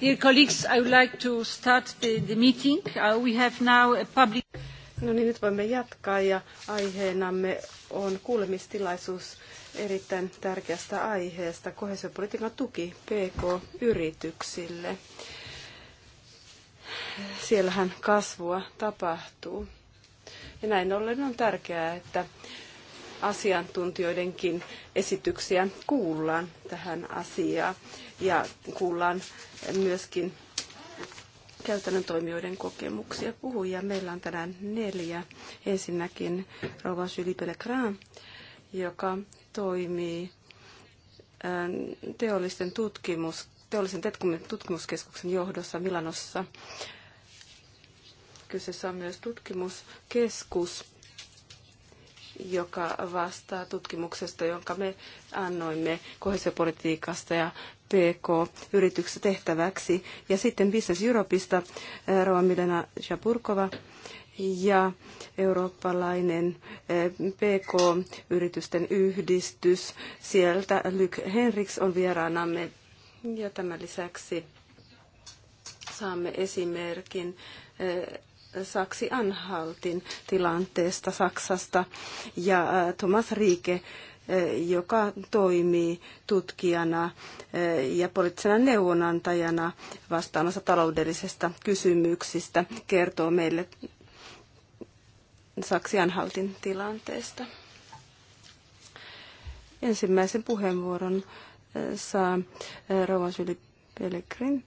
Dear colleagues, I would like to start the, the meeting. Uh, we have now a public... No niin, nyt voimme jatkaa ja aiheenamme on kuulemistilaisuus erittäin tärkeästä aiheesta, kohesiopolitiikan tuki PK-yrityksille. Siellähän kasvua tapahtuu. Ja näin ollen on tärkeää, että asiantuntijoidenkin esityksiä kuullaan tähän asiaan ja kuullaan myöskin käytännön toimijoiden kokemuksia puhujia. Meillä on tänään neljä. Ensinnäkin Rova Julie Pellegrin, joka toimii äh, teollisten tutkimus, teollisen tutkimuskeskuksen johdossa Milanossa. Kyseessä on myös tutkimuskeskus, joka vastaa tutkimuksesta, jonka me annoimme kohesiopolitiikasta ja PK-yrityksestä tehtäväksi. Ja sitten Business Europeista eh, Roa Milena Jaburkova ja eurooppalainen eh, PK-yritysten yhdistys. Sieltä Lyk Henriks on vieraanamme ja tämän lisäksi saamme esimerkin eh, Saksi-Anhaltin tilanteesta Saksasta ja äh, Thomas Riike, äh, joka toimii tutkijana äh, ja poliittisena neuvonantajana vastaamassa taloudellisesta kysymyksistä, kertoo meille Saksi-Anhaltin tilanteesta. Ensimmäisen puheenvuoron saa Rovasvili Pellegrin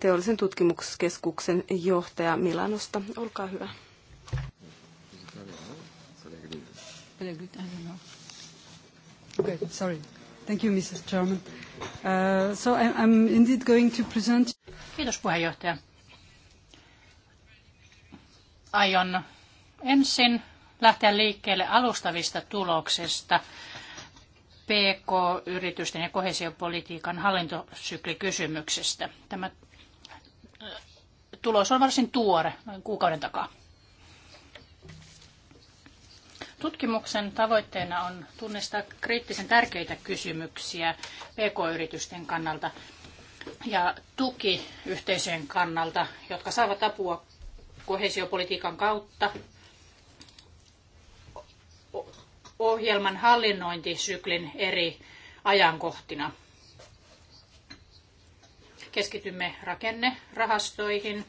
teollisen tutkimuskeskuksen johtaja Milanosta. Olkaa hyvä. sorry. Thank you, Mrs. Uh, so I'm indeed going to present... Kiitos puheenjohtaja. Aion ensin lähteä liikkeelle alustavista tuloksista PK-yritysten ja kohesiopolitiikan hallintosyklikysymyksestä. Tämä tulos on varsin tuore, noin kuukauden takaa. Tutkimuksen tavoitteena on tunnistaa kriittisen tärkeitä kysymyksiä pk-yritysten kannalta ja tukiyhteisöjen kannalta, jotka saavat apua kohesiopolitiikan kautta. Ohjelman hallinnointisyklin eri ajankohtina. Keskitymme rakennerahastoihin.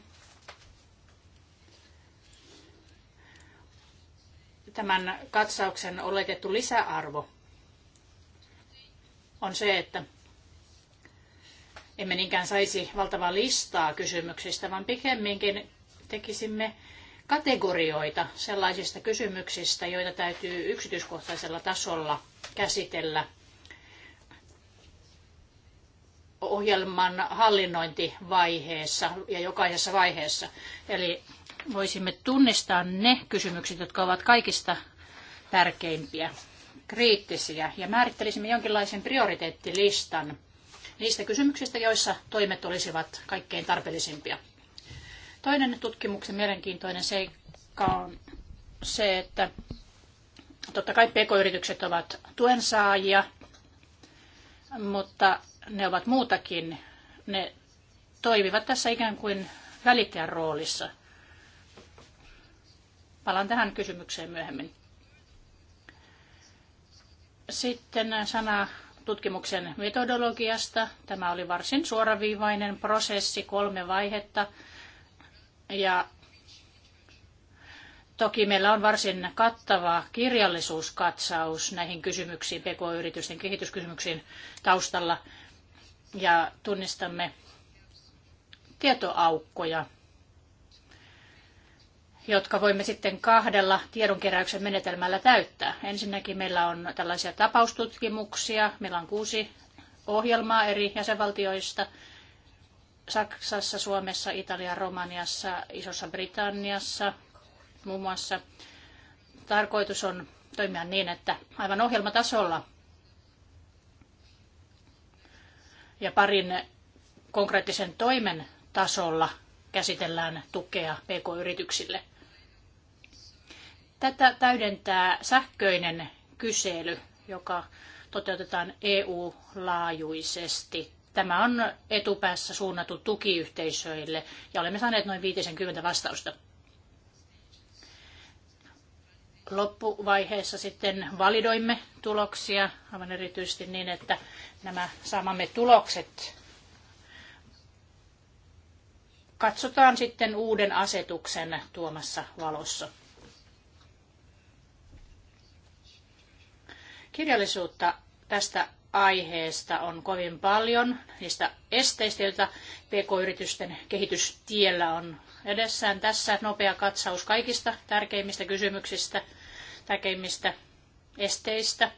Tämän katsauksen oletettu lisäarvo on se, että emme niinkään saisi valtavaa listaa kysymyksistä, vaan pikemminkin tekisimme kategorioita sellaisista kysymyksistä, joita täytyy yksityiskohtaisella tasolla käsitellä ohjelman hallinnointivaiheessa ja jokaisessa vaiheessa. Eli voisimme tunnistaa ne kysymykset, jotka ovat kaikista tärkeimpiä, kriittisiä, ja määrittelisimme jonkinlaisen prioriteettilistan niistä kysymyksistä, joissa toimet olisivat kaikkein tarpeellisimpia. Toinen tutkimuksen mielenkiintoinen seikka on se, että totta kai pk-yritykset ovat tuen saajia, mutta ne ovat muutakin. Ne toimivat tässä ikään kuin välittäjän roolissa. Palaan tähän kysymykseen myöhemmin. Sitten sana tutkimuksen metodologiasta. Tämä oli varsin suoraviivainen prosessi, kolme vaihetta. Ja toki meillä on varsin kattava kirjallisuuskatsaus näihin kysymyksiin, PK-yritysten kehityskysymyksiin taustalla – ja tunnistamme tietoaukkoja, jotka voimme sitten kahdella tiedonkeräyksen menetelmällä täyttää. Ensinnäkin meillä on tällaisia tapaustutkimuksia. Meillä on kuusi ohjelmaa eri jäsenvaltioista. Saksassa, Suomessa, Italiassa, Romaniassa, Isossa Britanniassa muun muassa. Tarkoitus on toimia niin, että aivan ohjelmatasolla ja parin konkreettisen toimen tasolla käsitellään tukea pk-yrityksille. Tätä täydentää sähköinen kysely, joka toteutetaan EU-laajuisesti. Tämä on etupäässä suunnattu tukiyhteisöille ja olemme saaneet noin 50 vastausta loppuvaiheessa sitten validoimme tuloksia, aivan erityisesti niin, että nämä saamamme tulokset katsotaan sitten uuden asetuksen tuomassa valossa. Kirjallisuutta tästä aiheesta on kovin paljon, niistä esteistä, joita pk-yritysten kehitystiellä on edessään. Tässä nopea katsaus kaikista tärkeimmistä kysymyksistä – tärkeimmistä esteistä,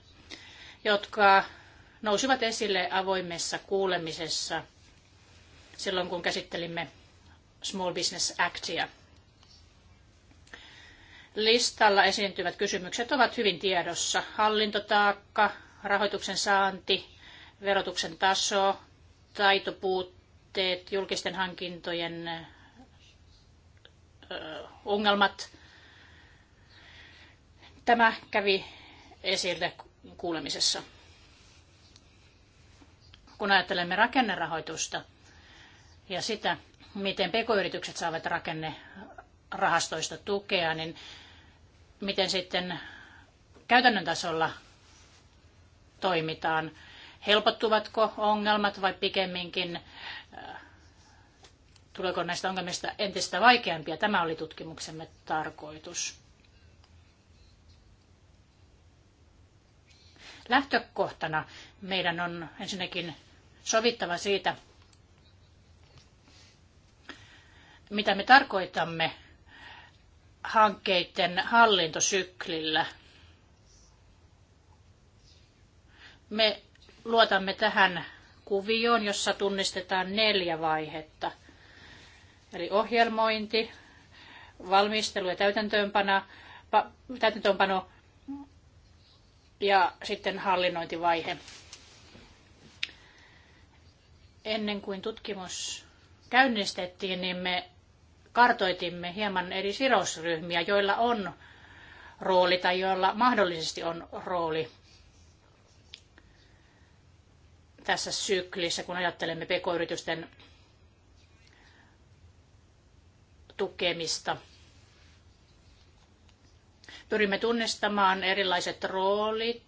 jotka nousivat esille avoimessa kuulemisessa silloin, kun käsittelimme Small Business Actia. Listalla esiintyvät kysymykset ovat hyvin tiedossa. Hallintotaakka, rahoituksen saanti, verotuksen taso, taitopuutteet, julkisten hankintojen ongelmat – Tämä kävi esille kuulemisessa. Kun ajattelemme rakennerahoitusta ja sitä, miten pk-yritykset saavat rakennerahastoista tukea, niin miten sitten käytännön tasolla toimitaan. Helpottuvatko ongelmat vai pikemminkin äh, tuleeko näistä ongelmista entistä vaikeampia? Tämä oli tutkimuksemme tarkoitus. Lähtökohtana meidän on ensinnäkin sovittava siitä, mitä me tarkoitamme hankkeiden hallintosyklillä. Me luotamme tähän kuvioon, jossa tunnistetaan neljä vaihetta. Eli ohjelmointi, valmistelu ja täytäntöönpano, täytäntöönpano ja sitten hallinnointivaihe. Ennen kuin tutkimus käynnistettiin, niin me kartoitimme hieman eri sidosryhmiä, joilla on rooli tai joilla mahdollisesti on rooli tässä syklissä, kun ajattelemme pk-yritysten tukemista – Pyrimme tunnistamaan erilaiset roolit,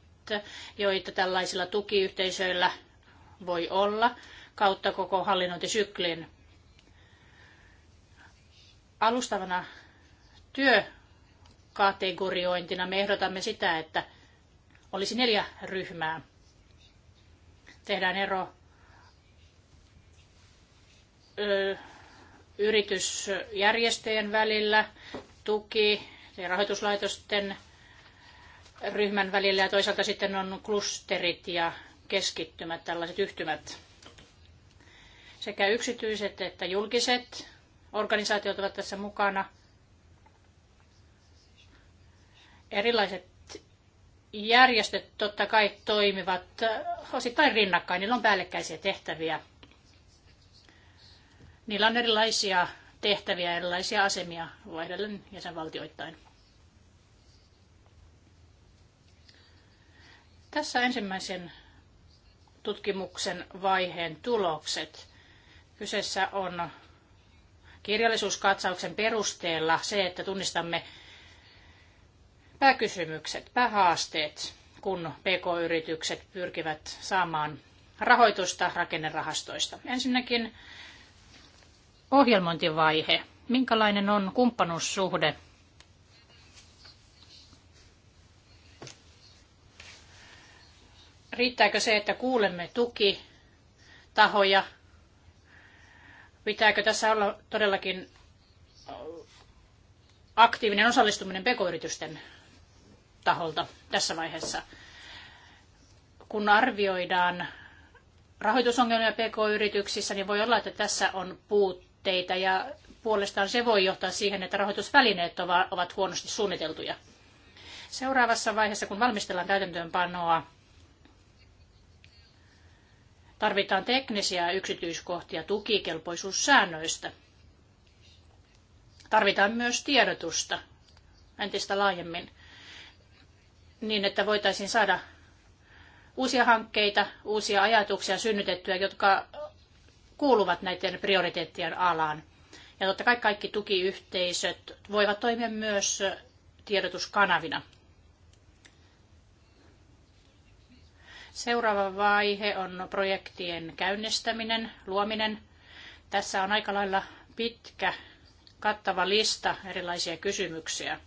joita tällaisilla tukiyhteisöillä voi olla kautta koko hallinnointisyklin. Alustavana työkategoriointina me ehdotamme sitä, että olisi neljä ryhmää. Tehdään ero yritysjärjestöjen välillä, tuki, ja rahoituslaitosten ryhmän välillä ja toisaalta sitten on klusterit ja keskittymät, tällaiset yhtymät. Sekä yksityiset että julkiset organisaatiot ovat tässä mukana. Erilaiset järjestöt totta kai toimivat osittain rinnakkain, niillä on päällekkäisiä tehtäviä. Niillä on erilaisia tehtäviä, erilaisia asemia vaihdellen jäsenvaltioittain. Tässä ensimmäisen tutkimuksen vaiheen tulokset. Kyseessä on kirjallisuuskatsauksen perusteella se, että tunnistamme pääkysymykset, päähaasteet, kun PK-yritykset pyrkivät saamaan rahoitusta rakennerahastoista. Ensinnäkin ohjelmointivaihe. Minkälainen on kumppanuussuhde Riittääkö se, että kuulemme tuki tahoja? Pitääkö tässä olla todellakin aktiivinen osallistuminen pk-yritysten taholta tässä vaiheessa? Kun arvioidaan rahoitusongelmia pk-yrityksissä, niin voi olla, että tässä on puutteita ja puolestaan se voi johtaa siihen, että rahoitusvälineet ovat huonosti suunniteltuja. Seuraavassa vaiheessa, kun valmistellaan täytäntöönpanoa, Tarvitaan teknisiä yksityiskohtia tukikelpoisuussäännöistä. Tarvitaan myös tiedotusta entistä laajemmin niin, että voitaisiin saada uusia hankkeita, uusia ajatuksia synnytettyä, jotka kuuluvat näiden prioriteettien alaan. Ja totta kai kaikki tukiyhteisöt voivat toimia myös tiedotuskanavina. Seuraava vaihe on projektien käynnistäminen, luominen. Tässä on aika lailla pitkä, kattava lista erilaisia kysymyksiä.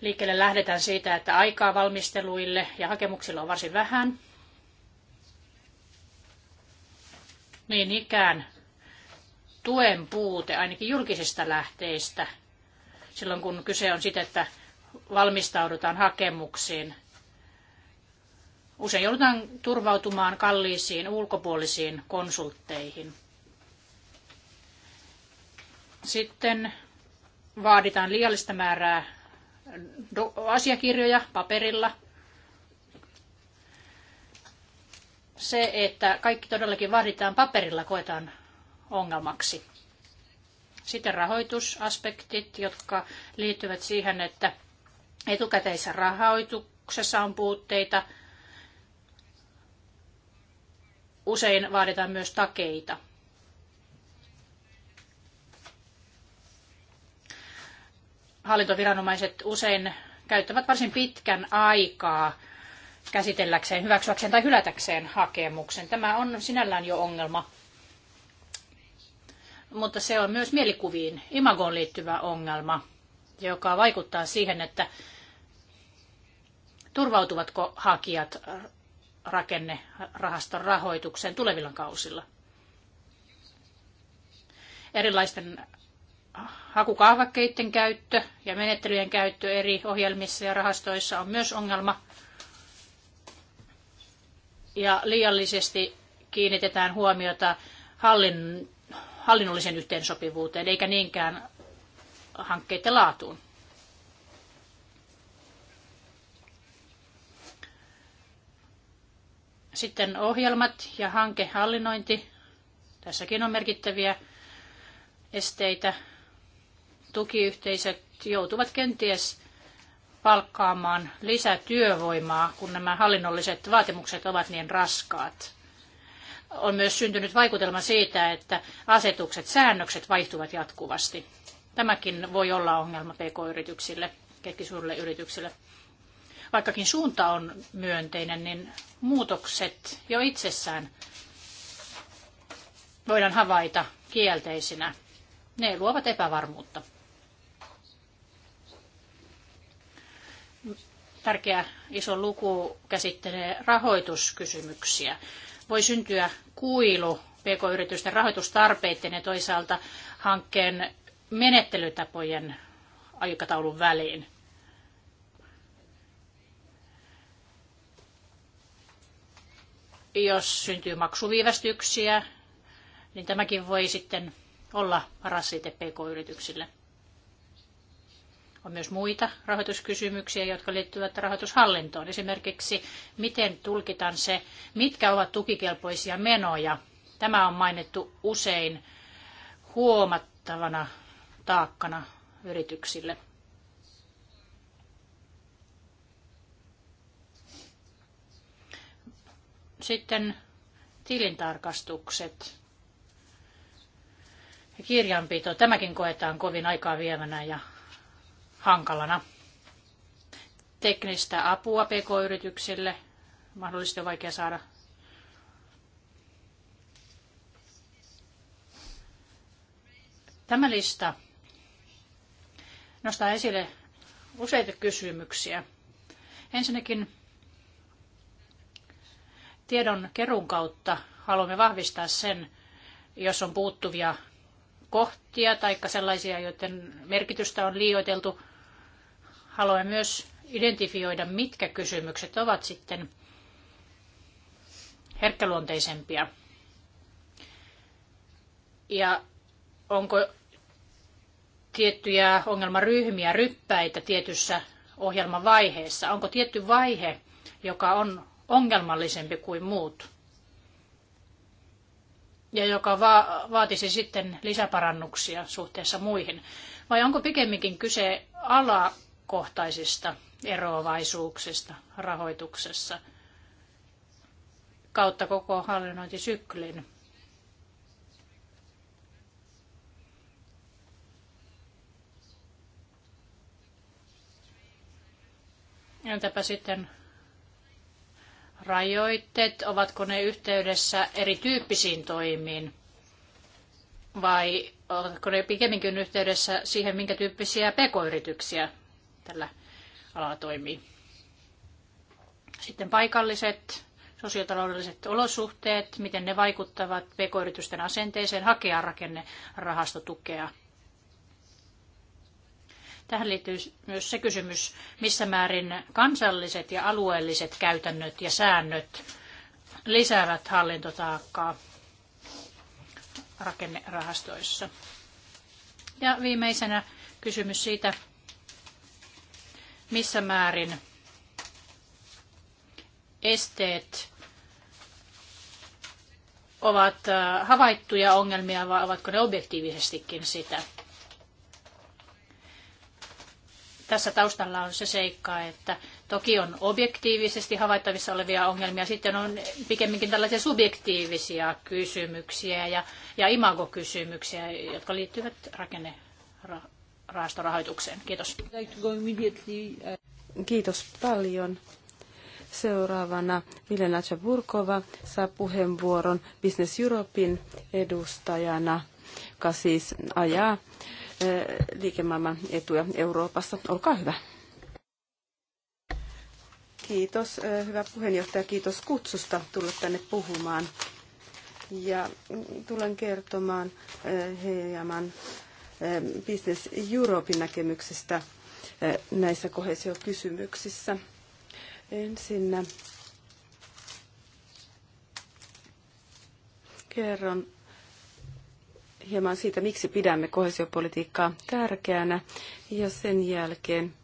Liikkeelle lähdetään siitä, että aikaa valmisteluille ja hakemuksille on varsin vähän. Niin ikään tuen puute ainakin julkisista lähteistä silloin, kun kyse on siitä, että valmistaudutaan hakemuksiin. Usein joudutaan turvautumaan kalliisiin ulkopuolisiin konsultteihin. Sitten vaaditaan liiallista määrää asiakirjoja paperilla. Se, että kaikki todellakin vaaditaan paperilla, koetaan ongelmaksi. Sitten rahoitusaspektit, jotka liittyvät siihen, että etukäteisessä rahoituksessa on puutteita – usein vaaditaan myös takeita. Hallintoviranomaiset usein käyttävät varsin pitkän aikaa käsitelläkseen, hyväksyäkseen tai hylätäkseen hakemuksen. Tämä on sinällään jo ongelma, mutta se on myös mielikuviin, imagoon liittyvä ongelma, joka vaikuttaa siihen, että turvautuvatko hakijat rakennerahaston rahoitukseen tulevilla kausilla. Erilaisten hakukaavakkeiden käyttö ja menettelyjen käyttö eri ohjelmissa ja rahastoissa on myös ongelma. Ja liiallisesti kiinnitetään huomiota hallin, hallinnollisen yhteensopivuuteen, eikä niinkään hankkeiden laatuun. Sitten ohjelmat ja hankehallinnointi. Tässäkin on merkittäviä esteitä. Tukiyhteisöt joutuvat kenties palkkaamaan lisätyövoimaa, kun nämä hallinnolliset vaatimukset ovat niin raskaat. On myös syntynyt vaikutelma siitä, että asetukset, säännökset vaihtuvat jatkuvasti. Tämäkin voi olla ongelma pk-yrityksille, keskisuurille yrityksille. Vaikkakin suunta on myönteinen, niin muutokset jo itsessään voidaan havaita kielteisinä. Ne luovat epävarmuutta. Tärkeä iso luku käsittelee rahoituskysymyksiä. Voi syntyä kuilu pk-yritysten rahoitustarpeiden ja toisaalta hankkeen menettelytapojen aikataulun väliin. Jos syntyy maksuviivästyksiä, niin tämäkin voi sitten olla rasite PK-yrityksille. On myös muita rahoituskysymyksiä, jotka liittyvät rahoitushallintoon. Esimerkiksi, miten tulkitaan se, mitkä ovat tukikelpoisia menoja. Tämä on mainittu usein huomattavana taakkana yrityksille. Sitten tilintarkastukset ja kirjanpito. Tämäkin koetaan kovin aikaa vievänä ja hankalana. Teknistä apua pk-yrityksille mahdollisesti on vaikea saada. Tämä lista nostaa esille useita kysymyksiä. Ensinnäkin tiedon kerun kautta haluamme vahvistaa sen, jos on puuttuvia kohtia tai sellaisia, joiden merkitystä on liioiteltu. Haluamme myös identifioida, mitkä kysymykset ovat sitten herkkäluonteisempia. Ja onko tiettyjä ongelmaryhmiä, ryppäitä tietyssä ohjelmavaiheessa? vaiheessa? Onko tietty vaihe, joka on ongelmallisempi kuin muut ja joka va- vaatisi sitten lisäparannuksia suhteessa muihin? Vai onko pikemminkin kyse alakohtaisista eroavaisuuksista rahoituksessa kautta koko hallinnointisyklin? Entäpä sitten rajoitteet, ovatko ne yhteydessä erityyppisiin toimiin vai ovatko ne pikemminkin yhteydessä siihen, minkä tyyppisiä pk-yrityksiä tällä alalla toimii. Sitten paikalliset sosiotaloudelliset olosuhteet, miten ne vaikuttavat pk-yritysten asenteeseen hakea rakennerahastotukea – Tähän liittyy myös se kysymys, missä määrin kansalliset ja alueelliset käytännöt ja säännöt lisäävät hallintotaakkaa rakennerahastoissa. Ja viimeisenä kysymys siitä, missä määrin esteet ovat äh, havaittuja ongelmia vai ovatko ne objektiivisestikin sitä. tässä taustalla on se seikka, että toki on objektiivisesti havaittavissa olevia ongelmia, sitten on pikemminkin tällaisia subjektiivisia kysymyksiä ja, ja imagokysymyksiä, jotka liittyvät rakennerahastorahoitukseen. Kiitos. Kiitos paljon. Seuraavana Milena Chaburkova saa puheenvuoron Business Europein edustajana, joka siis ajaa Eh, liikemaailman etuja Euroopassa. Olkaa hyvä. Kiitos, eh, hyvä puheenjohtaja. Kiitos kutsusta tulla tänne puhumaan. Ja mm, tulen kertomaan heidän eh, Business Europein näkemyksestä näissä kohesiokysymyksissä. Ensinnä kerron hieman siitä, miksi pidämme kohesiopolitiikkaa tärkeänä ja sen jälkeen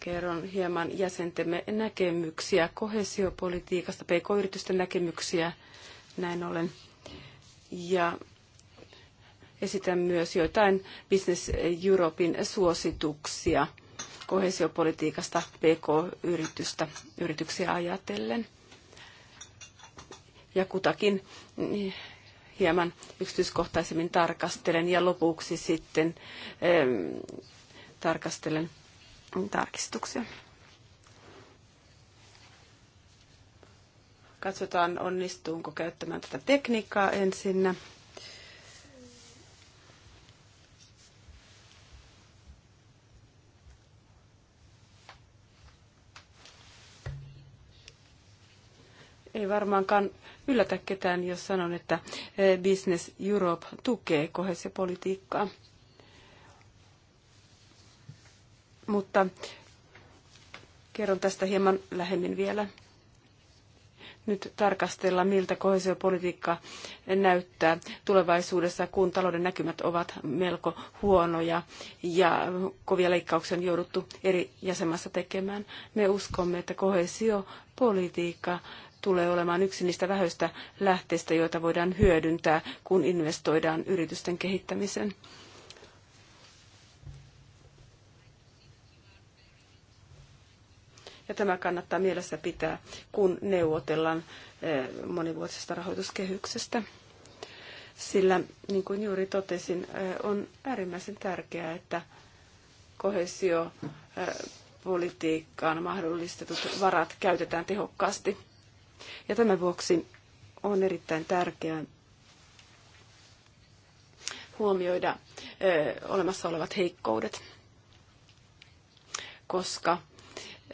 kerron hieman jäsentemme näkemyksiä kohesiopolitiikasta, pk-yritysten näkemyksiä näin ollen. Ja esitän myös joitain Business Europein suosituksia kohesiopolitiikasta pk-yritystä yrityksiä ajatellen. Ja kutakin hieman yksityiskohtaisemmin tarkastelen ja lopuksi sitten ähm, tarkastelen tarkistuksia. Katsotaan, onnistuunko käyttämään tätä tekniikkaa ensinnä. ei varmaankaan yllätä ketään, jos sanon, että eh, Business Europe tukee kohesiopolitiikkaa. Mutta kerron tästä hieman lähemmin vielä. Nyt tarkastella, miltä kohesiopolitiikka näyttää tulevaisuudessa, kun talouden näkymät ovat melko huonoja ja kovia leikkauksia on jouduttu eri jäsenmaissa tekemään. Me uskomme, että kohesiopolitiikka tulee olemaan yksi niistä vähöistä lähteistä, joita voidaan hyödyntää, kun investoidaan yritysten kehittämiseen. Ja tämä kannattaa mielessä pitää, kun neuvotellaan eh, monivuotisesta rahoituskehyksestä. Sillä, niin kuin juuri totesin, eh, on äärimmäisen tärkeää, että kohesio eh, politiikkaan mahdollistetut varat käytetään tehokkaasti. Ja tämän vuoksi on erittäin tärkeää huomioida ö, olemassa olevat heikkoudet, koska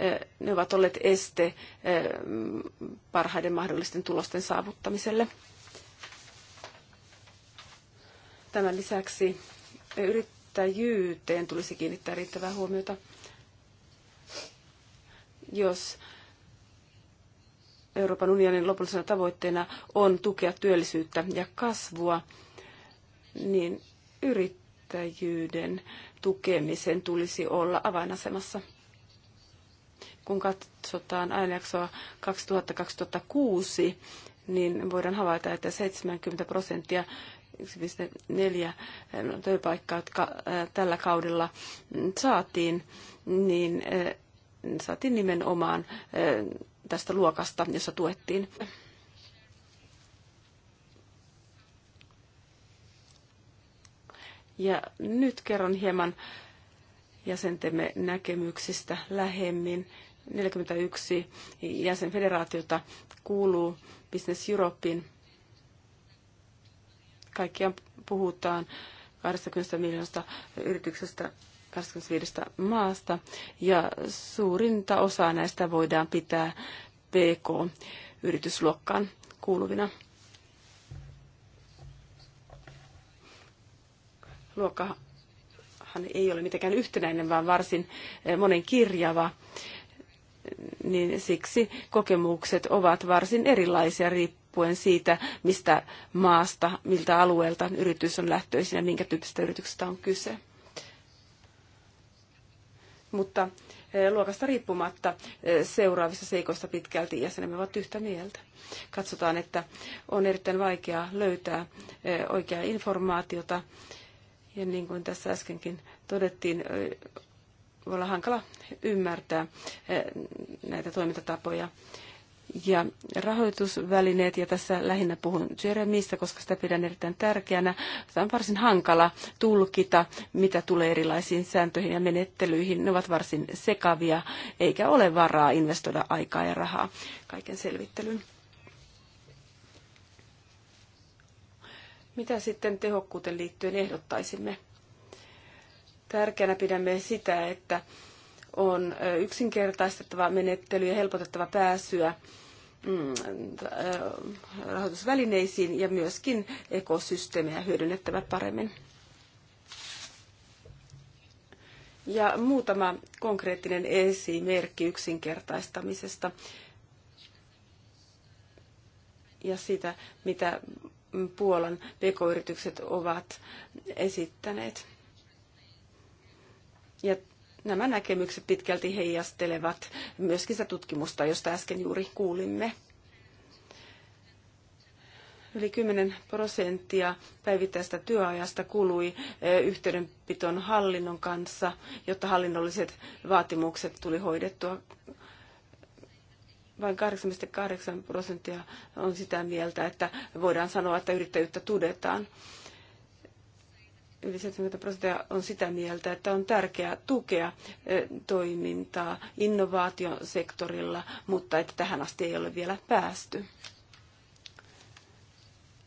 ö, ne ovat olleet este ö, parhaiden mahdollisten tulosten saavuttamiselle. Tämän lisäksi yrittäjyyteen tulisi kiinnittää riittävää huomiota. Jos Euroopan unionin lopullisena tavoitteena on tukea työllisyyttä ja kasvua, niin yrittäjyyden tukemisen tulisi olla avainasemassa. Kun katsotaan ajanjaksoa 2000-2006, niin voidaan havaita, että 70 prosenttia 1,4 no, työpaikkaa, jotka tällä kaudella mm, saatiin, niin saatiin nimenomaan tästä luokasta, jossa tuettiin. Ja nyt kerron hieman jäsentemme näkemyksistä lähemmin. 41 jäsenfederaatiota kuuluu Business Europein. Kaikkiaan puhutaan 20 miljoonasta yrityksestä 25 maasta ja suurinta osaa näistä voidaan pitää PK-yritysluokkaan kuuluvina. Luokkahan ei ole mitenkään yhtenäinen, vaan varsin eh, monen kirjava niin siksi kokemukset ovat varsin erilaisia riippuen siitä, mistä maasta, miltä alueelta yritys on lähtöisin ja minkä tyyppisestä yrityksestä on kyse mutta eh, luokasta riippumatta eh, seuraavissa seikoista pitkälti jäsenemme ovat yhtä mieltä. Katsotaan, että on erittäin vaikeaa löytää eh, oikeaa informaatiota ja niin kuin tässä äskenkin todettiin, voi olla hankala ymmärtää näitä toimintatapoja ja rahoitusvälineet, ja tässä lähinnä puhun Jeremistä, koska sitä pidän erittäin tärkeänä. Tämä on varsin hankala tulkita, mitä tulee erilaisiin sääntöihin ja menettelyihin. Ne ovat varsin sekavia, eikä ole varaa investoida aikaa ja rahaa kaiken selvittelyn. Mitä sitten tehokkuuteen liittyen ehdottaisimme? Tärkeänä pidämme sitä, että on yksinkertaistettava menettely ja helpotettava pääsyä mm, rahoitusvälineisiin ja myöskin ekosysteemejä hyödynnettävä paremmin. Ja muutama konkreettinen esimerkki yksinkertaistamisesta ja siitä, mitä Puolan pk-yritykset ovat esittäneet. Ja nämä näkemykset pitkälti heijastelevat myöskin sitä tutkimusta, josta äsken juuri kuulimme. Yli 10 prosenttia päivittäistä työajasta kului eh, yhteydenpiton hallinnon kanssa, jotta hallinnolliset vaatimukset tuli hoidettua. Vain 88 prosenttia on sitä mieltä, että voidaan sanoa, että yrittäjyyttä tudetaan yli 70 prosenttia on sitä mieltä, että on tärkeää tukea toimintaa innovaatiosektorilla, mutta että tähän asti ei ole vielä päästy.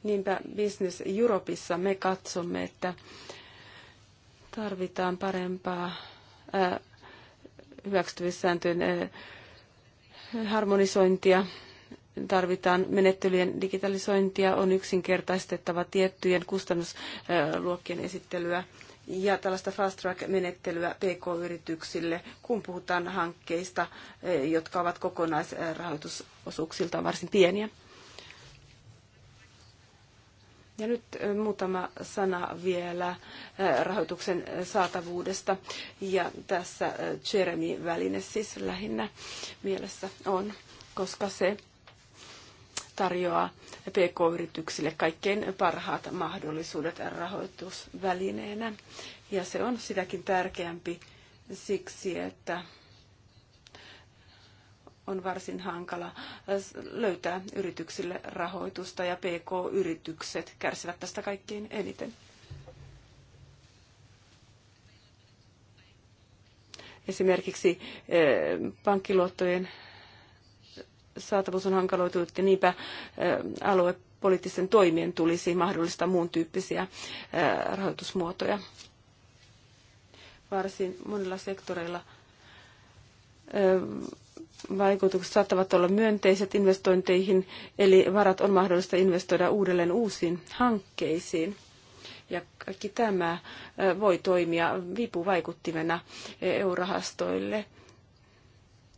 Niinpä Business Europeissa me katsomme, että tarvitaan parempaa hyväksytyvissääntöjen harmonisointia tarvitaan menettelyjen digitalisointia, on yksinkertaistettava tiettyjen kustannusluokkien esittelyä ja tällaista fast track-menettelyä PK-yrityksille, kun puhutaan hankkeista, jotka ovat kokonaisrahoitusosuuksiltaan varsin pieniä. Ja nyt muutama sana vielä rahoituksen saatavuudesta. Ja tässä Jeremy-väline siis lähinnä mielessä on, koska se tarjoaa PK-yrityksille kaikkein parhaat mahdollisuudet rahoitusvälineenä. Ja se on sitäkin tärkeämpi siksi, että on varsin hankala löytää yrityksille rahoitusta ja PK-yritykset kärsivät tästä kaikkein eniten. Esimerkiksi eh, pankkiluottojen saatavuus on hankaloitunut ja niinpä aluepoliittisten toimien tulisi mahdollistaa muun tyyppisiä rahoitusmuotoja. Varsin monilla sektoreilla vaikutukset saattavat olla myönteiset investointeihin, eli varat on mahdollista investoida uudelleen uusiin hankkeisiin. Ja kaikki tämä voi toimia vipuvaikuttimena EU-rahastoille.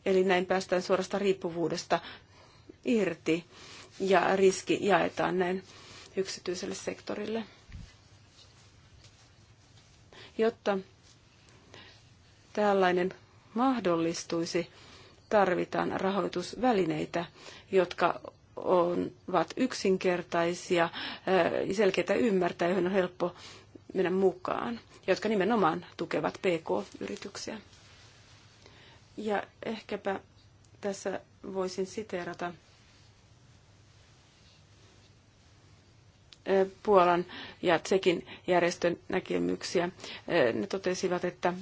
Eli näin päästään suorasta riippuvuudesta irti ja riski jaetaan näin yksityiselle sektorille. Jotta tällainen mahdollistuisi, tarvitaan rahoitusvälineitä, jotka ovat yksinkertaisia, selkeitä ymmärtää, joihin on helppo mennä mukaan, jotka nimenomaan tukevat PK-yrityksiä. Ja ehkäpä tässä voisin siteerata eh, Puolan ja Tsekin järjestön näkemyksiä. Eh, ne totesivat, että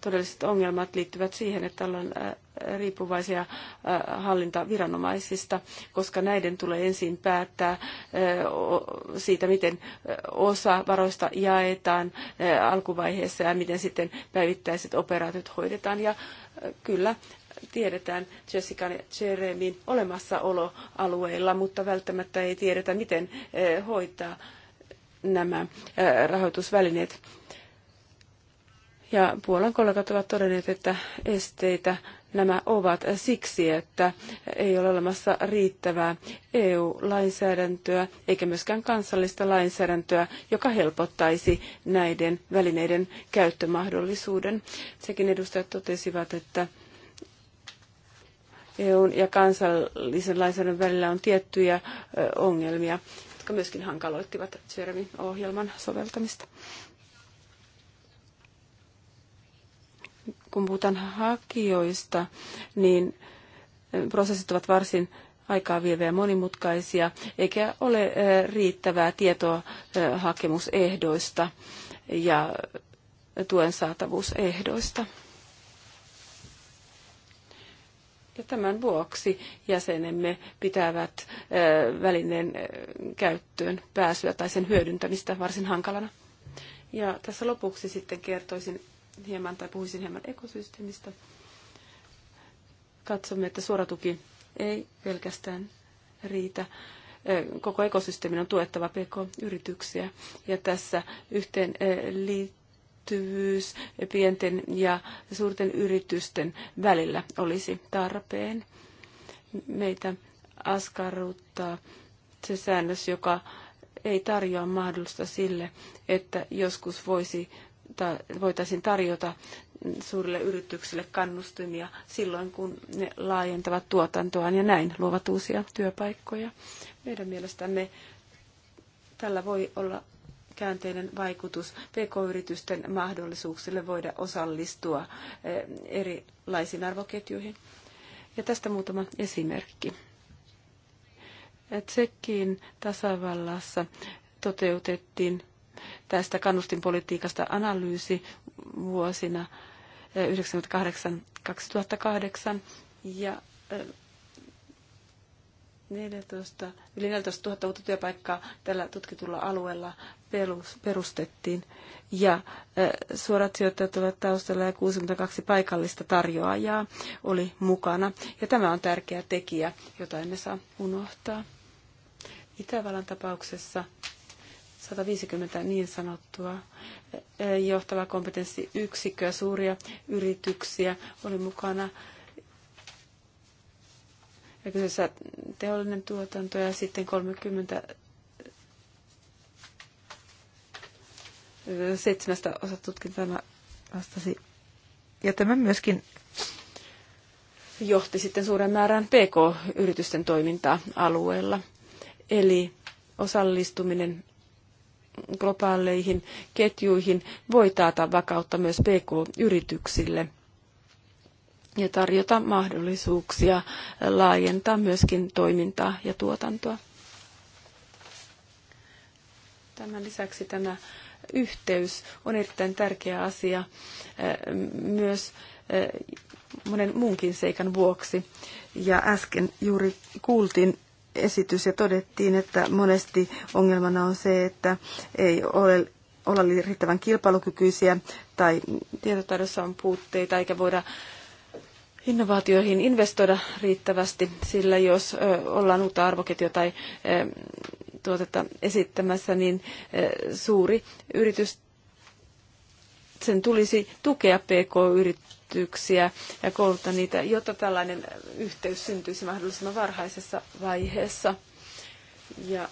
todelliset ongelmat liittyvät siihen, että ollaan riippuvaisia hallintaviranomaisista, koska näiden tulee ensin päättää siitä, miten osa varoista jaetaan alkuvaiheessa ja miten sitten päivittäiset operaatiot hoidetaan. Ja kyllä tiedetään Jessica ja Jeremin olemassaoloalueilla, mutta välttämättä ei tiedetä, miten hoitaa nämä rahoitusvälineet ja Puolan kollegat ovat todenneet, että esteitä nämä ovat siksi, että ei ole olemassa riittävää EU-lainsäädäntöä eikä myöskään kansallista lainsäädäntöä, joka helpottaisi näiden välineiden käyttömahdollisuuden. Sekin edustajat totesivat, että EUn ja kansallisen lainsäädännön välillä on tiettyjä ongelmia, jotka myöskin hankaloittivat Jeremy-ohjelman soveltamista. kun puhutaan hakijoista, niin prosessit ovat varsin aikaa vieviä ja monimutkaisia, eikä ole riittävää tietoa hakemusehdoista ja tuen saatavuusehdoista. Ja tämän vuoksi jäsenemme pitävät välineen käyttöön pääsyä tai sen hyödyntämistä varsin hankalana. Ja tässä lopuksi sitten kertoisin hieman tai puhuisin hieman ekosysteemistä. Katsomme, että suoratuki ei pelkästään riitä. Koko ekosysteemin on tuettava PK-yrityksiä ja tässä yhteen liittyvyys pienten ja suurten yritysten välillä olisi tarpeen. Meitä askarruttaa se säännös, joka ei tarjoa mahdollista sille, että joskus voisi voitaisiin tarjota suurille yrityksille kannustimia silloin, kun ne laajentavat tuotantoaan ja näin luovat uusia työpaikkoja. Meidän mielestämme tällä voi olla käänteinen vaikutus pk-yritysten mahdollisuuksille voida osallistua eh, erilaisiin arvoketjuihin. Ja tästä muutama esimerkki. Tsekkiin tasavallassa toteutettiin tästä kannustinpolitiikasta analyysi vuosina 1998-2008 eh, ja 14, eh, yli 14 000 uutta työpaikkaa tällä tutkitulla alueella perustettiin. Ja eh, suorat sijoittajat olivat taustalla ja 62 paikallista tarjoajaa oli mukana. Ja tämä on tärkeä tekijä, jota emme saa unohtaa. Itävallan tapauksessa 150 niin sanottua e, johtava kompetenssiyksikköä, suuria yrityksiä oli mukana. Ja kyseessä teollinen tuotanto ja sitten 30 seitsemästä osatutkintana vastasi. Ja tämä myöskin johti sitten suuren määrän PK-yritysten toimintaa alueella. Eli osallistuminen globaaleihin ketjuihin voi taata vakautta myös PK-yrityksille ja tarjota mahdollisuuksia laajentaa myöskin toimintaa ja tuotantoa. Tämän lisäksi tämä yhteys on erittäin tärkeä asia myös monen muunkin seikan vuoksi. Ja äsken juuri kuultiin esitys ja todettiin, että monesti ongelmana on se, että ei ole olla riittävän kilpailukykyisiä tai tietotaidossa on puutteita eikä voida innovaatioihin investoida riittävästi, sillä jos ollaan uutta arvoketjua tai tuotetta esittämässä, niin suuri yritys sen tulisi tukea PK-yrityksiä ja kouluttaa niitä, jotta tällainen yhteys syntyisi mahdollisimman varhaisessa vaiheessa. Ja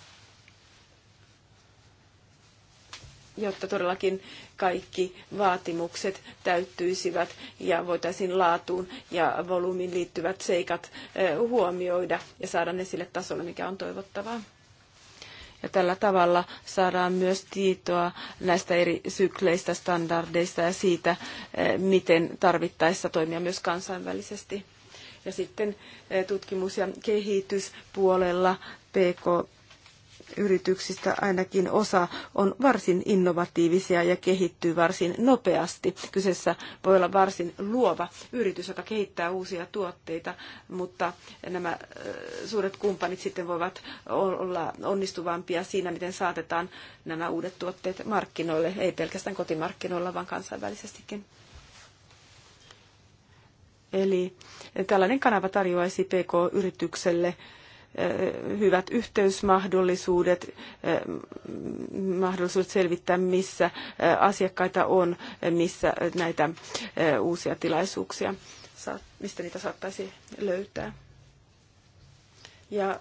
jotta todellakin kaikki vaatimukset täyttyisivät ja voitaisiin laatuun ja volyymiin liittyvät seikat eh, huomioida ja saada ne sille tasolle, mikä on toivottavaa. Ja tällä tavalla saadaan myös tietoa näistä eri sykleistä, standardeista ja siitä, eh, miten tarvittaessa toimia myös kansainvälisesti. Ja sitten eh, tutkimus- ja kehityspuolella PK yrityksistä ainakin osa on varsin innovatiivisia ja kehittyy varsin nopeasti. Kyseessä voi olla varsin luova yritys, joka kehittää uusia tuotteita, mutta nämä suuret kumppanit sitten voivat olla onnistuvampia siinä, miten saatetaan nämä uudet tuotteet markkinoille, ei pelkästään kotimarkkinoilla, vaan kansainvälisestikin. Eli tällainen kanava tarjoaisi PK-yritykselle Eh, hyvät yhteysmahdollisuudet, eh, mahdollisuudet selvittää, missä eh, asiakkaita on, missä näitä uusia tilaisuuksia, mistä niitä saattaisi löytää. Ja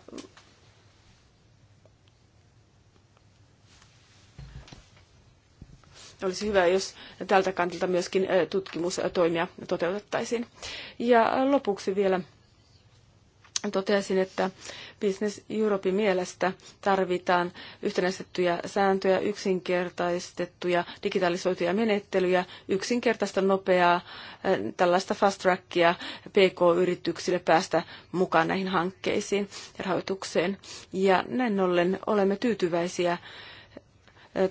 olisi hyvä, jos tältä kantilta myöskin tutkimustoimia toteutettaisiin. Ja lopuksi vielä toteaisin, että Business Europein mielestä tarvitaan yhtenäistettyjä sääntöjä, yksinkertaistettuja digitalisoituja menettelyjä, yksinkertaista nopeaa äh, tällaista fast trackia PK-yrityksille päästä mukaan näihin hankkeisiin ja rahoitukseen. Ja näin ollen olemme tyytyväisiä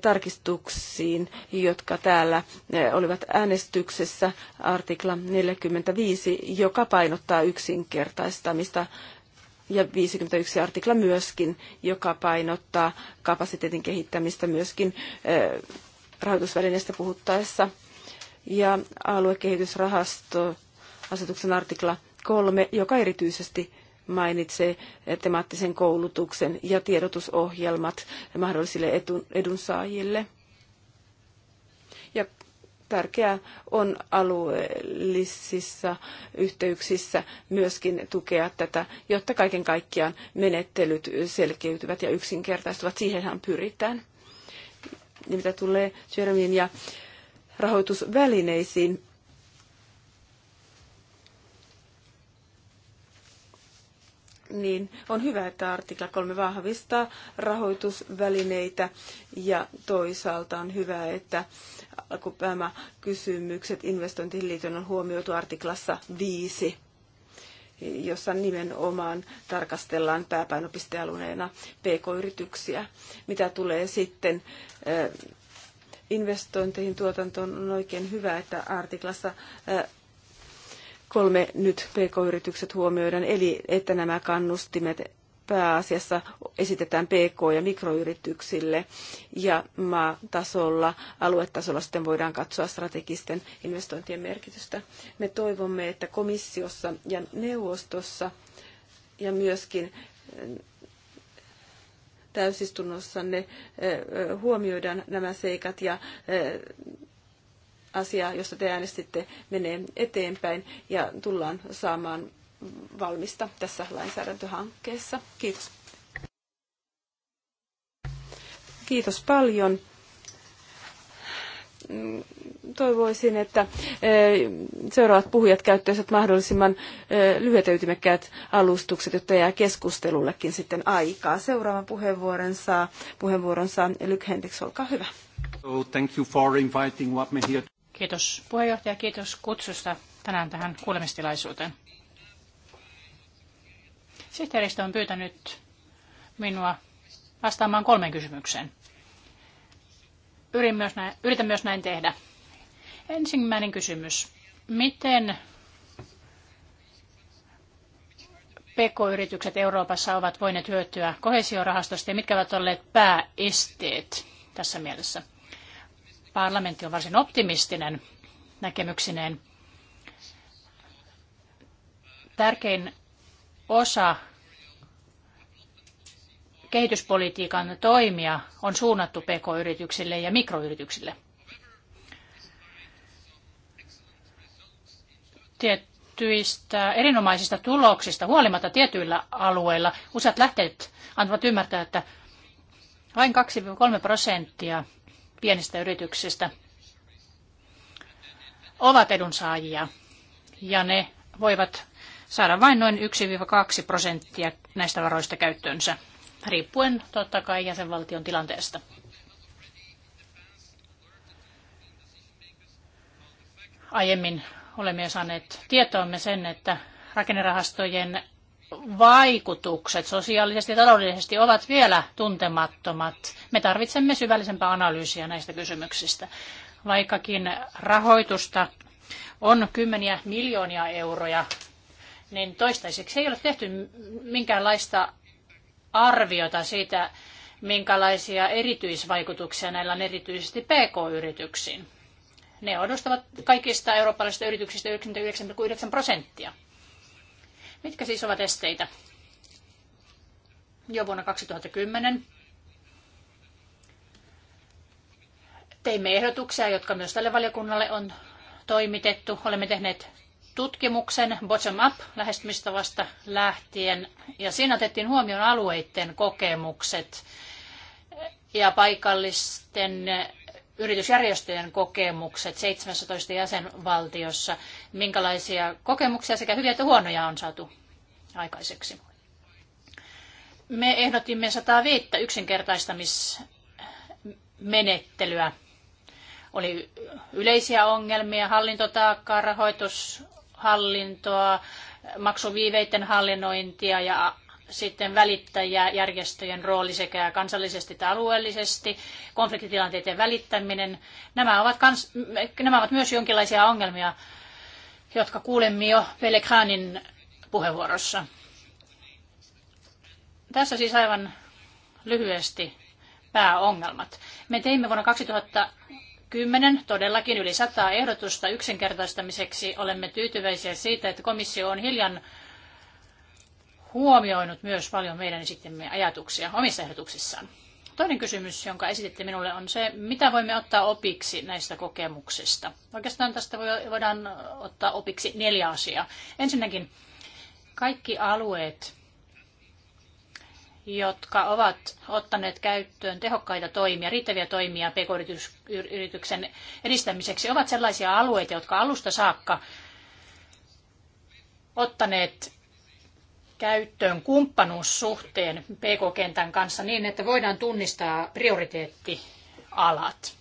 tarkistuksiin, jotka täällä eh, olivat äänestyksessä, artikla 45, joka painottaa yksinkertaistamista ja 51 artikla myöskin, joka painottaa kapasiteetin kehittämistä myöskin eh, rahoitusvälineestä puhuttaessa. Ja aluekehitysrahasto asetuksen artikla 3, joka erityisesti mainitsee temaattisen koulutuksen ja tiedotusohjelmat mahdollisille edunsaajille. Ja tärkeää on alueellisissa yhteyksissä myöskin tukea tätä, jotta kaiken kaikkiaan menettelyt selkeytyvät ja yksinkertaistuvat. Siihenhän pyritään. Ja mitä tulee Jeremyin ja rahoitusvälineisiin, niin on hyvä, että artikla 3 vahvistaa rahoitusvälineitä ja toisaalta on hyvä, että alkupäämä kysymykset investointiin liittyen on huomioitu artiklassa 5 jossa nimenomaan tarkastellaan pääpainopistealueena pk-yrityksiä. Mitä tulee sitten eh, investointeihin tuotantoon, on oikein hyvä, että artiklassa eh, kolme nyt pk-yritykset huomioidaan, eli että nämä kannustimet pääasiassa esitetään pk- ja mikroyrityksille ja maatasolla, aluetasolla sitten voidaan katsoa strategisten investointien merkitystä. Me toivomme, että komissiossa ja neuvostossa ja myöskin täysistunnossanne eh, eh, huomioidaan nämä seikat ja eh, asia, josta te äänestitte, menee eteenpäin ja tullaan saamaan valmista tässä lainsäädäntöhankkeessa. Kiitos. Kiitos paljon toivoisin, että seuraavat puhujat käyttäisivät mahdollisimman lyhyeteytimekkäät alustukset, jotta jää keskustelullekin sitten aikaa. Seuraavan puheenvuoron saa, puheenvuoron saa Luke Hendricks, olkaa hyvä. So thank you for inviting what me here. Kiitos puheenjohtaja, kiitos kutsusta tänään tähän kuulemistilaisuuteen. Sihteeristö on pyytänyt minua vastaamaan kolmeen kysymykseen. Yritän myös näin, yritän myös näin tehdä. Ensimmäinen kysymys. Miten PK-yritykset Euroopassa ovat voineet hyötyä kohesiorahastosta ja mitkä ovat olleet pääesteet tässä mielessä? Parlamentti on varsin optimistinen näkemyksineen. Tärkein osa kehityspolitiikan toimia on suunnattu pk-yrityksille ja mikroyrityksille. Tietyistä erinomaisista tuloksista huolimatta tietyillä alueilla useat lähteet antavat ymmärtää, että vain 2-3 prosenttia pienistä yrityksistä ovat edunsaajia ja ne voivat saada vain noin 1-2 prosenttia näistä varoista käyttöönsä, riippuen totta kai jäsenvaltion tilanteesta. Aiemmin olemme jo saaneet tietoomme sen, että rakennerahastojen vaikutukset sosiaalisesti ja taloudellisesti ovat vielä tuntemattomat. Me tarvitsemme syvällisempää analyysiä näistä kysymyksistä. Vaikkakin rahoitusta on kymmeniä miljoonia euroja, niin toistaiseksi ei ole tehty minkäänlaista arviota siitä, minkälaisia erityisvaikutuksia näillä on erityisesti PK-yrityksiin. Ne odostavat kaikista eurooppalaisista yrityksistä 99,9 prosenttia. Mitkä siis ovat esteitä? Jo vuonna 2010 teimme ehdotuksia, jotka myös tälle valiokunnalle on toimitettu. Olemme tehneet tutkimuksen bottom-up lähestymistavasta lähtien ja siinä otettiin huomioon alueiden kokemukset ja paikallisten yritysjärjestöjen kokemukset 17 jäsenvaltiossa. Minkälaisia kokemuksia sekä hyviä että huonoja on saatu aikaiseksi? Me ehdotimme 105 yksinkertaistamismenettelyä. Oli yleisiä ongelmia, hallintotaakkaa, rahoitushallintoa, maksuviiveiden hallinnointia ja sitten välittäjäjärjestöjen rooli sekä kansallisesti että alueellisesti, konfliktitilanteiden välittäminen. Nämä ovat, kans, nämä ovat myös jonkinlaisia ongelmia, jotka kuulemme jo Pelekanin puheenvuorossa. Tässä siis aivan lyhyesti pääongelmat. Me teimme vuonna 2010 todellakin yli sata ehdotusta yksinkertaistamiseksi. Olemme tyytyväisiä siitä, että komissio on hiljan huomioinut myös paljon meidän esittämme ajatuksia omissa ehdotuksissaan. Toinen kysymys, jonka esititte minulle, on se, mitä voimme ottaa opiksi näistä kokemuksista. Oikeastaan tästä voidaan ottaa opiksi neljä asiaa. Ensinnäkin kaikki alueet, jotka ovat ottaneet käyttöön tehokkaita toimia, riittäviä toimia pk-yrityksen edistämiseksi, ovat sellaisia alueita, jotka alusta saakka ottaneet käyttöön kumppanuussuhteen PK-kentän kanssa niin, että voidaan tunnistaa prioriteettialat.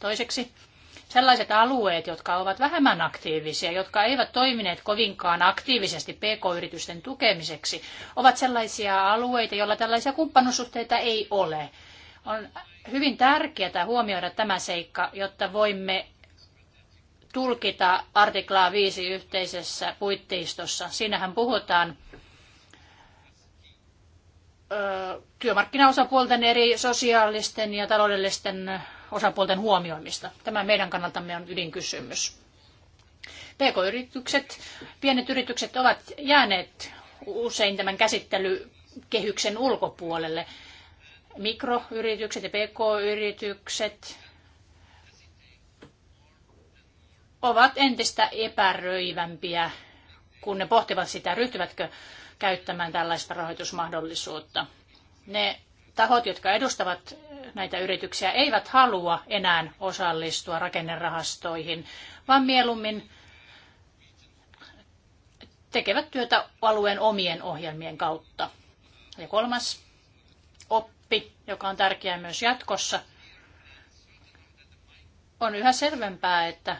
Toiseksi sellaiset alueet, jotka ovat vähemmän aktiivisia, jotka eivät toimineet kovinkaan aktiivisesti PK-yritysten tukemiseksi, ovat sellaisia alueita, joilla tällaisia kumppanuussuhteita ei ole. On hyvin tärkeää huomioida tämä seikka, jotta voimme tulkita artiklaa 5 yhteisessä puitteistossa. Siinähän puhutaan ö, työmarkkinaosapuolten eri sosiaalisten ja taloudellisten osapuolten huomioimista. Tämä meidän kannaltamme on ydinkysymys. PK-yritykset, pienet yritykset ovat jääneet usein tämän käsittelykehyksen ulkopuolelle. Mikroyritykset ja PK-yritykset ovat entistä epäröivämpiä, kun ne pohtivat sitä, ryhtyvätkö käyttämään tällaista rahoitusmahdollisuutta. Ne tahot, jotka edustavat näitä yrityksiä, eivät halua enää osallistua rakennerahastoihin, vaan mieluummin tekevät työtä alueen omien ohjelmien kautta. Ja kolmas oppi, joka on tärkeä myös jatkossa, on yhä selvempää, että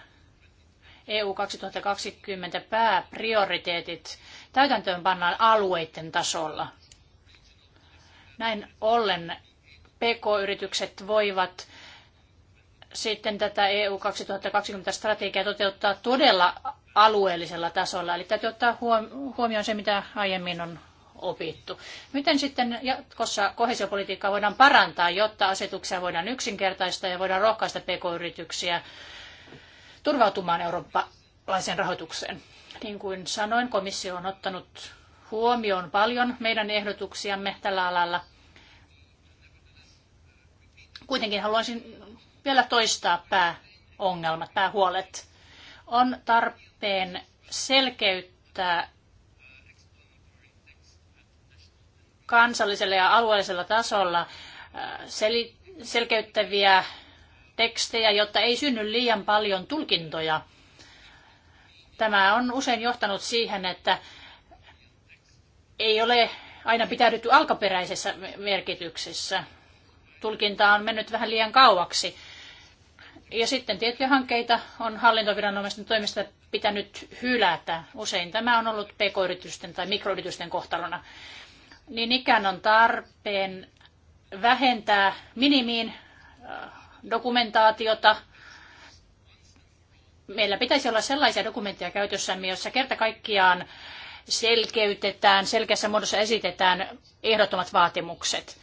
EU 2020 pääprioriteetit täytäntöön pannaan alueiden tasolla. Näin ollen PK-yritykset voivat sitten tätä EU 2020 strategiaa toteuttaa todella alueellisella tasolla. Eli täytyy ottaa huomioon se, mitä aiemmin on opittu. Miten sitten jatkossa kohesiopolitiikkaa voidaan parantaa, jotta asetuksia voidaan yksinkertaistaa ja voidaan rohkaista pk-yrityksiä turvautumaan eurooppalaiseen rahoitukseen. Niin kuin sanoin, komissio on ottanut huomioon paljon meidän ehdotuksiamme tällä alalla. Kuitenkin haluaisin vielä toistaa pääongelmat, päähuolet. On tarpeen selkeyttää kansallisella ja alueellisella tasolla äh, selkeyttäviä tekstejä, jotta ei synny liian paljon tulkintoja. Tämä on usein johtanut siihen, että ei ole aina pitäydytty alkuperäisessä merkityksessä. Tulkinta on mennyt vähän liian kauaksi. Ja sitten tiettyjä hankkeita on hallintoviranomaisten toimesta pitänyt hylätä. Usein tämä on ollut pk-yritysten tai mikroyritysten kohtalona. Niin ikään on tarpeen vähentää minimiin äh, dokumentaatiota. Meillä pitäisi olla sellaisia dokumentteja käytössämme, joissa kerta kaikkiaan selkeytetään, selkeässä muodossa esitetään ehdottomat vaatimukset.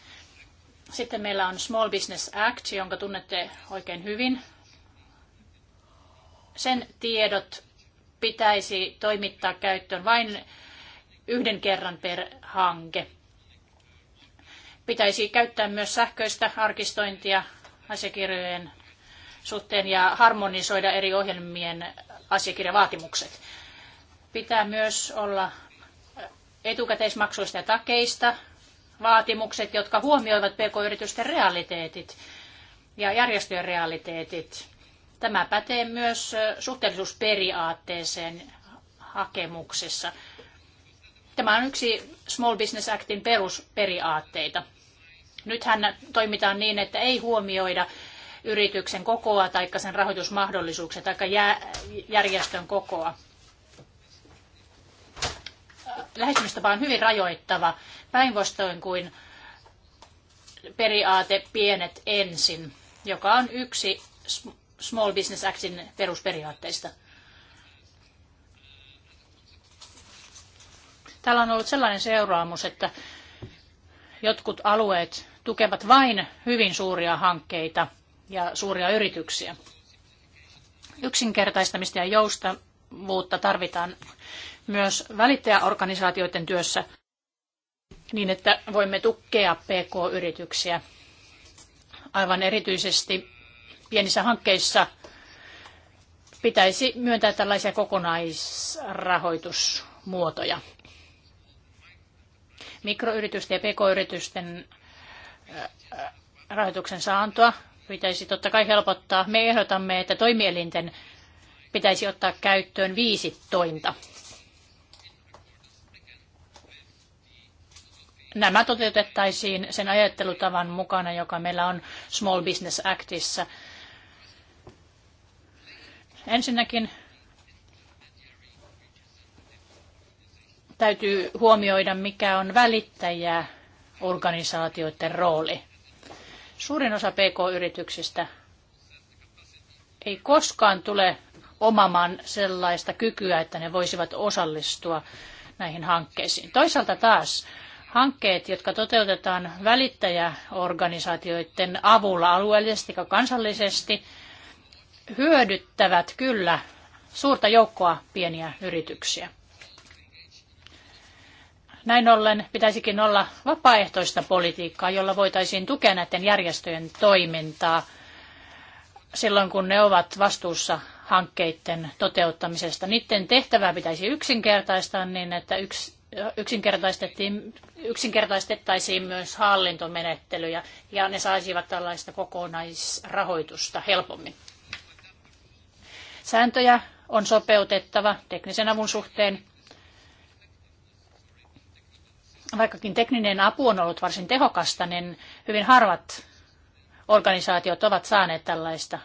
Sitten meillä on Small Business Act, jonka tunnette oikein hyvin. Sen tiedot pitäisi toimittaa käyttöön vain yhden kerran per hanke. Pitäisi käyttää myös sähköistä arkistointia asiakirjojen suhteen ja harmonisoida eri ohjelmien asiakirjavaatimukset. Pitää myös olla etukäteismaksuista ja takeista vaatimukset, jotka huomioivat pk-yritysten realiteetit ja järjestöjen realiteetit. Tämä pätee myös suhteellisuusperiaatteeseen hakemuksessa. Tämä on yksi Small Business Actin perusperiaatteita. Nythän toimitaan niin, että ei huomioida yrityksen kokoa tai sen rahoitusmahdollisuuksia tai järjestön kokoa. Lähestymistapa on hyvin rajoittava, päinvastoin kuin periaate pienet ensin, joka on yksi Small Business Actin perusperiaatteista. Täällä on ollut sellainen seuraamus, että jotkut alueet tukevat vain hyvin suuria hankkeita ja suuria yrityksiä. Yksinkertaistamista ja joustavuutta tarvitaan myös välittäjäorganisaatioiden työssä niin, että voimme tukea PK-yrityksiä. Aivan erityisesti pienissä hankkeissa pitäisi myöntää tällaisia kokonaisrahoitusmuotoja. Mikroyritysten ja pk-yritysten rahoituksen saantoa pitäisi totta kai helpottaa. Me ehdotamme, että toimielinten pitäisi ottaa käyttöön viisi tointa. Nämä toteutettaisiin sen ajattelutavan mukana, joka meillä on Small Business Actissa. Ensinnäkin täytyy huomioida, mikä on välittäjää organisaatioiden rooli. Suurin osa PK-yrityksistä ei koskaan tule omamaan sellaista kykyä, että ne voisivat osallistua näihin hankkeisiin. Toisaalta taas hankkeet, jotka toteutetaan välittäjäorganisaatioiden avulla alueellisesti ja kansallisesti, hyödyttävät kyllä suurta joukkoa pieniä yrityksiä. Näin ollen pitäisikin olla vapaaehtoista politiikkaa, jolla voitaisiin tukea näiden järjestöjen toimintaa silloin, kun ne ovat vastuussa hankkeiden toteuttamisesta. Niiden tehtävää pitäisi yksinkertaistaa niin, että yks, yksinkertaistettiin, yksinkertaistettaisiin myös hallintomenettelyjä ja ne saisivat tällaista kokonaisrahoitusta helpommin. Sääntöjä on sopeutettava teknisen avun suhteen Vaikkakin tekninen apu on ollut varsin tehokasta, niin hyvin harvat organisaatiot ovat saaneet tällaista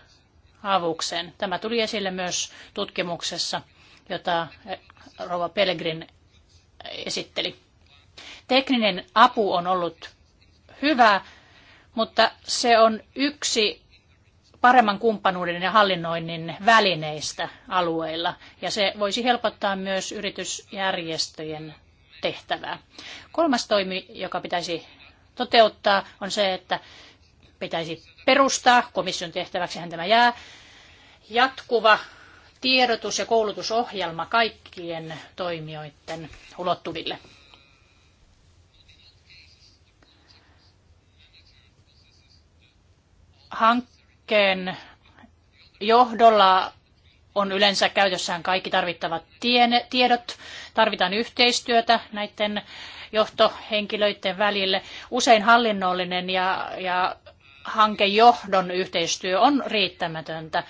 avukseen. Tämä tuli esille myös tutkimuksessa, jota eh, Rova Pellegrin esitteli. Tekninen apu on ollut hyvä, mutta se on yksi paremman kumppanuuden ja hallinnoinnin välineistä alueilla, ja se voisi helpottaa myös yritysjärjestöjen tehtävää. Kolmas toimi, joka pitäisi toteuttaa, on se, että pitäisi perustaa, komission tehtäväksihän tämä jää, jatkuva tiedotus- ja koulutusohjelma kaikkien toimijoiden ulottuville. Hankkeen johdolla on yleensä käytössään kaikki tarvittavat tiedot. Tarvitaan yhteistyötä näiden johtohenkilöiden välille. Usein hallinnollinen ja, ja hankejohdon yhteistyö on riittämätöntä.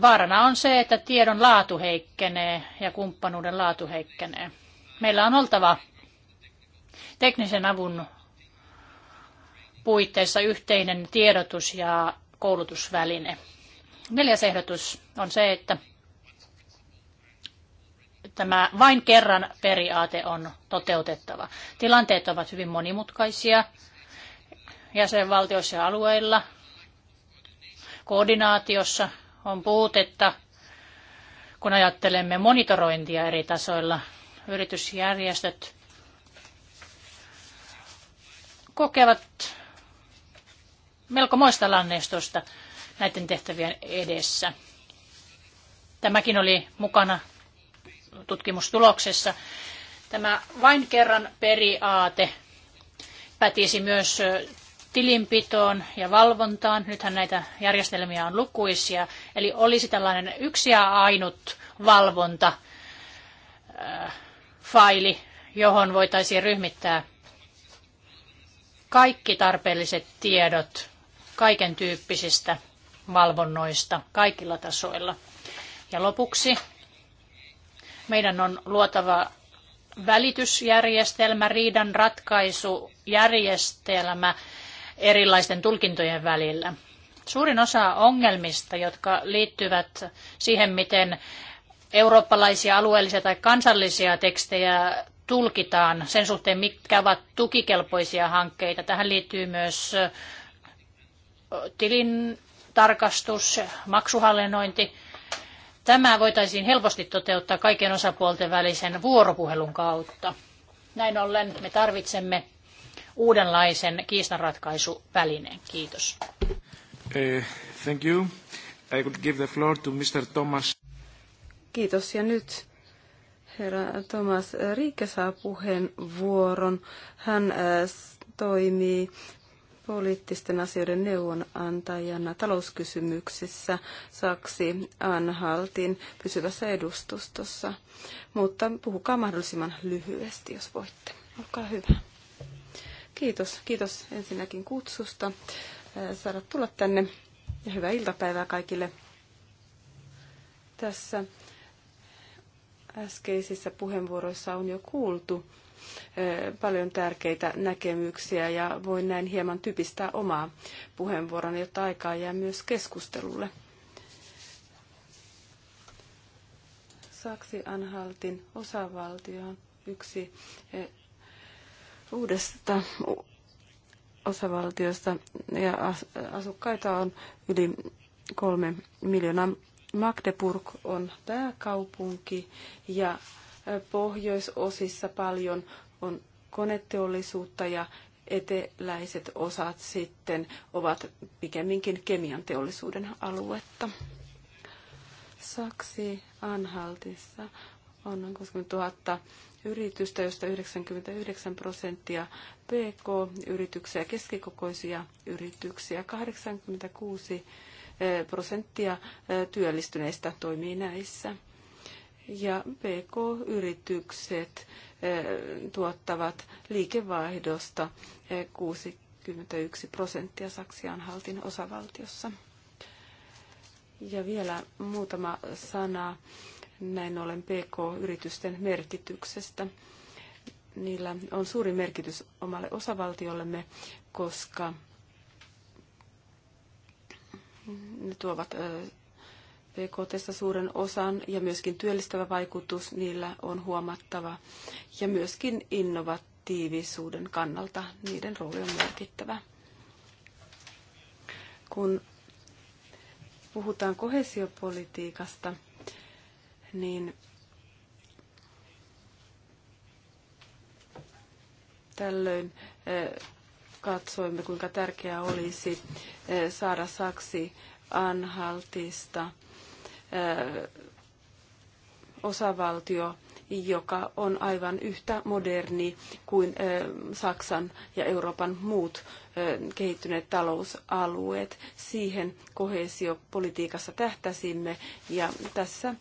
Vaarana on se, että tiedon laatu heikkenee ja kumppanuuden laatu heikkenee. Meillä on oltava teknisen avun puitteissa yhteinen tiedotus- ja koulutusväline. Neljäs ehdotus on se, että tämä vain kerran periaate on toteutettava. Tilanteet ovat hyvin monimutkaisia jäsenvaltioissa ja alueilla. Koordinaatiossa on puutetta, kun ajattelemme monitorointia eri tasoilla. Yritysjärjestöt kokevat melko moista lannistusta näiden tehtävien edessä. Tämäkin oli mukana tutkimustuloksessa. Tämä vain kerran periaate pätisi myös tilinpitoon ja valvontaan. Nythän näitä järjestelmiä on lukuisia. Eli olisi tällainen yksi ja ainut valvonta faili, johon voitaisiin ryhmittää kaikki tarpeelliset tiedot kaiken tyyppisistä valvonnoista kaikilla tasoilla. Ja lopuksi meidän on luotava välitysjärjestelmä, riidan ratkaisujärjestelmä erilaisten tulkintojen välillä. Suurin osa ongelmista, jotka liittyvät siihen, miten eurooppalaisia, alueellisia tai kansallisia tekstejä tulkitaan sen suhteen, mitkä ovat tukikelpoisia hankkeita. Tähän liittyy myös tilintarkastus, maksuhallinnointi. Tämä voitaisiin helposti toteuttaa kaiken osapuolten välisen vuoropuhelun kautta. Näin ollen me tarvitsemme uudenlaisen kiistanratkaisuvälineen. Kiitos. Eh, thank you. I would give the floor to Mr. Thomas. Kiitos. Ja nyt herra Thomas Riikke saa puheenvuoron. Hän eh, toimii poliittisten asioiden neuvonantajana talouskysymyksissä Saksi Anhaltin pysyvässä edustustossa. Mutta puhukaa mahdollisimman lyhyesti, jos voitte. Olkaa hyvä. Kiitos. Kiitos ensinnäkin kutsusta eh, saada tulla tänne ja hyvää iltapäivää kaikille. Tässä äskeisissä puheenvuoroissa on jo kuultu paljon tärkeitä näkemyksiä ja voin näin hieman typistää omaa puheenvuoroni, jotta aikaa jää myös keskustelulle. Saksi-Anhaltin osavaltio on yksi uudesta osavaltiosta ja asukkaita on yli kolme miljoonaa. Magdeburg on pääkaupunki ja pohjoisosissa paljon on koneteollisuutta ja eteläiset osat sitten ovat pikemminkin kemian teollisuuden aluetta. Saksi Anhaltissa on noin 60 000 yritystä, joista 99 prosenttia PK-yrityksiä, keskikokoisia yrityksiä, 86 prosenttia työllistyneistä toimii näissä ja PK-yritykset eh, tuottavat liikevaihdosta 61 eh, prosenttia Saksian haltin osavaltiossa. Ja vielä muutama sana näin ollen PK-yritysten merkityksestä. Niillä on suuri merkitys omalle osavaltiollemme, koska ne tuovat eh, BKTstä suuren osan ja myöskin työllistävä vaikutus niillä on huomattava. Ja myöskin innovatiivisuuden kannalta niiden rooli on merkittävä. Kun puhutaan kohesiopolitiikasta, niin tällöin eh, katsoimme, kuinka tärkeää olisi eh, saada Saksi Anhaltista – osavaltio, joka on aivan yhtä moderni kuin Saksan ja Euroopan muut kehittyneet talousalueet. Siihen kohesiopolitiikassa tähtäsimme ja tässä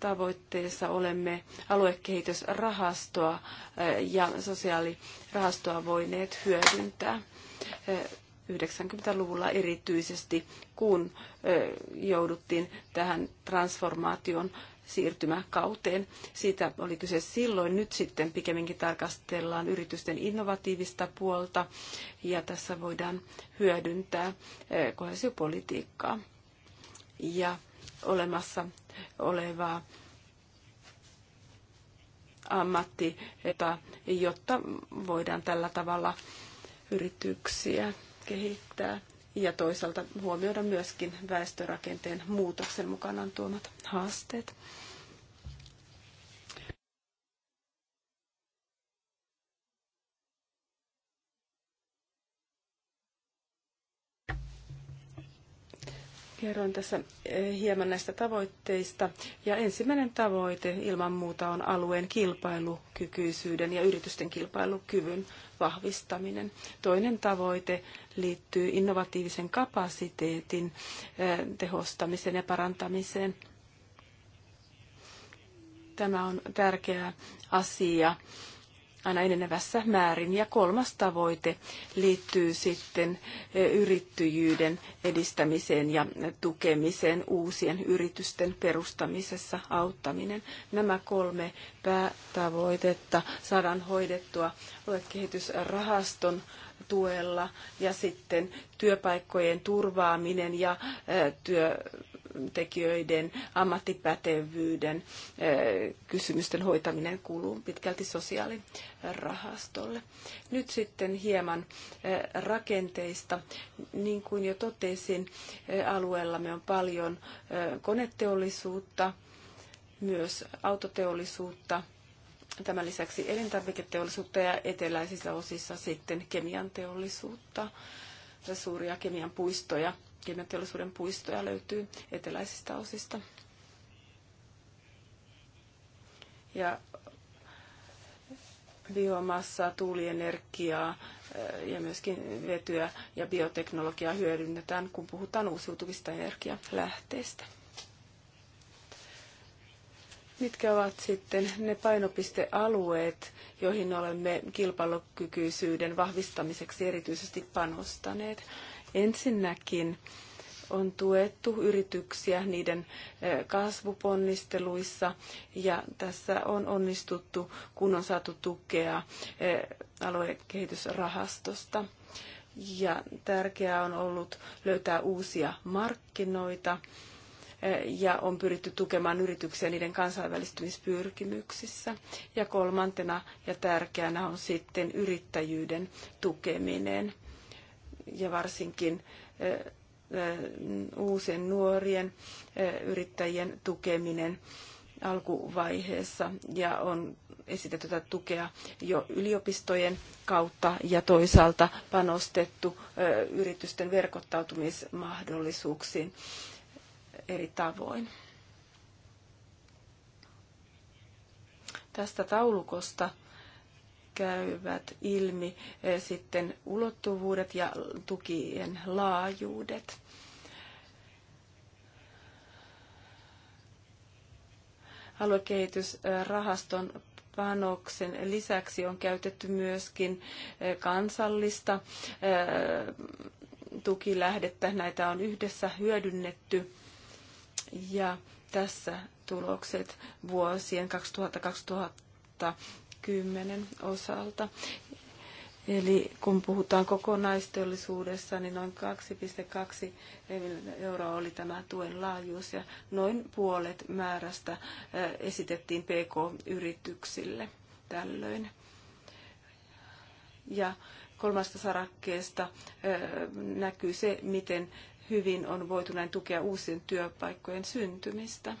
tavoitteessa olemme aluekehitysrahastoa ja sosiaalirahastoa voineet hyödyntää. 90-luvulla erityisesti, kun jouduttiin tähän transformaation siirtymäkauteen. Siitä oli kyse silloin. Nyt sitten pikemminkin tarkastellaan yritysten innovatiivista puolta ja tässä voidaan hyödyntää kohesiopolitiikkaa ja olemassa olevaa ammatti, jotta voidaan tällä tavalla yrityksiä kehittää ja toisaalta huomioida myöskin väestörakenteen muutoksen mukanaan tuomat haasteet. Kerron tässä eh, hieman näistä tavoitteista. Ja ensimmäinen tavoite ilman muuta on alueen kilpailukykyisyyden ja yritysten kilpailukyvyn vahvistaminen. Toinen tavoite liittyy innovatiivisen kapasiteetin eh, tehostamiseen ja parantamiseen. Tämä on tärkeä asia aina enenevässä määrin. Ja kolmas tavoite liittyy sitten e, yrittäjyyden edistämiseen ja tukemiseen uusien yritysten perustamisessa auttaminen. Nämä kolme päätavoitetta saadaan hoidettua kehitysrahaston tuella ja sitten työpaikkojen turvaaminen ja e, työ työntekijöiden ammattipätevyyden kysymysten hoitaminen kuuluu pitkälti sosiaalirahastolle. Nyt sitten hieman rakenteista. Niin kuin jo totesin, alueellamme on paljon koneteollisuutta, myös autoteollisuutta, tämän lisäksi elintarviketeollisuutta ja eteläisissä osissa sitten kemian teollisuutta, suuria kemian puistoja – kemianteollisuuden puistoja löytyy eteläisistä osista. Ja biomassaa, tuulienergiaa eh, ja myöskin vetyä ja bioteknologiaa hyödynnetään, kun puhutaan uusiutuvista energialähteistä. Mitkä ovat sitten ne painopistealueet, joihin olemme kilpailukykyisyyden vahvistamiseksi erityisesti panostaneet? Ensinnäkin on tuettu yrityksiä niiden kasvuponnisteluissa ja tässä on onnistuttu, kun on saatu tukea aluekehitysrahastosta. Ja tärkeää on ollut löytää uusia markkinoita ja on pyritty tukemaan yrityksiä niiden kansainvälistymispyrkimyksissä. Ja kolmantena ja tärkeänä on sitten yrittäjyyden tukeminen ja varsinkin uusien nuorien yrittäjien tukeminen alkuvaiheessa ja on esitetty tätä tukea jo yliopistojen kautta ja toisaalta panostettu yritysten verkottautumismahdollisuuksiin eri tavoin. Tästä taulukosta käyvät ilmi eh, sitten ulottuvuudet ja tukien laajuudet. Aluekehitysrahaston panoksen lisäksi on käytetty myöskin eh, kansallista eh, tukilähdettä. Näitä on yhdessä hyödynnetty ja tässä tulokset vuosien 2000 10 osalta. Eli kun puhutaan kokonaisteollisuudessa, niin noin 2,2 euroa oli tämä tuen laajuus ja noin puolet määrästä eh, esitettiin PK-yrityksille tällöin. Ja kolmasta sarakkeesta eh, näkyy se, miten hyvin on voitu näin tukea uusien työpaikkojen syntymistä.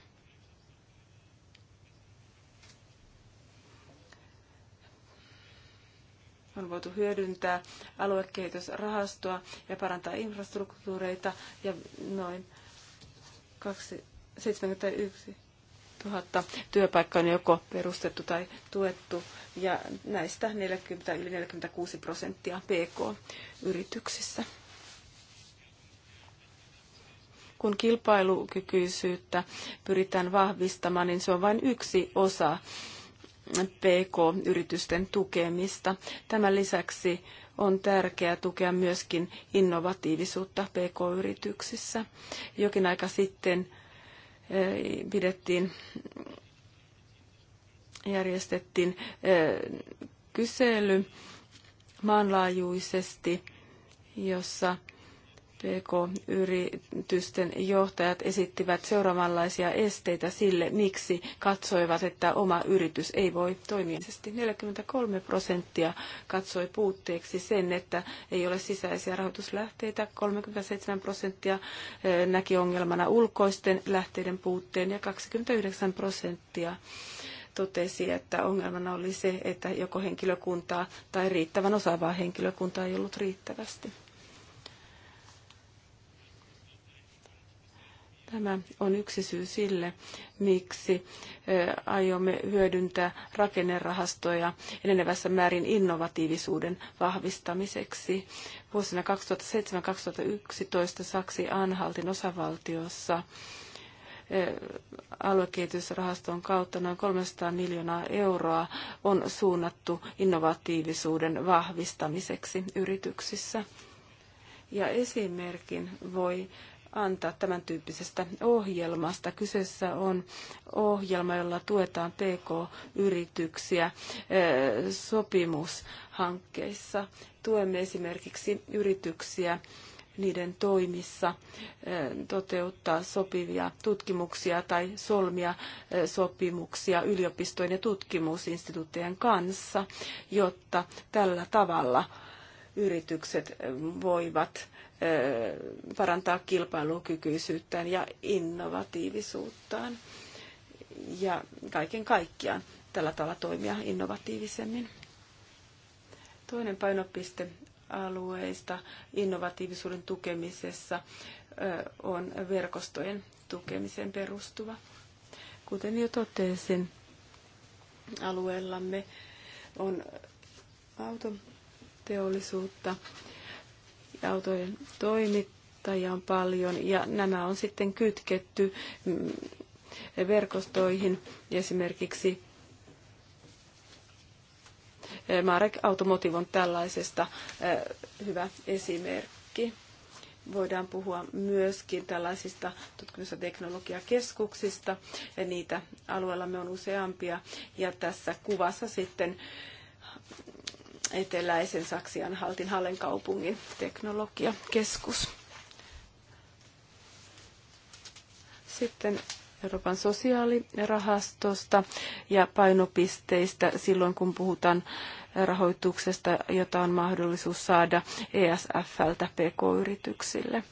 on voitu hyödyntää aluekehitysrahastoa ja parantaa infrastruktuureita ja noin 71 000 työpaikkaa on joko perustettu tai tuettu ja näistä 40, yli 46 prosenttia PK-yrityksissä kun kilpailukykyisyyttä pyritään vahvistamaan, niin se on vain yksi osa PK-yritysten tukemista. Tämän lisäksi on tärkeää tukea myöskin innovatiivisuutta PK-yrityksissä. Jokin aika sitten eh, pidettiin, järjestettiin eh, kysely maanlaajuisesti, jossa PK-yritysten johtajat esittivät seuraavanlaisia esteitä sille, miksi katsoivat, että oma yritys ei voi toimia. 43 prosenttia katsoi puutteeksi sen, että ei ole sisäisiä rahoituslähteitä. 37 prosenttia eh, näki ongelmana ulkoisten lähteiden puutteen ja 29 prosenttia totesi, että ongelmana oli se, että joko henkilökuntaa tai riittävän osaavaa henkilökuntaa ei ollut riittävästi. Tämä on yksi syy sille, miksi aiomme hyödyntää rakennerahastoja enenevässä määrin innovatiivisuuden vahvistamiseksi. Vuosina 2007-2011 Saksi-Anhaltin osavaltiossa aluekehitysrahaston kautta noin 300 miljoonaa euroa on suunnattu innovatiivisuuden vahvistamiseksi yrityksissä. Ja esimerkin voi antaa tämän tyyppisestä ohjelmasta. Kyseessä on ohjelma, jolla tuetaan PK-yrityksiä eh, sopimushankkeissa. Tuemme esimerkiksi yrityksiä niiden toimissa eh, toteuttaa sopivia tutkimuksia tai solmia eh, sopimuksia yliopistojen ja tutkimusinstituuttien kanssa, jotta tällä tavalla yritykset voivat parantaa kilpailukykyisyyttään ja innovatiivisuuttaan ja kaiken kaikkiaan tällä tavalla toimia innovatiivisemmin. Toinen painopiste alueista innovatiivisuuden tukemisessa on verkostojen tukemiseen perustuva. Kuten jo totesin, alueellamme on autoteollisuutta autojen toimittajia on paljon ja nämä on sitten kytketty mm, verkostoihin esimerkiksi eh, Marek Automotiv on tällaisesta eh, hyvä esimerkki. Voidaan puhua myöskin tällaisista tutkimus- ja teknologiakeskuksista. Ja niitä alueellamme on useampia. Ja tässä kuvassa sitten eteläisen Saksian Haltinhallen kaupungin teknologiakeskus. Sitten Euroopan sosiaalirahastosta ja painopisteistä silloin, kun puhutaan rahoituksesta, jota on mahdollisuus saada ESFltä pk-yrityksille.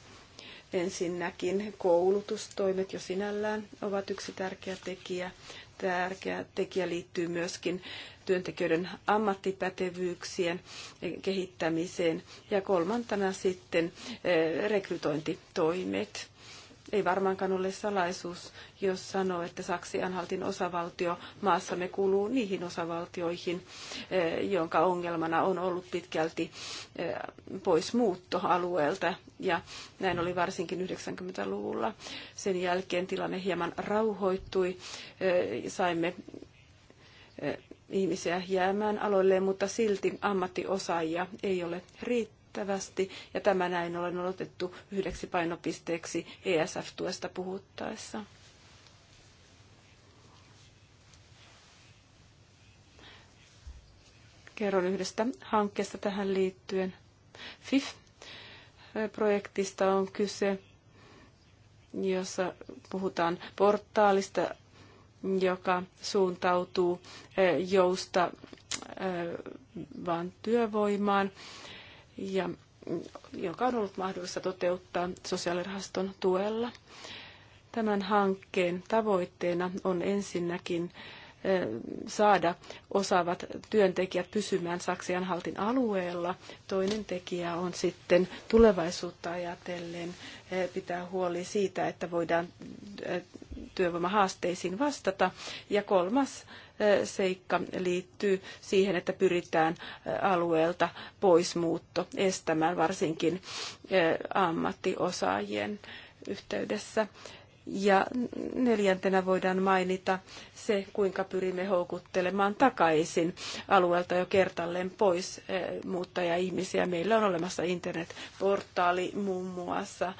Ensinnäkin koulutustoimet jo sinällään ovat yksi tärkeä tekijä. Tärkeä tekijä liittyy myöskin työntekijöiden ammattipätevyyksien kehittämiseen ja kolmantena sitten eh, rekrytointitoimet. Ei varmaankaan ole salaisuus, jos sanoo, että Saksi-Anhaltin osavaltio maassamme kuuluu niihin osavaltioihin, eh, jonka ongelmana on ollut pitkälti eh, pois muuttoalueelta. Ja näin oli varsinkin 90-luvulla. Sen jälkeen tilanne hieman rauhoittui. Saimme ihmisiä jäämään aloilleen, mutta silti ammattiosaajia ei ole riittävästi, ja tämä näin olen otettu yhdeksi painopisteeksi ESF-tuesta puhuttaessa. Kerron yhdestä hankkeesta tähän liittyen. FIF-projektista on kyse, jossa puhutaan portaalista joka suuntautuu eh, jousta eh, vaan työvoimaan ja joka on ollut mahdollista toteuttaa sosiaalirahaston tuella. Tämän hankkeen tavoitteena on ensinnäkin eh, saada osaavat työntekijät pysymään Saksianhaltin alueella. Toinen tekijä on sitten tulevaisuutta ajatellen pitää huoli siitä, että voidaan työvoimahaasteisiin vastata. Ja kolmas seikka liittyy siihen, että pyritään alueelta poismuutto estämään varsinkin ammattiosaajien yhteydessä. Ja neljäntenä voidaan mainita se, kuinka pyrimme houkuttelemaan takaisin alueelta jo kertalleen pois muuttaja-ihmisiä. Meillä on olemassa internetportaali muun muassa,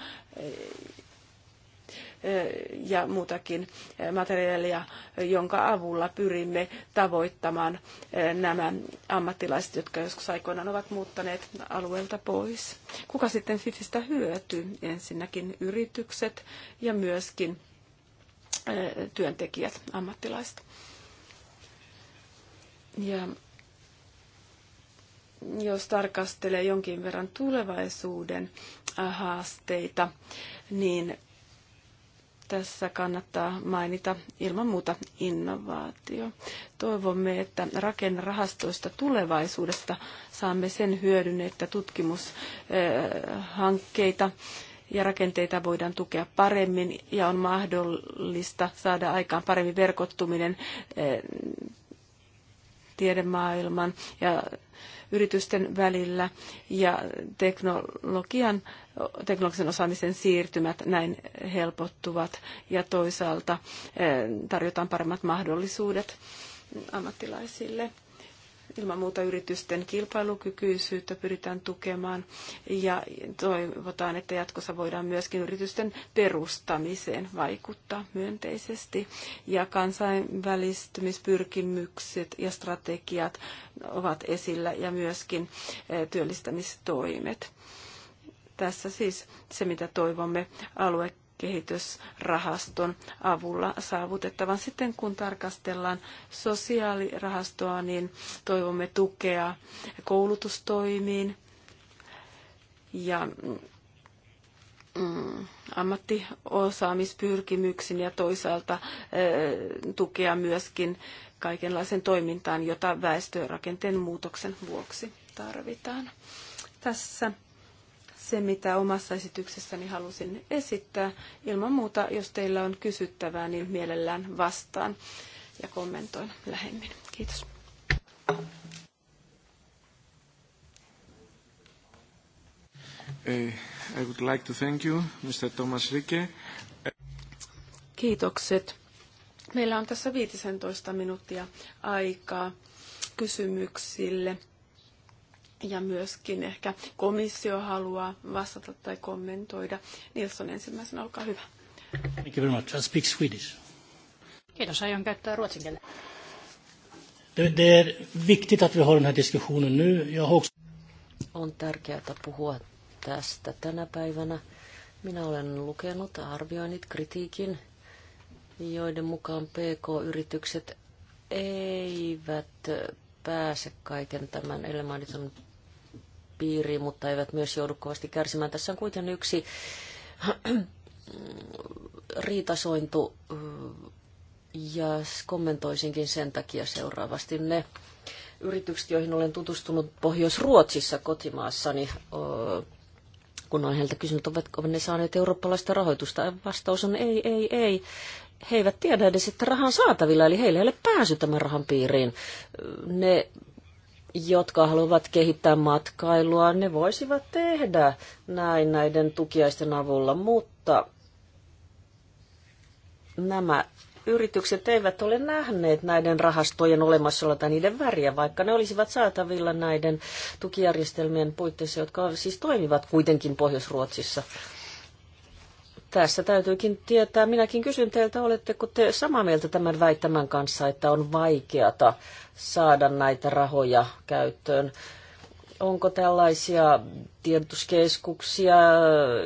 Eh, ja muutakin eh, materiaalia, jonka avulla pyrimme tavoittamaan eh, nämä ammattilaiset, jotka joskus aikoinaan ovat muuttaneet alueelta pois. Kuka sitten FIFistä hyötyy? Ensinnäkin yritykset ja myöskin työntekijät, ammattilaiset. Ja jos tarkastelee jonkin verran tulevaisuuden haasteita, niin tässä kannattaa mainita ilman muuta innovaatio. Toivomme, että rakennerahastoista tulevaisuudesta saamme sen hyödyn, että tutkimushankkeita ja rakenteita voidaan tukea paremmin ja on mahdollista saada aikaan paremmin verkottuminen eh, tiedemaailman ja yritysten välillä ja teknologian, teknologisen osaamisen siirtymät näin helpottuvat ja toisaalta eh, tarjotaan paremmat mahdollisuudet ammattilaisille. Ilman muuta yritysten kilpailukykyisyyttä pyritään tukemaan ja toivotaan, että jatkossa voidaan myöskin yritysten perustamiseen vaikuttaa myönteisesti. Ja kansainvälistymispyrkimykset ja strategiat ovat esillä ja myöskin eh, työllistämistoimet. Tässä siis se, mitä toivomme alue kehitysrahaston avulla saavutettavan. Sitten kun tarkastellaan sosiaalirahastoa, niin toivomme tukea koulutustoimiin ja mm, ammattiosaamispyrkimyksiin ja toisaalta tukea myöskin kaikenlaisen toimintaan, jota väestörakenteen muutoksen vuoksi tarvitaan. Tässä se, mitä omassa esityksessäni halusin esittää. Ilman muuta, jos teillä on kysyttävää, niin mielellään vastaan ja kommentoin lähemmin. Kiitos. Eh, I would like to thank you, Mr. Thomas Rike. Kiitokset. Meillä on tässä 15 minuuttia aikaa kysymyksille. Ja myöskin ehkä komissio haluaa vastata tai kommentoida. Nilsson ensimmäisenä, olkaa hyvä. Thank you very much. I speak Swedish. Kiitos, aion käyttää ruotsin kieltä. Det är viktigt att vi har den här diskussionen nu. Jag har också... On tärkeää puhua tästä tänä päivänä. Minä olen lukenut arvioinnit, kritiikin, joiden mukaan PK-yritykset eivät pääse kaiken tämän edellä piiriin, mutta eivät myös joudu kovasti kärsimään. Tässä on kuitenkin yksi riitasointu ja kommentoisinkin sen takia seuraavasti ne yritykset, joihin olen tutustunut Pohjois-Ruotsissa kotimaassani, kun olen heiltä kysynyt, ovatko ne saaneet eurooppalaista rahoitusta. Vastaus on ei, ei, ei. He eivät tiedä edes, että rahan saatavilla, eli heillä ei ole pääsy tämän rahan piiriin. Ne jotka haluavat kehittää matkailua, ne voisivat tehdä näin näiden tukiaisten avulla, mutta nämä yritykset eivät ole nähneet näiden rahastojen olemassaolla tai niiden väriä, vaikka ne olisivat saatavilla näiden tukijärjestelmien puitteissa, jotka siis toimivat kuitenkin Pohjois-Ruotsissa. Tässä täytyykin tietää, minäkin kysyn teiltä, oletteko te samaa mieltä tämän väittämän kanssa, että on vaikeata saada näitä rahoja käyttöön? Onko tällaisia tiedotuskeskuksia,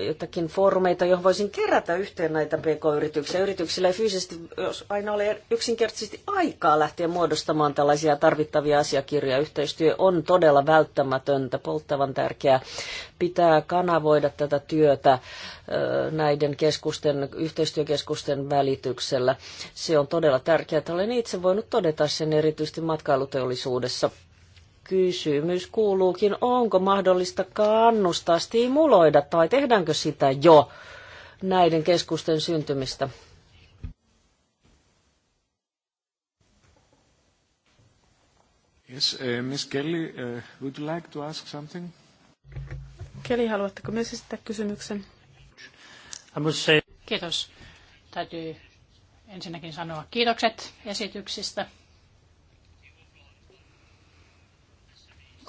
jotakin foorumeita, johon voisin kerätä yhteen näitä pk-yrityksiä? Yrityksillä ei fyysisesti jos aina ole yksinkertaisesti aikaa lähteä muodostamaan tällaisia tarvittavia asiakirjoja. Yhteistyö on todella välttämätöntä, polttavan tärkeää. Pitää kanavoida tätä työtä näiden keskusten, yhteistyökeskusten välityksellä. Se on todella tärkeää. Olen itse voinut todeta sen erityisesti matkailuteollisuudessa kysymys kuuluukin, onko mahdollista kannustaa, stimuloida tai tehdäänkö sitä jo näiden keskusten syntymistä? Yes, uh, Miss Kelly, uh, would you like to ask something? Kelly, haluatteko myös esittää kysymyksen? Kiitos. Täytyy ensinnäkin sanoa kiitokset esityksistä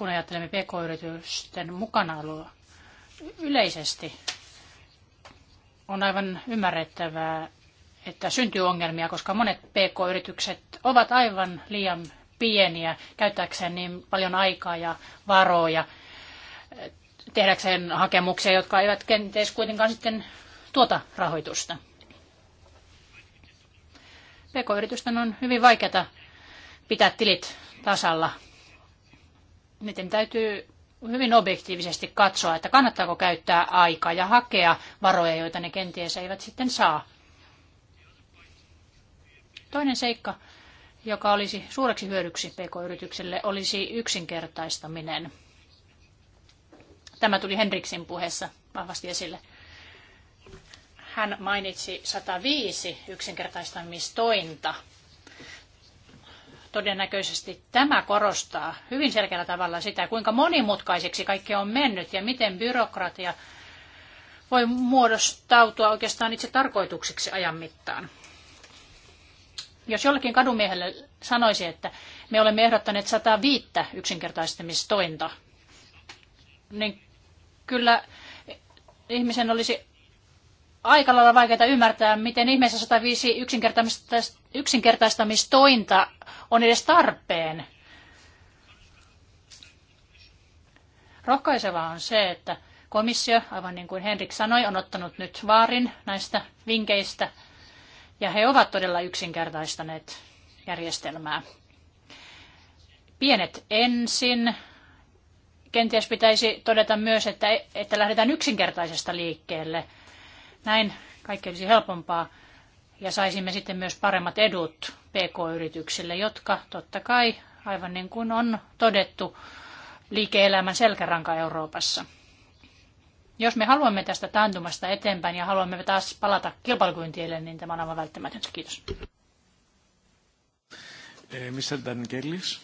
kun ajattelemme pk-yritysten mukanaoloa yleisesti, on aivan ymmärrettävää, että syntyy ongelmia, koska monet pk-yritykset ovat aivan liian pieniä käyttääkseen niin paljon aikaa ja varoja tehdäkseen hakemuksia, jotka eivät kenties kuitenkaan sitten tuota rahoitusta. PK-yritysten on hyvin vaikeata pitää tilit tasalla miten täytyy hyvin objektiivisesti katsoa, että kannattaako käyttää aikaa ja hakea varoja, joita ne kenties eivät sitten saa. Toinen seikka, joka olisi suureksi hyödyksi pk-yritykselle, olisi yksinkertaistaminen. Tämä tuli Henriksin puheessa vahvasti esille. Hän mainitsi 105 yksinkertaistamistointa – Todennäköisesti tämä korostaa hyvin selkeällä tavalla sitä, kuinka monimutkaiseksi kaikki on mennyt ja miten byrokratia voi muodostautua oikeastaan itse tarkoitukseksi ajan mittaan. Jos jollekin kadumiehelle sanoisi, että me olemme ehdottaneet 105 yksinkertaistamistointa, niin kyllä ihmisen olisi aika lailla vaikeaa ymmärtää, miten ihmeessä 105 yksinkertaistamistointa on edes tarpeen. Rohkaisevaa on se, että komissio, aivan niin kuin Henrik sanoi, on ottanut nyt vaarin näistä vinkeistä, ja he ovat todella yksinkertaistaneet järjestelmää. Pienet ensin. Kenties pitäisi todeta myös, että, että lähdetään yksinkertaisesta liikkeelle – näin kaikki olisi helpompaa ja saisimme sitten myös paremmat edut PK-yrityksille, jotka totta kai, aivan niin kuin on todettu, liike-elämän selkäranka Euroopassa. Jos me haluamme tästä taantumasta eteenpäin ja haluamme taas palata kilpailukyntielle, niin tämä on aivan välttämätöntä. Kiitos. Eh, Mr. Dan Kellis.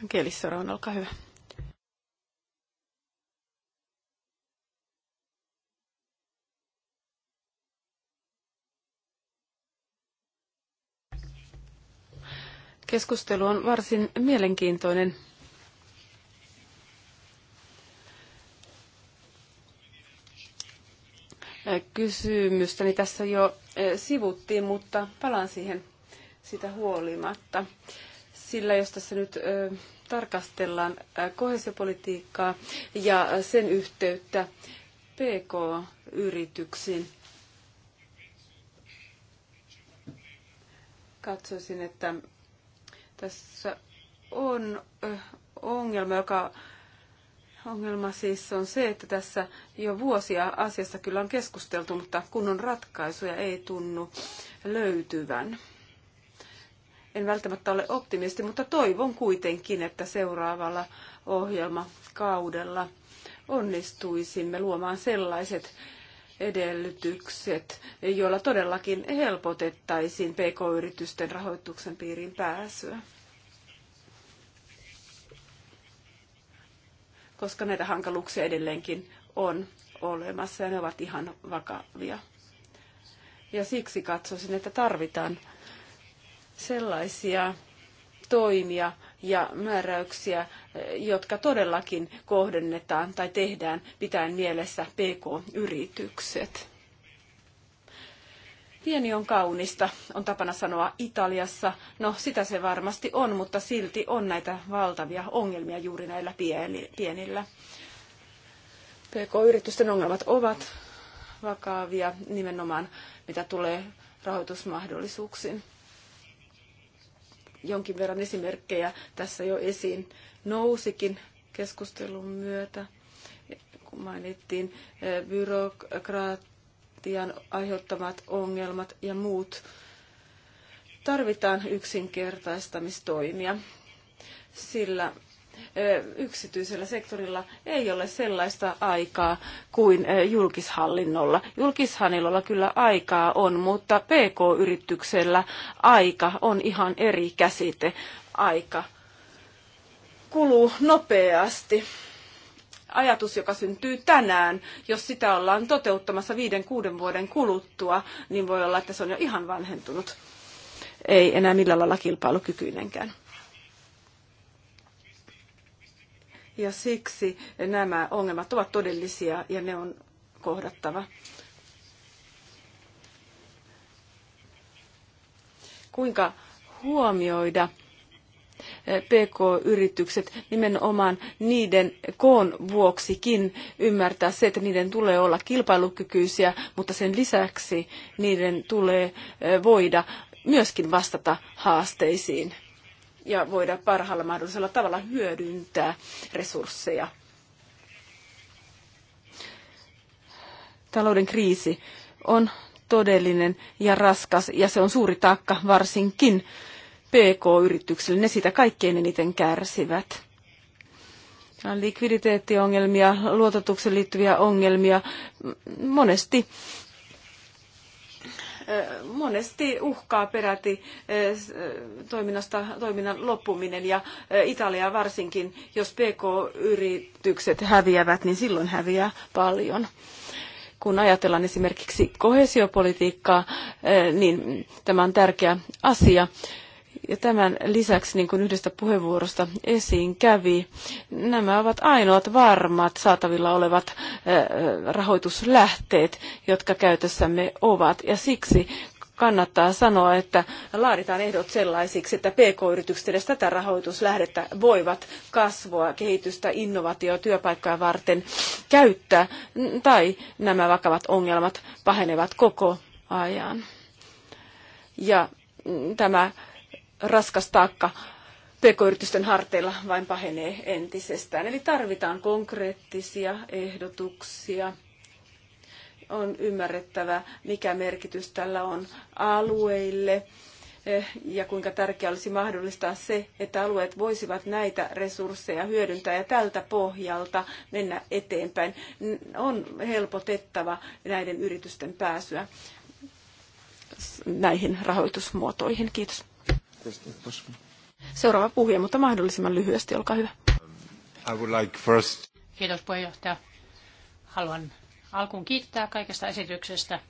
Dan Kellis, seuraavan, olkaa hyvä. Keskustelu on varsin mielenkiintoinen. Kysymystäni tässä jo eh, sivuttiin, mutta palaan siihen sitä huolimatta. Sillä jos tässä nyt eh, tarkastellaan eh, kohesiopolitiikkaa ja sen yhteyttä PK-yrityksiin, katsoisin, että tässä on ongelma, joka ongelma siis on se, että tässä jo vuosia asiassa kyllä on keskusteltu, mutta kunnon ratkaisuja ei tunnu löytyvän. En välttämättä ole optimisti, mutta toivon kuitenkin, että seuraavalla ohjelmakaudella onnistuisimme luomaan sellaiset edellytykset, joilla todellakin helpotettaisiin pk-yritysten rahoituksen piiriin pääsyä. Koska näitä hankaluuksia edelleenkin on olemassa ja ne ovat ihan vakavia. Ja siksi katsoisin, että tarvitaan sellaisia toimia, ja määräyksiä, jotka todellakin kohdennetaan tai tehdään pitäen mielessä PK-yritykset. Pieni on kaunista, on tapana sanoa Italiassa. No, sitä se varmasti on, mutta silti on näitä valtavia ongelmia juuri näillä pienillä. PK-yritysten ongelmat ovat vakavia nimenomaan, mitä tulee rahoitusmahdollisuuksiin jonkin verran esimerkkejä tässä jo esiin nousikin keskustelun myötä, kun mainittiin eh, byrokratian aiheuttamat ongelmat ja muut. Tarvitaan yksinkertaistamistoimia, sillä yksityisellä sektorilla ei ole sellaista aikaa kuin julkishallinnolla. Julkishallinnolla kyllä aikaa on, mutta PK-yrityksellä aika on ihan eri käsite. Aika kuluu nopeasti ajatus, joka syntyy tänään, jos sitä ollaan toteuttamassa viiden, kuuden vuoden kuluttua, niin voi olla, että se on jo ihan vanhentunut. Ei enää millään lailla kilpailukykyinenkään. Ja siksi nämä ongelmat ovat todellisia ja ne on kohdattava. Kuinka huomioida eh, PK-yritykset nimenomaan niiden koon vuoksikin ymmärtää se, että niiden tulee olla kilpailukykyisiä, mutta sen lisäksi niiden tulee eh, voida myöskin vastata haasteisiin ja voida parhaalla mahdollisella tavalla hyödyntää resursseja. Talouden kriisi on todellinen ja raskas ja se on suuri taakka varsinkin PK-yrityksille. Ne sitä kaikkein eniten kärsivät. Likviditeettiongelmia, luototukseen liittyviä ongelmia, monesti monesti uhkaa peräti toiminnasta, toiminnan loppuminen ja Italia varsinkin, jos PK-yritykset häviävät, niin silloin häviää paljon kun ajatellaan esimerkiksi koheesiopolitiikkaa, niin tämä on tärkeä asia. Ja tämän lisäksi, niin kuin yhdestä puheenvuorosta esiin kävi, nämä ovat ainoat varmat saatavilla olevat rahoituslähteet, jotka käytössämme ovat. Ja siksi kannattaa sanoa, että laaditaan ehdot sellaisiksi, että PK-yritykset edes tätä rahoituslähdettä voivat kasvua, kehitystä, innovaatio, työpaikkoja varten käyttää, tai nämä vakavat ongelmat pahenevat koko ajan. Ja tämä raskas taakka pk-yritysten harteilla vain pahenee entisestään. Eli tarvitaan konkreettisia ehdotuksia. On ymmärrettävä, mikä merkitys tällä on alueille eh, ja kuinka tärkeää olisi mahdollistaa se, että alueet voisivat näitä resursseja hyödyntää ja tältä pohjalta mennä eteenpäin. On helpotettava näiden yritysten pääsyä näihin rahoitusmuotoihin. Kiitos. Seuraava puhuja, mutta mahdollisimman lyhyesti, olkaa hyvä. I would like first... Kiitos puheenjohtaja. Haluan alkuun kiittää kaikesta esityksestä,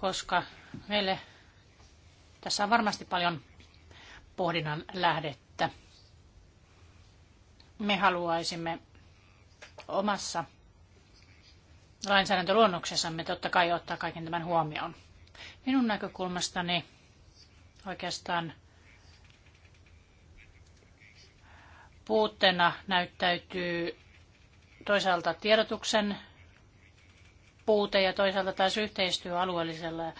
koska meille tässä on varmasti paljon pohdinnan lähdettä. Me haluaisimme omassa lainsäädäntöluonnoksessamme totta kai ottaa kaiken tämän huomioon. Minun näkökulmastani Oikeastaan puutteena näyttäytyy toisaalta tiedotuksen puute ja toisaalta taas yhteistyö alueellisella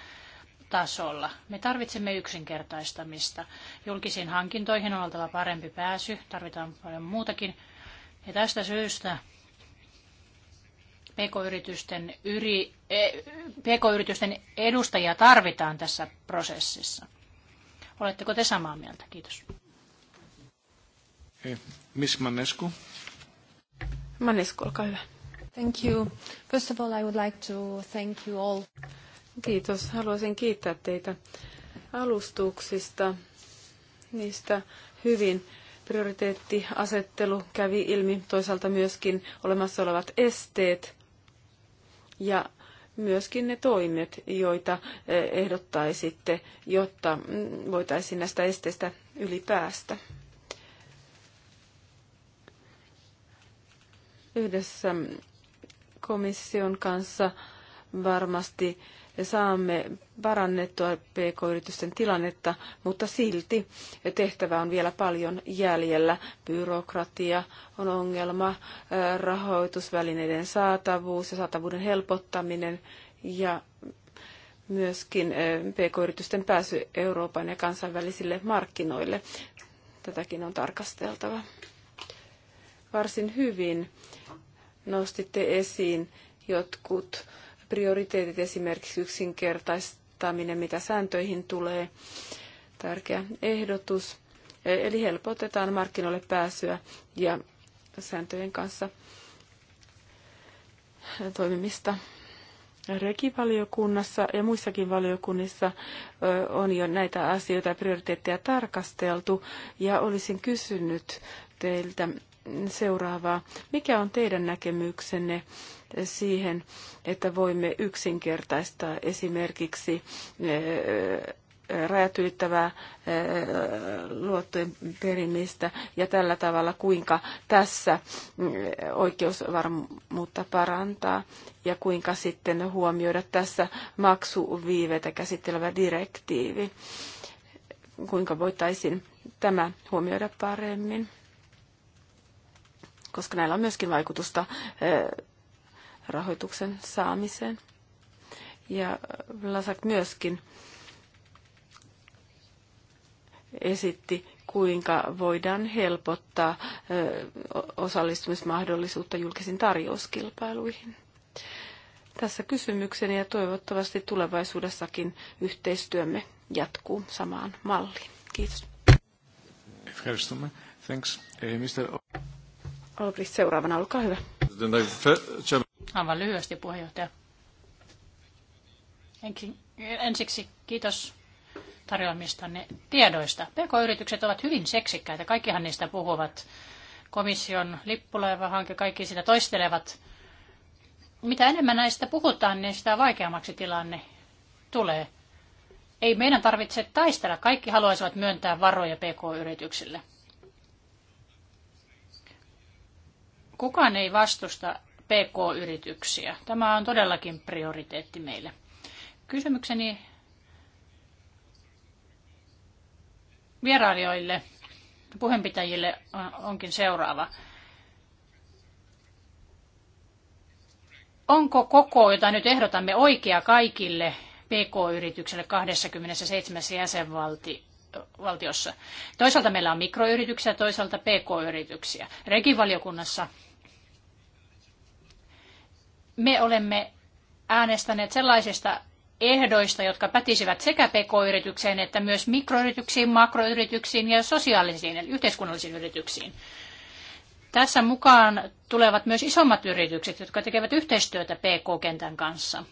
tasolla. Me tarvitsemme yksinkertaistamista. Julkisiin hankintoihin on oltava parempi pääsy, tarvitaan paljon muutakin. Ja tästä syystä pk-yritysten, yri, e- pk-yritysten edustajia tarvitaan tässä prosessissa. Oletteko te samaa mieltä? Kiitos. Eh, Miss Manescu. Manescu, olkaa hyvä. Thank you. First of all, I would like to thank you all. Kiitos. Haluaisin kiittää teitä alustuksista. Niistä hyvin prioriteettiasettelu kävi ilmi, toisaalta myöskin olemassa olevat esteet ja myöskin ne toimet, joita eh, ehdottaisitte, jotta mm, voitaisiin näistä esteistä ylipäästä. Yhdessä komission kanssa varmasti saamme parannettua pk-yritysten tilannetta, mutta silti tehtävä on vielä paljon jäljellä. Byrokratia on ongelma, rahoitusvälineiden saatavuus ja saatavuuden helpottaminen ja myöskin pk-yritysten pääsy Euroopan ja kansainvälisille markkinoille. Tätäkin on tarkasteltava. Varsin hyvin nostitte esiin jotkut prioriteetit, esimerkiksi yksinkertaistaminen, mitä sääntöihin tulee, tärkeä ehdotus. E, eli helpotetaan markkinoille pääsyä ja sääntöjen kanssa toimimista. Rekivaliokunnassa ja muissakin valiokunnissa on jo näitä asioita ja prioriteetteja tarkasteltu, ja olisin kysynyt teiltä, seuraavaa. Mikä on teidän näkemyksenne siihen, että voimme yksinkertaistaa esimerkiksi eh, rajat ylittävää eh, luottojen perimistä ja tällä tavalla kuinka tässä eh, oikeusvarmuutta parantaa ja kuinka sitten huomioida tässä maksuviiveitä käsittelevä direktiivi. Kuinka voitaisiin tämä huomioida paremmin? koska näillä on myöskin vaikutusta rahoituksen saamiseen. Ja lasak myöskin esitti, kuinka voidaan helpottaa osallistumismahdollisuutta julkisiin tarjouskilpailuihin. Tässä kysymykseni ja toivottavasti tulevaisuudessakin yhteistyömme jatkuu samaan malliin. Kiitos. Thanks. Mr. Olbrich seuraavana, olkaa hyvä. Aivan lyhyesti puheenjohtaja. Ensiksi kiitos tarjoamistanne tiedoista. PK-yritykset ovat hyvin seksikkäitä, kaikkihan niistä puhuvat. Komission lippulaivahanke, kaikki sitä toistelevat. Mitä enemmän näistä puhutaan, niin sitä vaikeammaksi tilanne tulee. Ei meidän tarvitse taistella, kaikki haluaisivat myöntää varoja PK-yrityksille. Kukaan ei vastusta PK-yrityksiä. Tämä on todellakin prioriteetti meille. Kysymykseni vierailijoille, puheenpitäjille onkin seuraava. Onko koko, jota nyt ehdotamme, oikea kaikille PK-yritykselle 27 jäsenvaltiossa? Toisaalta meillä on mikroyrityksiä, toisaalta PK-yrityksiä. Regivaliokunnassa me olemme äänestäneet sellaisista ehdoista, jotka pätisivät sekä pk-yritykseen että myös mikroyrityksiin, makroyrityksiin ja sosiaalisiin eli yhteiskunnallisiin yrityksiin. Tässä mukaan tulevat myös isommat yritykset, jotka tekevät yhteistyötä pk-kentän kanssa.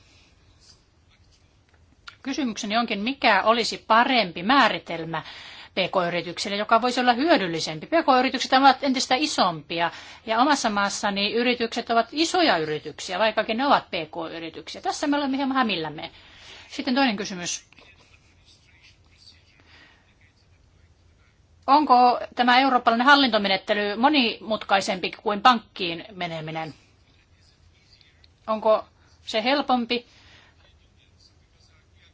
Kysymykseni onkin, mikä olisi parempi määritelmä PK-yrityksille, joka voisi olla hyödyllisempi. PK-yritykset ovat entistä isompia ja omassa maassani yritykset ovat isoja yrityksiä, vaikkakin ne ovat PK-yrityksiä. Tässä me olemme hieman hämillämme. Sitten toinen kysymys. Onko tämä eurooppalainen hallintomenettely monimutkaisempi kuin pankkiin meneminen? Onko se helpompi?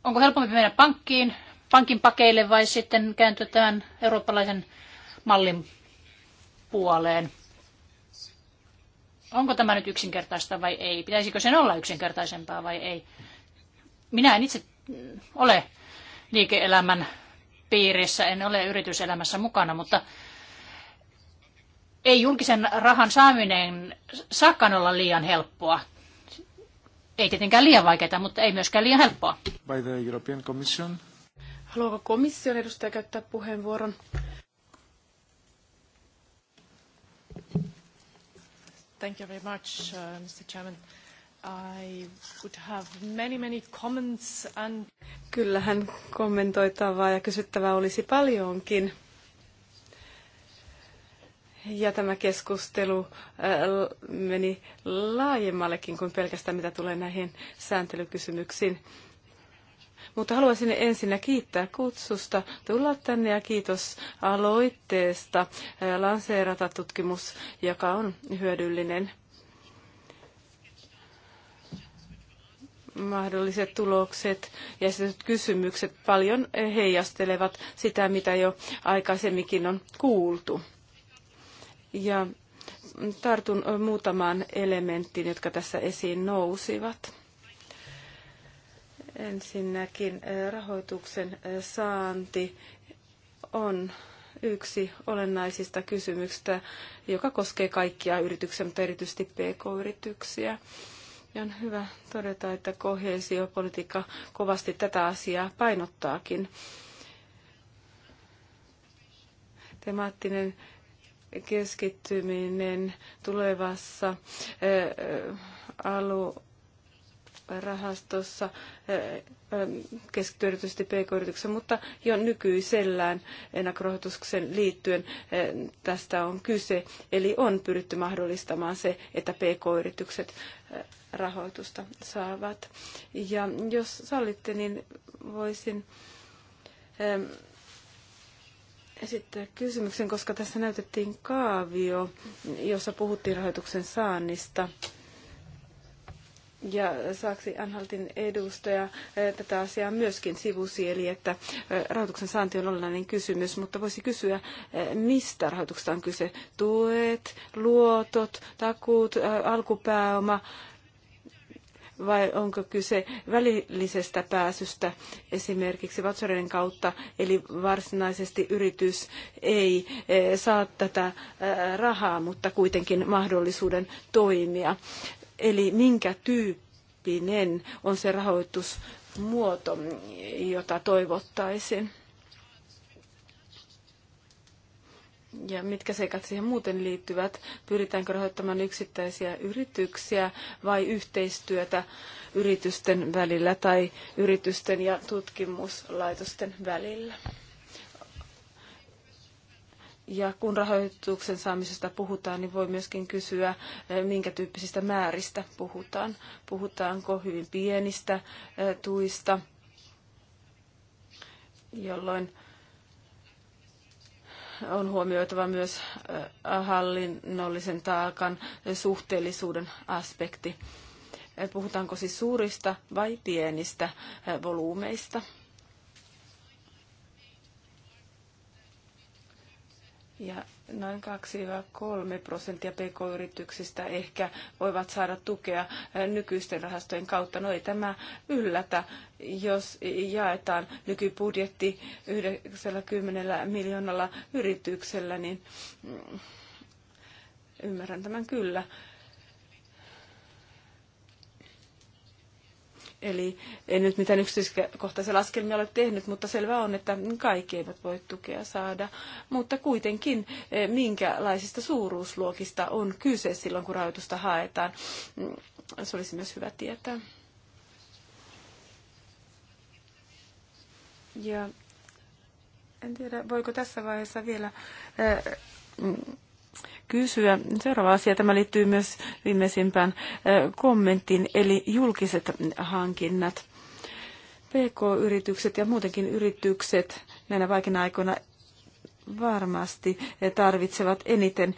Onko helpompi mennä pankkiin pankin pakeille vai sitten tämän eurooppalaisen mallin puoleen. Onko tämä nyt yksinkertaista vai ei? Pitäisikö sen olla yksinkertaisempaa vai ei? Minä en itse ole liike-elämän piirissä, en ole yrityselämässä mukana, mutta ei julkisen rahan saaminen saakaan olla liian helppoa. Ei tietenkään liian vaikeaa, mutta ei myöskään liian helppoa. By the European Commission. Haluaako komission edustaja käyttää puheenvuoron? Thank you very much, uh, Mr. Chairman. I would have many, many comments and... Kyllähän kommentoitavaa ja kysyttävää olisi paljonkin. Ja tämä keskustelu äh, meni laajemmallekin kuin pelkästään mitä tulee näihin sääntelykysymyksiin. Mutta haluaisin ensinnä kiittää kutsusta tulla tänne ja kiitos aloitteesta lanseerata tutkimus, joka on hyödyllinen. mahdolliset tulokset ja esitetyt kysymykset paljon heijastelevat sitä, mitä jo aikaisemminkin on kuultu. Ja tartun muutamaan elementtiin, jotka tässä esiin nousivat. Ensinnäkin rahoituksen saanti on yksi olennaisista kysymyksistä, joka koskee kaikkia yrityksiä, mutta erityisesti pk-yrityksiä. Ja on hyvä todeta, että kohesiopolitiikka kovasti tätä asiaa painottaakin. Temaattinen keskittyminen tulevassa alu rahastossa keskittyy erityisesti pk-yrityksiin, mutta jo nykyisellään ennakkorahoituksen liittyen tästä on kyse. Eli on pyritty mahdollistamaan se, että pk-yritykset rahoitusta saavat. Ja jos sallitte, niin voisin esittää kysymyksen, koska tässä näytettiin kaavio, jossa puhuttiin rahoituksen saannista – ja Saksi Anhaltin edustaja eh, tätä asiaa myöskin sivusi, eli että eh, rahoituksen saanti on olennainen kysymys, mutta voisi kysyä, eh, mistä rahoituksesta on kyse? Tuet, luotot, takuut, alkupääoma, vai onko kyse välillisestä pääsystä esimerkiksi vatsoreiden kautta, eli varsinaisesti yritys ei saa tätä rahaa, mutta kuitenkin mahdollisuuden toimia. Eli minkä tyyppinen on se rahoitusmuoto, jota toivottaisiin? Ja mitkä seikat siihen muuten liittyvät? Pyritäänkö rahoittamaan yksittäisiä yrityksiä vai yhteistyötä yritysten välillä tai yritysten ja tutkimuslaitosten välillä? Ja kun rahoituksen saamisesta puhutaan, niin voi myöskin kysyä, eh, minkä tyyppisistä määristä puhutaan. Puhutaanko hyvin pienistä eh, tuista, jolloin on huomioitava myös eh, hallinnollisen taakan suhteellisuuden aspekti. Puhutaanko siis suurista vai pienistä volyymeista? Ja noin 2-3 prosenttia pk-yrityksistä ehkä voivat saada tukea eh, nykyisten rahastojen kautta. No ei tämä yllätä, jos jaetaan nykybudjetti 90 miljoonalla yrityksellä, niin mm, ymmärrän tämän kyllä. Eli en nyt mitään yksityiskohtaisia laskelmia ole tehnyt, mutta selvä on, että kaikki eivät voi tukea saada. Mutta kuitenkin, eh, minkälaisista suuruusluokista on kyse silloin, kun rahoitusta haetaan, mm, se olisi myös hyvä tietää. Ja en tiedä, voiko tässä vaiheessa vielä eh, mm, kysyä. Seuraava asia, tämä liittyy myös viimeisimpään kommenttiin, eli julkiset hankinnat. PK-yritykset ja muutenkin yritykset näinä vaikeina aikoina varmasti tarvitsevat eniten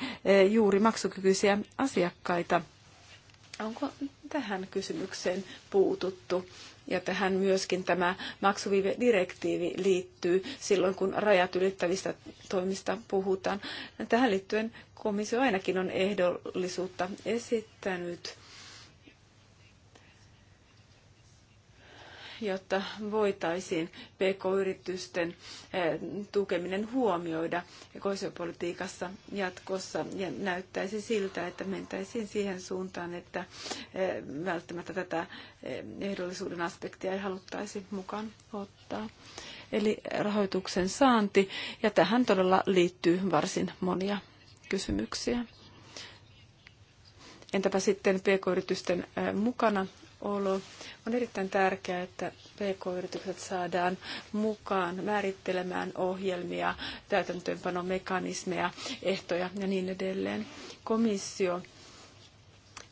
juuri maksukykyisiä asiakkaita. Onko tähän kysymykseen puututtu? Ja tähän myöskin tämä maksuviivedirektiivi liittyy silloin, kun rajat ylittävistä toimista puhutaan. Tähän liittyen komissio ainakin on ehdollisuutta esittänyt jotta voitaisiin PK-yritysten eh, tukeminen huomioida koisiopolitiikassa jatkossa. Ja näyttäisi siltä, että mentäisiin siihen suuntaan, että eh, välttämättä tätä eh, ehdollisuuden aspektia ei haluttaisi mukaan ottaa. Eli rahoituksen saanti, ja tähän todella liittyy varsin monia kysymyksiä. Entäpä sitten pk-yritysten mukana olo. On erittäin tärkeää, että PK-yritykset saadaan mukaan määrittelemään ohjelmia, täytäntöönpanomekanismeja, ehtoja ja niin edelleen. Komissio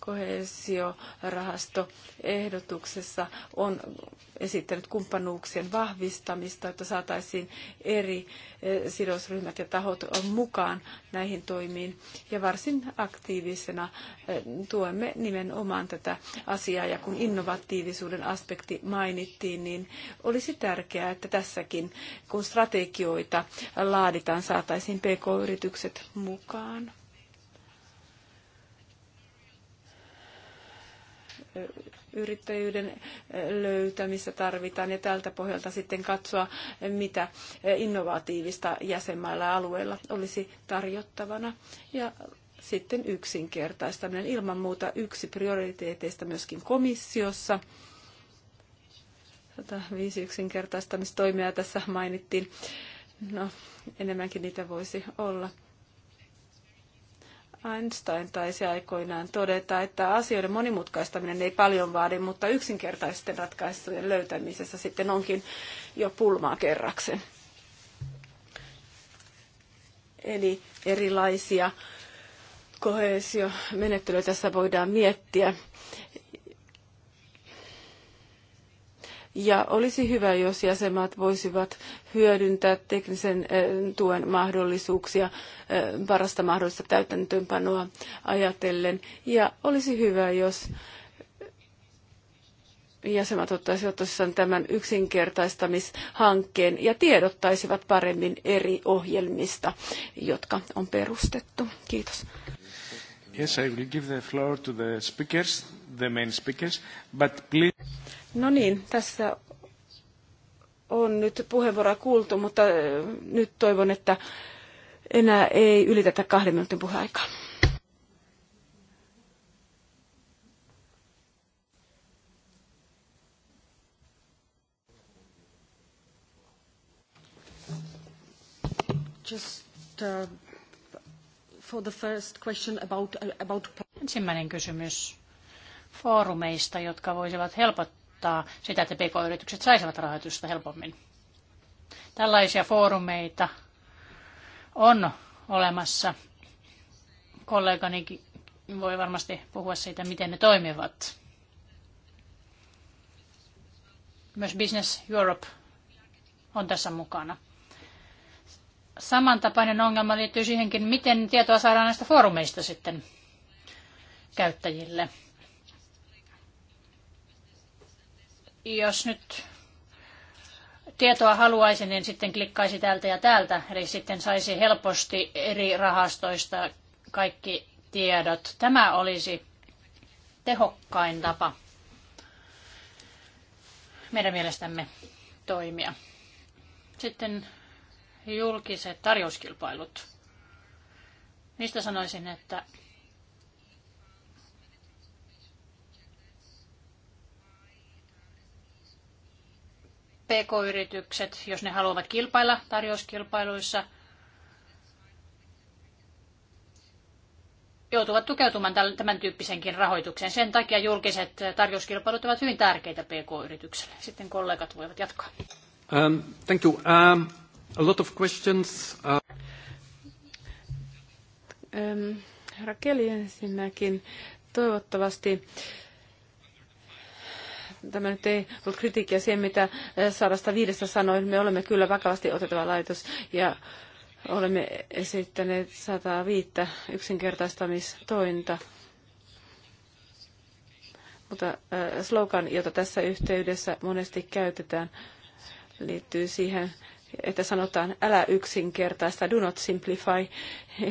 kohesiorahastoehdotuksessa on esittänyt kumppanuuksien vahvistamista, että saataisiin eri eh, sidosryhmät ja tahot mukaan näihin toimiin. Ja varsin aktiivisena eh, tuemme nimenomaan tätä asiaa. Ja kun innovatiivisuuden aspekti mainittiin, niin olisi tärkeää, että tässäkin, kun strategioita laaditaan, saataisiin pk-yritykset mukaan. yrittäjyyden eh, löytämistä tarvitaan ja tältä pohjalta sitten katsoa, eh, mitä eh, innovatiivista jäsenmailla ja alueella olisi tarjottavana. Ja sitten yksinkertaistaminen ilman muuta yksi prioriteeteista myöskin komissiossa. 105 yksinkertaistamistoimia tässä mainittiin. No, enemmänkin niitä voisi olla. Einstein taisi aikoinaan todeta, että asioiden monimutkaistaminen ei paljon vaadi, mutta yksinkertaisten ratkaisujen löytämisessä sitten onkin jo pulmaa kerraksen. Eli erilaisia kohesiomenettelyjä tässä voidaan miettiä Ja olisi hyvä, jos jäsenmaat voisivat hyödyntää teknisen tuen mahdollisuuksia parasta mahdollista täytäntöönpanoa ajatellen. Ja olisi hyvä, jos jäsenmaat ottaisivat tosissaan tämän yksinkertaistamishankkeen ja tiedottaisivat paremmin eri ohjelmista, jotka on perustettu. Kiitos. Yes, I will give the floor to the speakers, the main speakers, but please... No niin, tässä on nyt puheenvuoroa kuultu, mutta nyt toivon, että enää ei ylitetä kahden minuutin puheaikaa. Just uh, for the first question about, about... Ensimmäinen kysymys foorumeista, jotka voisivat helpottaa helpottaa sitä, että pk-yritykset saisivat rahoitusta helpommin. Tällaisia foorumeita on olemassa. Kollegani voi varmasti puhua siitä, miten ne toimivat. Myös Business Europe on tässä mukana. Samantapainen ongelma liittyy siihenkin, miten tietoa saadaan näistä foorumeista sitten käyttäjille. jos nyt tietoa haluaisin, niin sitten klikkaisi täältä ja täältä. Eli sitten saisi helposti eri rahastoista kaikki tiedot. Tämä olisi tehokkain tapa meidän mielestämme toimia. Sitten julkiset tarjouskilpailut. Niistä sanoisin, että PK-yritykset, jos ne haluavat kilpailla tarjouskilpailuissa, joutuvat tukeutumaan tämän tyyppisenkin rahoitukseen. Sen takia julkiset tarjouskilpailut ovat hyvin tärkeitä PK-yritykselle. Sitten kollegat voivat jatkaa. Um, thank you. Um, a lot of questions. Uh... Um, Rakeli ensinnäkin. Toivottavasti tämä nyt ei ollut kritiikkiä siihen, mitä eh, sarasta viidestä sanoi. Me olemme kyllä vakavasti otettava laitos ja olemme esittäneet 105 yksinkertaistamistointa. Mutta eh, slogan, jota tässä yhteydessä monesti käytetään, liittyy siihen, että sanotaan älä yksinkertaista, do not simplify,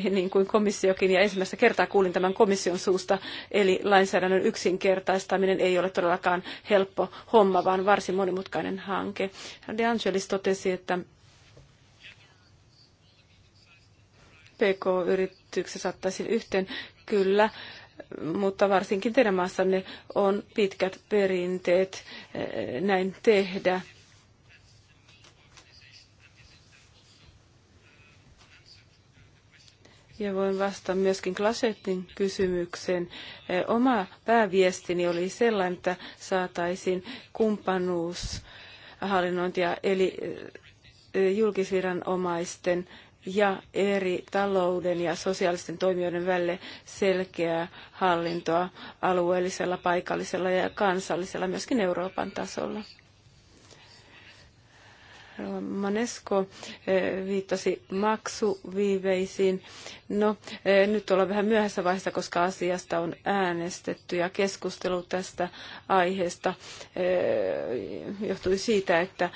niin kuin komissiokin, ja ensimmäistä kertaa kuulin tämän komission suusta, eli lainsäädännön yksinkertaistaminen ei ole todellakaan helppo homma, vaan varsin monimutkainen hanke. De Angelis totesi, että PK-yritykset saattaisi yhteen. Kyllä, mutta varsinkin teidän maassanne on pitkät perinteet eh, näin tehdä Ja voin vastata myöskin Klasetin kysymykseen. E, oma pääviestini oli sellainen, että saataisiin kumppanuushallinnointia, eli e, julkisviranomaisten ja eri talouden ja sosiaalisten toimijoiden välille selkeää hallintoa alueellisella, paikallisella ja kansallisella, myöskin Euroopan tasolla. Manesko eh, viittasi maksuviiveisiin. No, eh, nyt ollaan vähän myöhässä vaiheessa, koska asiasta on äänestetty ja keskustelu tästä aiheesta eh, johtui siitä, että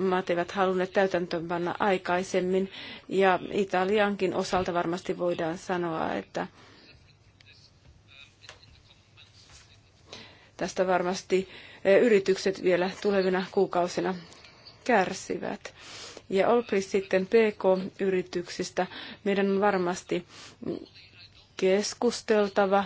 maat eivät halunneet täytäntöönpanna aikaisemmin. Ja Italiankin osalta varmasti voidaan sanoa, että tästä varmasti yritykset vielä tulevina kuukausina kärsivät. Ja Olpris sitten PK-yrityksistä. Meidän on varmasti keskusteltava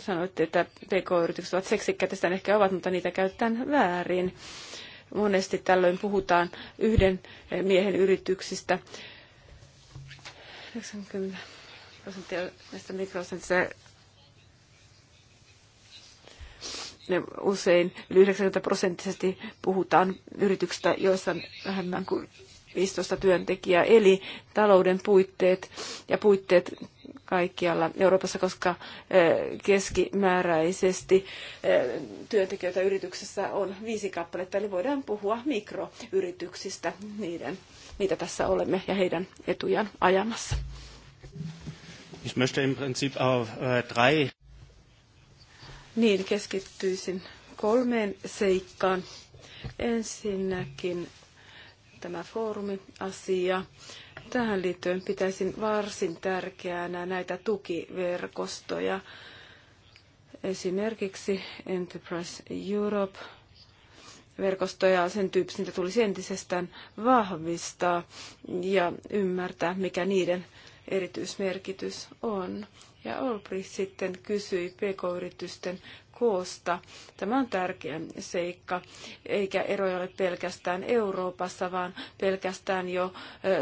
sanoitte, että PK-yritykset ovat seksikkäitä, sitä ehkä ovat, mutta niitä käytetään väärin. Monesti tällöin puhutaan yhden miehen yrityksistä. 90 prosenttia näistä mikrosenttisistä usein yli 90 prosenttisesti puhutaan yrityksistä, joissa on vähemmän kuin 15 työntekijää, eli talouden puitteet ja puitteet kaikkialla Euroopassa, koska eh, keskimääräisesti eh, työntekijöitä yrityksessä on viisi kappaletta, eli voidaan puhua mikroyrityksistä, niiden, niitä tässä olemme ja heidän etujaan ajamassa. Ich möchte im Prinzip auf eh, drei niin, keskittyisin kolmeen seikkaan. Ensinnäkin tämä foorumiasia. Tähän liittyen pitäisin varsin tärkeänä näitä tukiverkostoja. Esimerkiksi Enterprise Europe verkostoja sen tyyppisiä tulisi entisestään vahvistaa ja ymmärtää, mikä niiden erityismerkitys on. Ja Olbrich sitten kysyi pk-yritysten koosta. Tämä on tärkeä seikka, eikä eroja ole pelkästään Euroopassa, vaan pelkästään jo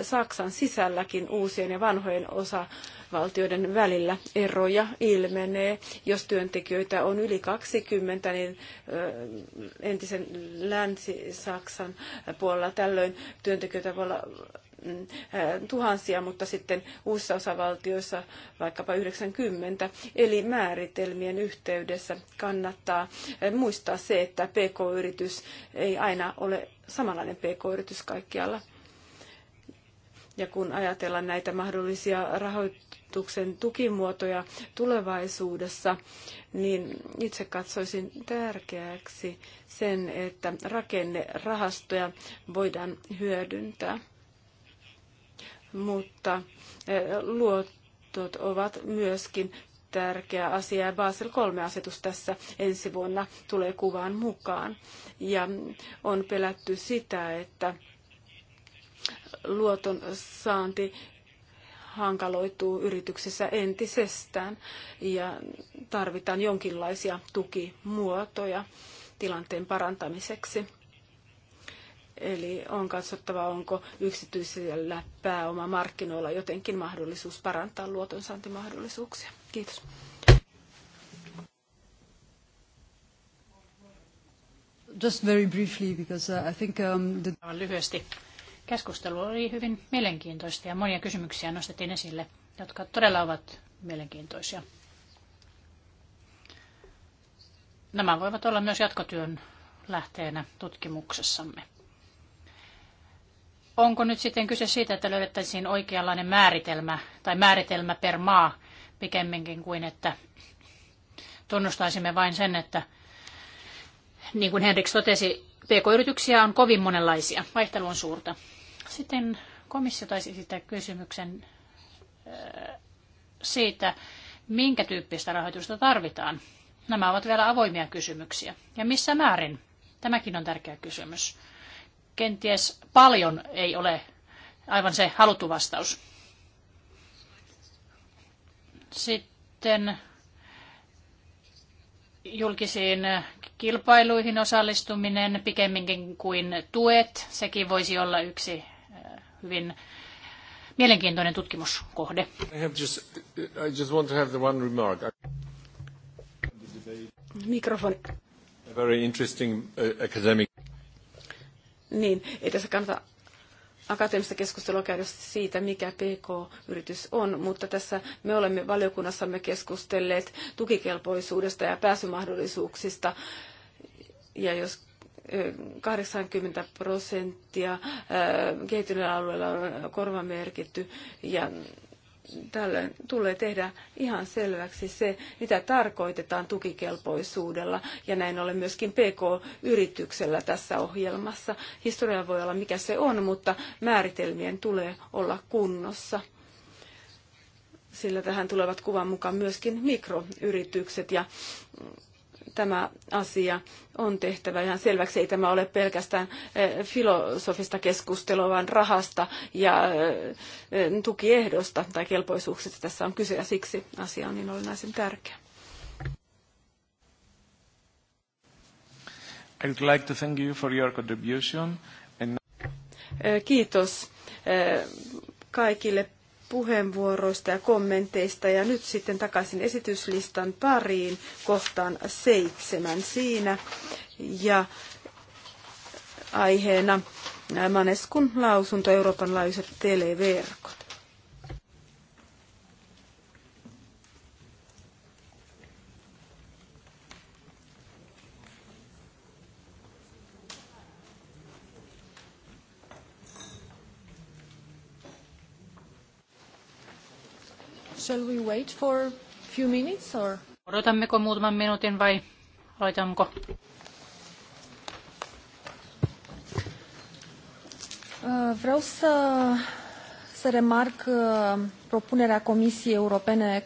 Saksan sisälläkin uusien ja vanhojen osavaltioiden välillä eroja ilmenee. Jos työntekijöitä on yli 20, niin entisen Länsi-Saksan puolella tällöin työntekijöitä voi olla Mm, eh, tuhansia, mutta sitten uusissa osavaltioissa vaikkapa 90. Eli määritelmien yhteydessä kannattaa eh, muistaa se, että pk-yritys ei aina ole samanlainen pk-yritys kaikkialla. Ja kun ajatellaan näitä mahdollisia rahoituksen tukimuotoja tulevaisuudessa, niin itse katsoisin tärkeäksi sen, että rakennerahastoja voidaan hyödyntää mutta eh, luotot ovat myöskin tärkeä asia ja Basel 3-asetus tässä ensi vuonna tulee kuvaan mukaan. Ja on pelätty sitä, että luoton saanti hankaloituu yrityksessä entisestään ja tarvitaan jonkinlaisia tukimuotoja tilanteen parantamiseksi. Eli on katsottava, onko yksityisillä pääomamarkkinoilla jotenkin mahdollisuus parantaa luotonsaantimahdollisuuksia. Kiitos. Just very briefly, because uh, I think um, the... Lyhyesti. Keskustelu oli hyvin mielenkiintoista ja monia kysymyksiä nostettiin esille, jotka todella ovat mielenkiintoisia. Nämä voivat olla myös jatkotyön lähteenä tutkimuksessamme onko nyt sitten kyse siitä, että löydettäisiin oikeanlainen määritelmä tai määritelmä per maa pikemminkin kuin, että tunnustaisimme vain sen, että niin kuin Henriks totesi, PK-yrityksiä on kovin monenlaisia. Vaihtelu on suurta. Sitten komissio taisi esittää kysymyksen äh, siitä, minkä tyyppistä rahoitusta tarvitaan. Nämä ovat vielä avoimia kysymyksiä. Ja missä määrin? Tämäkin on tärkeä kysymys kenties paljon ei ole aivan se haluttu vastaus. Sitten julkisiin kilpailuihin osallistuminen pikemminkin kuin tuet. Sekin voisi olla yksi eh, hyvin mielenkiintoinen tutkimuskohde. Mikrofoni. A very interesting eh, academic niin ei tässä kannata akateemista keskustelua käydä siitä, mikä PK-yritys on, mutta tässä me olemme valiokunnassamme keskustelleet tukikelpoisuudesta ja pääsymahdollisuuksista. Ja jos 80 prosenttia kehittyneillä alueilla on korvamerkitty ja tällöin tulee tehdä ihan selväksi se, mitä tarkoitetaan tukikelpoisuudella ja näin ollen myöskin PK-yrityksellä tässä ohjelmassa. Historia voi olla mikä se on, mutta määritelmien tulee olla kunnossa sillä tähän tulevat kuvan mukaan myöskin mikroyritykset ja tämä asia on tehtävä ihan selväksi. Ei tämä ole pelkästään eh, filosofista keskustelua, vaan rahasta ja eh, tukiehdosta tai kelpoisuuksista tässä on kyse ja siksi asia on niin olennaisen tärkeä. I like to thank you for your contribution. And... Eh, kiitos kaikille puheenvuoroista ja kommenteista. Ja nyt sitten takaisin esityslistan pariin kohtaan seitsemän siinä. Ja aiheena Maneskun lausunto Euroopan laajuiset televerkot. Shall we wait for a few minutes or? Odotammeko muutaman minuutin vai aloitammeko? Uh, vreau să, să remarc uh, propunerea Comisiei Europene.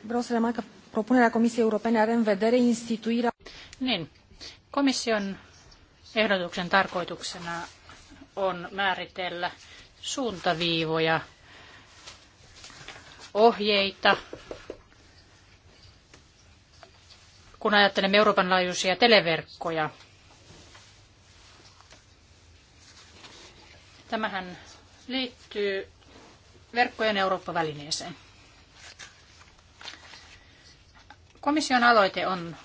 Vreau să remarc că propunerea Comisiei Europene are în vedere instituirea... Niin. Komission ehdotuksen tarkoituksena on määritellä suuntaviivoja ohjeita, kun ajattelemme Euroopan laajuisia televerkkoja. Tämähän liittyy verkkojen Eurooppa-välineeseen. Komission aloite on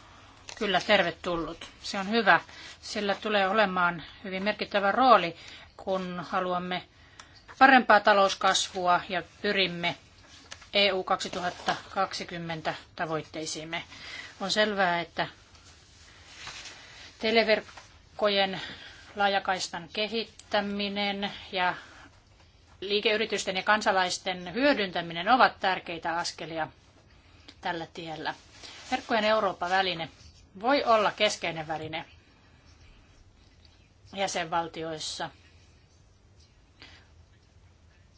kyllä tervetullut. Se on hyvä. Sillä tulee olemaan hyvin merkittävä rooli, kun haluamme parempaa talouskasvua ja pyrimme EU 2020 tavoitteisiimme. On selvää, että televerkkojen laajakaistan kehittäminen ja liikeyritysten ja kansalaisten hyödyntäminen ovat tärkeitä askelia tällä tiellä. Verkkojen Eurooppa-väline voi olla keskeinen väline jäsenvaltioissa,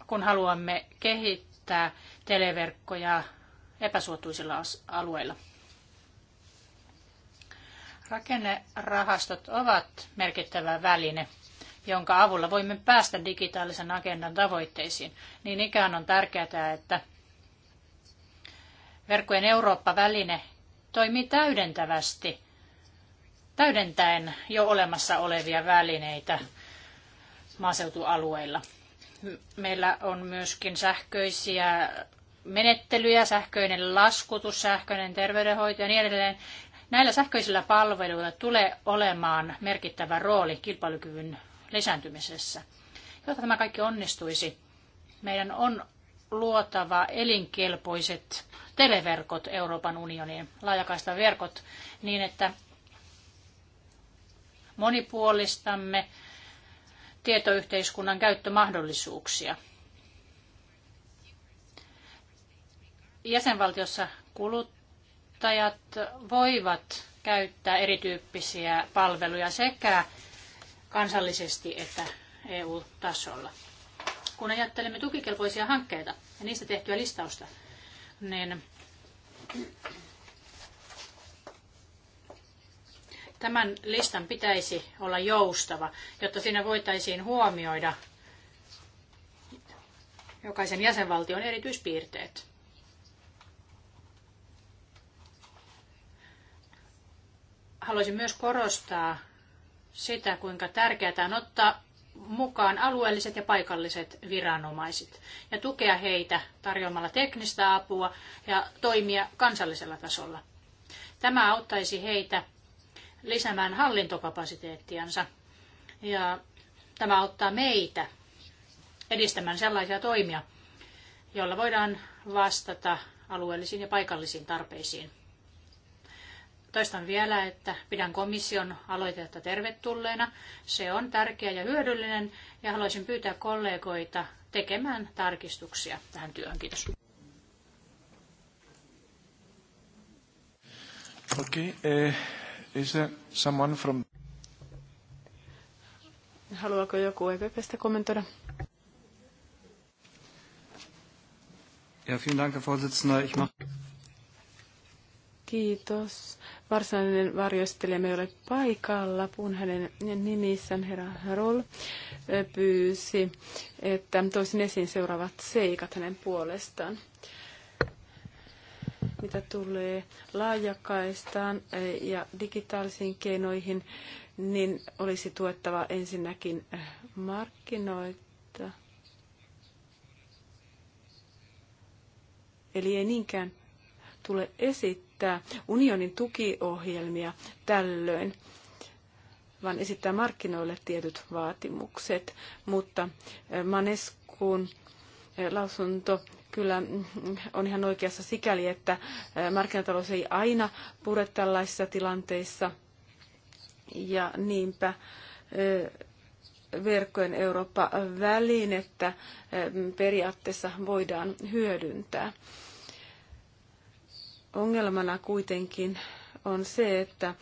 kun haluamme kehittää televerkkoja epäsuotuisilla alueilla. Rakennerahastot ovat merkittävä väline, jonka avulla voimme päästä digitaalisen agendan tavoitteisiin. Niin ikään on tärkeää, että verkkojen Eurooppa-väline toimii täydentävästi, täydentäen jo olemassa olevia välineitä maaseutualueilla. Meillä on myöskin sähköisiä menettelyjä, sähköinen laskutus, sähköinen terveydenhoito ja niin edelleen. Näillä sähköisillä palveluilla tulee olemaan merkittävä rooli kilpailukyvyn lisääntymisessä. Jotta tämä kaikki onnistuisi, meidän on luotava elinkelpoiset televerkot Euroopan unioniin, laajakaista verkot, niin että monipuolistamme tietoyhteiskunnan käyttömahdollisuuksia. Jäsenvaltiossa kuluttajat voivat käyttää erityyppisiä palveluja sekä kansallisesti että EU-tasolla. Kun ajattelemme tukikelpoisia hankkeita ja niistä tehtyä listausta, niin Tämän listan pitäisi olla joustava, jotta siinä voitaisiin huomioida jokaisen jäsenvaltion erityispiirteet. Haluaisin myös korostaa sitä, kuinka tärkeää on ottaa mukaan alueelliset ja paikalliset viranomaiset ja tukea heitä tarjoamalla teknistä apua ja toimia kansallisella tasolla. Tämä auttaisi heitä lisäämään hallintokapasiteettiansa. Ja tämä auttaa meitä edistämään sellaisia toimia, joilla voidaan vastata alueellisiin ja paikallisiin tarpeisiin. Toistan vielä, että pidän komission aloitetta tervetulleena. Se on tärkeä ja hyödyllinen ja haluaisin pyytää kollegoita tekemään tarkistuksia tähän työhön. Kiitos. Okay, eh, Is there someone from... Haluaako joku EPPstä kommentoida? Ja, vielen Dank, Herr Vorsitzender. Ich mach... Kiitos. Varsinainen varjoistelija ei ole paikalla. Puhun hänen nimissään herra Roll eh, pyysi, että toisin esiin seuraavat seikat hänen puolestaan mitä tulee laajakaistaan eh, ja digitaalisiin keinoihin, niin olisi tuettava ensinnäkin eh, markkinoita. Eli ei niinkään tule esittää unionin tukiohjelmia tällöin, vaan esittää markkinoille tietyt vaatimukset. Mutta eh, Maneskuun lausunto kyllä mm, on ihan oikeassa sikäli, että markkinatalous ei aina pure tällaisissa tilanteissa. Ja niinpä verkkojen Eurooppa-välinettä periaatteessa voidaan hyödyntää. Ongelmana kuitenkin on se, että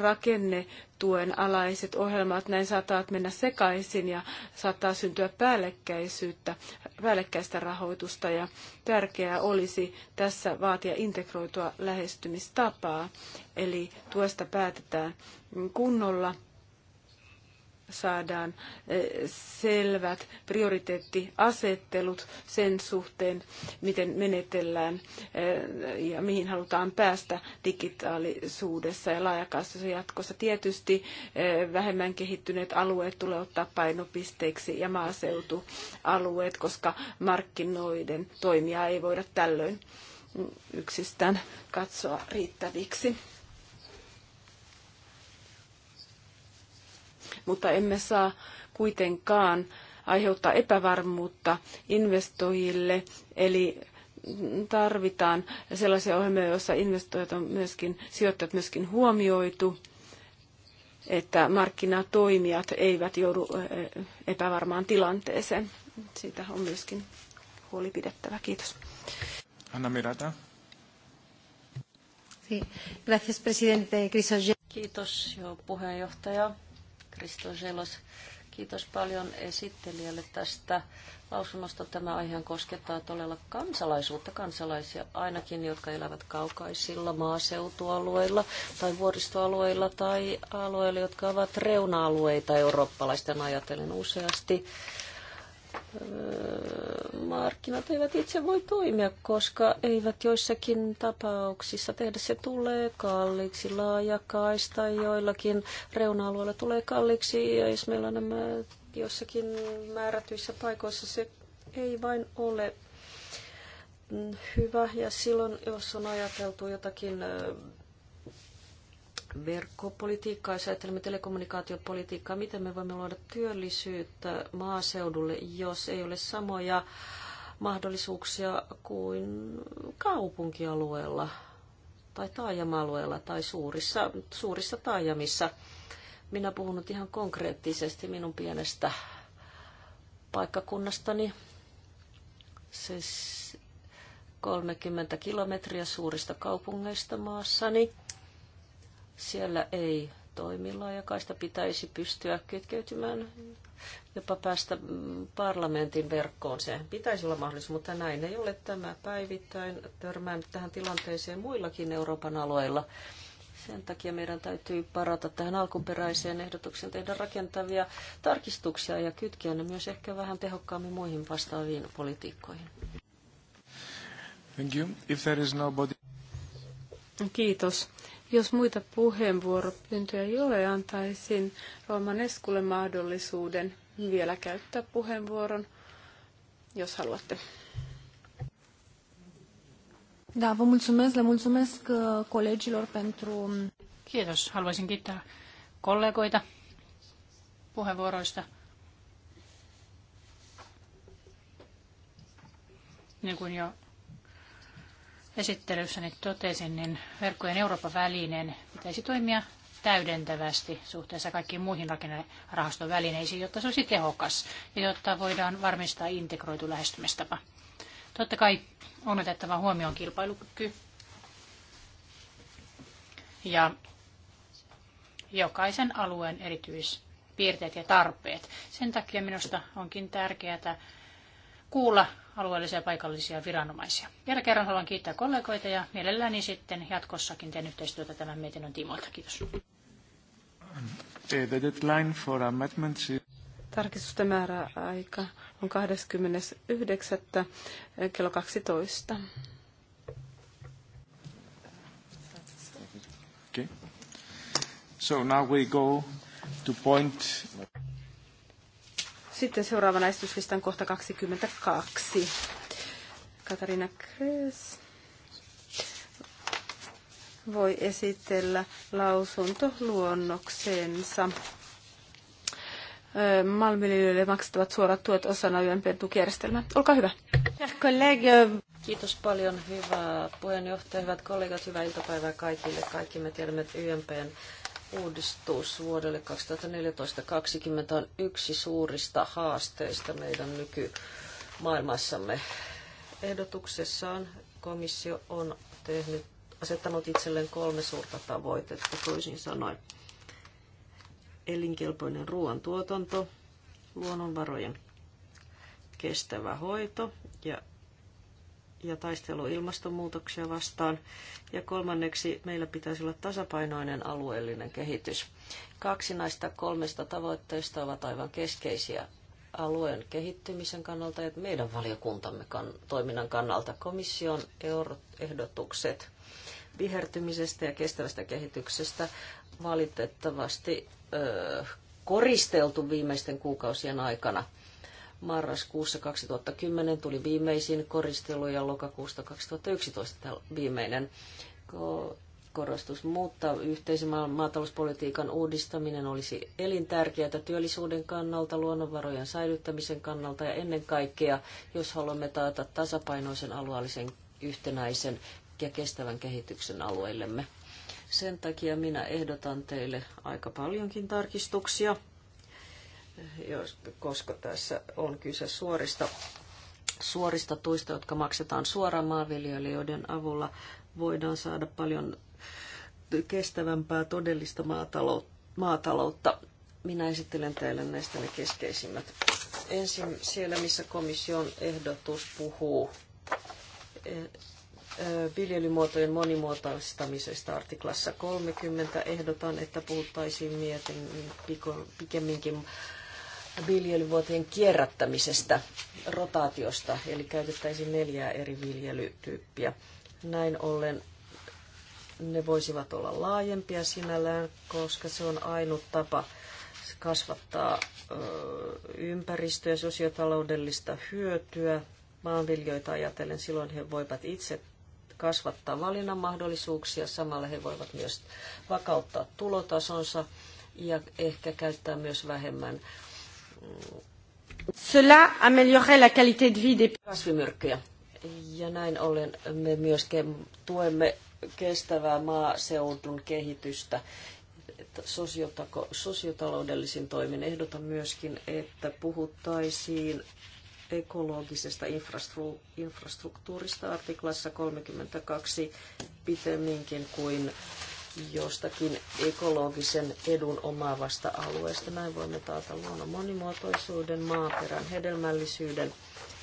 rakennetuen alaiset ohjelmat näin saattavat mennä sekaisin ja saattaa syntyä päällekkäisyyttä, päällekkäistä rahoitusta ja tärkeää olisi tässä vaatia integroitua lähestymistapaa, eli tuesta päätetään kunnolla – saadaan eh, selvät prioriteettiasettelut sen suhteen, miten menetellään eh, ja mihin halutaan päästä digitaalisuudessa ja laajakaistossa jatkossa. Tietysti eh, vähemmän kehittyneet alueet tulee ottaa painopisteeksi ja maaseutualueet, koska markkinoiden toimia ei voida tällöin yksistään katsoa riittäviksi. mutta emme saa kuitenkaan aiheuttaa epävarmuutta investoijille, eli tarvitaan sellaisia ohjelmia, joissa investoijat on myöskin, sijoittajat myöskin huomioitu, että markkinatoimijat eivät joudu epävarmaan tilanteeseen. Siitä on myöskin huoli pidettävä. Kiitos. Anna Mirata. Kiitos jo puheenjohtaja. Kristoselos. Kiitos paljon esittelijälle tästä lausunnosta. Tämä aihe koskettaa todella kansalaisuutta, kansalaisia ainakin, jotka elävät kaukaisilla maaseutualueilla tai vuoristoalueilla tai alueilla, jotka ovat reuna-alueita eurooppalaisten ajatellen useasti markkinat eivät itse voi toimia, koska eivät joissakin tapauksissa tehdä se tulee kalliiksi. Laajakaista joillakin reuna-alueilla tulee kalliiksi ja jos meillä on nämä jossakin määrätyissä paikoissa se ei vain ole hyvä. Ja silloin, jos on ajateltu jotakin verkkopolitiikkaa, jos ajattelemme telekommunikaatiopolitiikkaa, miten me voimme luoda työllisyyttä maaseudulle, jos ei ole samoja mahdollisuuksia kuin kaupunkialueella tai taajama-alueella tai suurissa, suurissa taajamissa. Minä puhun nyt ihan konkreettisesti minun pienestä paikkakunnastani. Siis 30 kilometriä suurista kaupungeista maassani. Siellä ei kaista pitäisi pystyä kytkeytymään jopa päästä mm, parlamentin verkkoon. Se pitäisi olla mahdollista, mutta näin ei ole tämä päivittäin. Törmään tähän tilanteeseen muillakin Euroopan alueilla. Sen takia meidän täytyy parata tähän alkuperäiseen ehdotuksen tehdä rakentavia tarkistuksia ja kytkeä ne myös ehkä vähän tehokkaammin muihin vastaaviin politiikkoihin. Thank you. If there is nobody... Kiitos. Jos muita puheenvuoropyyntöjä ei ole, antaisin Rooman Eskulle mahdollisuuden vielä käyttää puheenvuoron, jos haluatte. Da, vă mulțumesc, le mulțumesc uh, colegilor pentru... Um, Kiitos. Haluaisin kiittää kollegoita puheenvuoroista. Niin kuin jo esittelyssäni totesin, niin verkkojen Euroopan välineen pitäisi toimia täydentävästi suhteessa kaikkiin muihin rakennerahaston välineisiin, jotta se olisi tehokas ja jotta voidaan varmistaa integroitu lähestymistapa. Totta kai on otettava huomioon kilpailukyky ja jokaisen alueen erityispiirteet ja tarpeet. Sen takia minusta onkin tärkeää kuulla alueellisia ja paikallisia viranomaisia. Vielä kerran haluan kiittää kollegoita ja mielelläni sitten jatkossakin teen yhteistyötä tämän mietinnön tiimoilta. Kiitos. The deadline for amendments is... Tarkistusten määräaika on 29. kello 12. Okay. So now we go to point sitten seuraavana esityslistan kohta 22. Katarina Krees voi esitellä lausuntoluonnoksensa. Malmiljelijöille maksettavat suorat tuet osana YMPn tukijärjestelmää. Olkaa hyvä. Kiitos paljon, hyvä puheenjohtaja, hyvät kollegat, hyvää iltapäivää kaikille. Kaikki me tiedämme, että YMPn uudistus vuodelle 2014-2020 on yksi suurista haasteista meidän nykymaailmassamme. Ehdotuksessaan komissio on tehnyt, asettanut itselleen kolme suurta tavoitetta, toisin sanoen elinkelpoinen ruoantuotanto, luonnonvarojen kestävä hoito ja ja taistelu ilmastonmuutoksia vastaan. Ja kolmanneksi meillä pitäisi olla tasapainoinen alueellinen kehitys. Kaksi näistä kolmesta tavoitteesta ovat aivan keskeisiä alueen kehittymisen kannalta ja meidän valiokuntamme toiminnan kannalta komission ehdotukset vihertymisestä ja kestävästä kehityksestä valitettavasti ö, koristeltu viimeisten kuukausien aikana – Marraskuussa 2010 tuli viimeisin koristelu ja lokakuusta 2011 viimeinen korostus, mutta yhteisen maatalouspolitiikan uudistaminen olisi elintärkeää työllisyyden kannalta, luonnonvarojen säilyttämisen kannalta ja ennen kaikkea, jos haluamme taata tasapainoisen alueellisen yhtenäisen ja kestävän kehityksen alueillemme. Sen takia minä ehdotan teille aika paljonkin tarkistuksia jos, koska tässä on kyse suorista, suorista tuista, jotka maksetaan suoraan maanviljelijöille, joiden avulla voidaan saada paljon kestävämpää todellista maataloutta. Minä esittelen teille näistä ne keskeisimmät. Ensin siellä, missä komission ehdotus puhuu eh, eh, viljelymuotojen monimuotoistamisesta artiklassa 30 ehdotan, että puhuttaisiin mietin pikemminkin viljelyvuotien kierrättämisestä, rotaatiosta, eli käytettäisiin neljää eri viljelytyyppiä. Näin ollen ne voisivat olla laajempia sinällään, koska se on ainut tapa kasvattaa ympäristö- ja sosiotaloudellista hyötyä maanviljoita ajatellen. Silloin he voivat itse kasvattaa valinnan mahdollisuuksia, samalla he voivat myös vakauttaa tulotasonsa ja ehkä käyttää myös vähemmän Cela améliorerait la qualité de vie des kasvimyrkkyjä. Ja näin ollen me myöskin tuemme kestävää maaseudun kehitystä sosiotaloudellisin toimin. Ehdotan myöskin, että puhuttaisiin ekologisesta infrastruktuurista artiklassa 32 pitemminkin kuin jostakin ekologisen edun omaavasta alueesta. Näin voimme taata luonnon monimuotoisuuden, maaperän hedelmällisyyden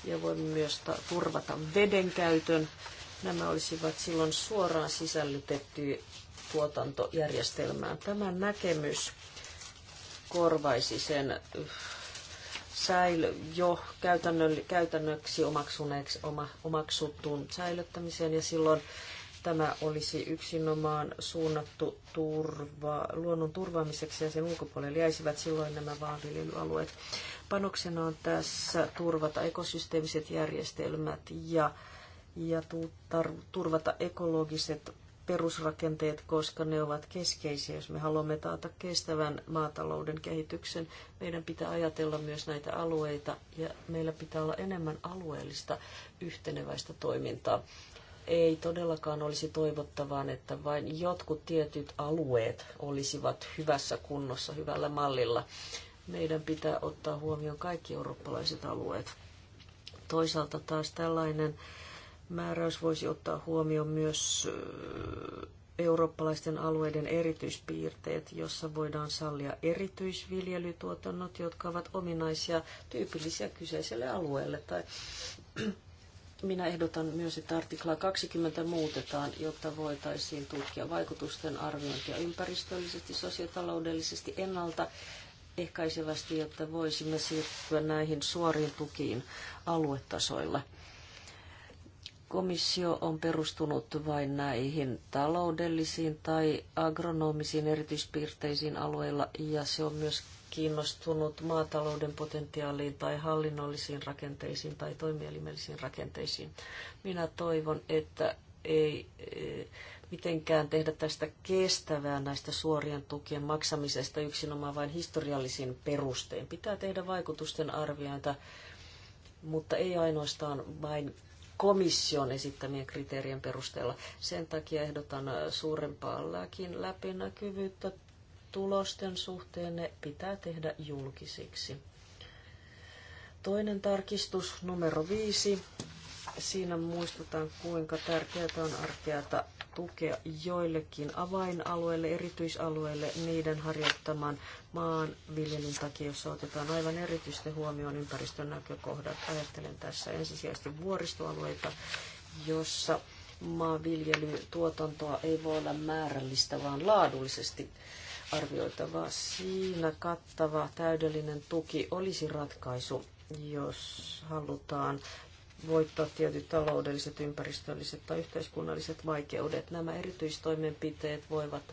ja voimme myös turvata vedenkäytön. Nämä olisivat silloin suoraan sisällytetty tuotantojärjestelmään. Tämä näkemys korvaisi sen äh, säilö, jo käytännöksi omaksuneeksi, oma, omaksuttuun säilyttämiseen ja silloin Tämä olisi yksinomaan suunnattu turva, luonnon turvaamiseksi ja sen ulkopuolelle jäisivät silloin nämä vaanviljelyalueet. Panoksena on tässä turvata ekosysteemiset järjestelmät ja, ja turvata ekologiset perusrakenteet, koska ne ovat keskeisiä. Jos me haluamme taata kestävän maatalouden kehityksen, meidän pitää ajatella myös näitä alueita ja meillä pitää olla enemmän alueellista yhteneväistä toimintaa ei todellakaan olisi toivottavaa, että vain jotkut tietyt alueet olisivat hyvässä kunnossa, hyvällä mallilla. Meidän pitää ottaa huomioon kaikki eurooppalaiset alueet. Toisaalta taas tällainen määräys voisi ottaa huomioon myös eurooppalaisten alueiden erityispiirteet, jossa voidaan sallia erityisviljelytuotannot, jotka ovat ominaisia tyypillisiä kyseiselle alueelle tai minä ehdotan myös, että artiklaa 20 muutetaan, jotta voitaisiin tutkia vaikutusten arviointia ympäristöllisesti, sosiotaloudellisesti, ennalta ehkäisevästi, jotta voisimme siirtyä näihin suoriin tukiin aluetasoilla. Komissio on perustunut vain näihin taloudellisiin tai agronomisiin erityispiirteisiin alueilla ja se on myös kiinnostunut maatalouden potentiaaliin tai hallinnollisiin rakenteisiin tai toimielimellisiin rakenteisiin. Minä toivon, että ei eh, mitenkään tehdä tästä kestävää näistä suorien tukien maksamisesta yksinomaan vain historiallisin perustein. Pitää tehdä vaikutusten arviointa, mutta ei ainoastaan vain komission esittämien kriteerien perusteella. Sen takia ehdotan suurempaa läkin läpinäkyvyyttä tulosten suhteen ne pitää tehdä julkisiksi. Toinen tarkistus, numero viisi. Siinä muistutan, kuinka tärkeää on arkeata tukea joillekin avainalueille, erityisalueille niiden harjoittaman maanviljelyn takia, jossa otetaan aivan erityisesti huomioon ympäristön näkökohdat. Ajattelen tässä ensisijaisesti vuoristoalueita, jossa maanviljelytuotantoa ei voi olla määrällistä, vaan laadullisesti arvioitavaa. Siinä kattava täydellinen tuki olisi ratkaisu, jos halutaan voittaa tietyt taloudelliset, ympäristölliset tai yhteiskunnalliset vaikeudet. Nämä erityistoimenpiteet voivat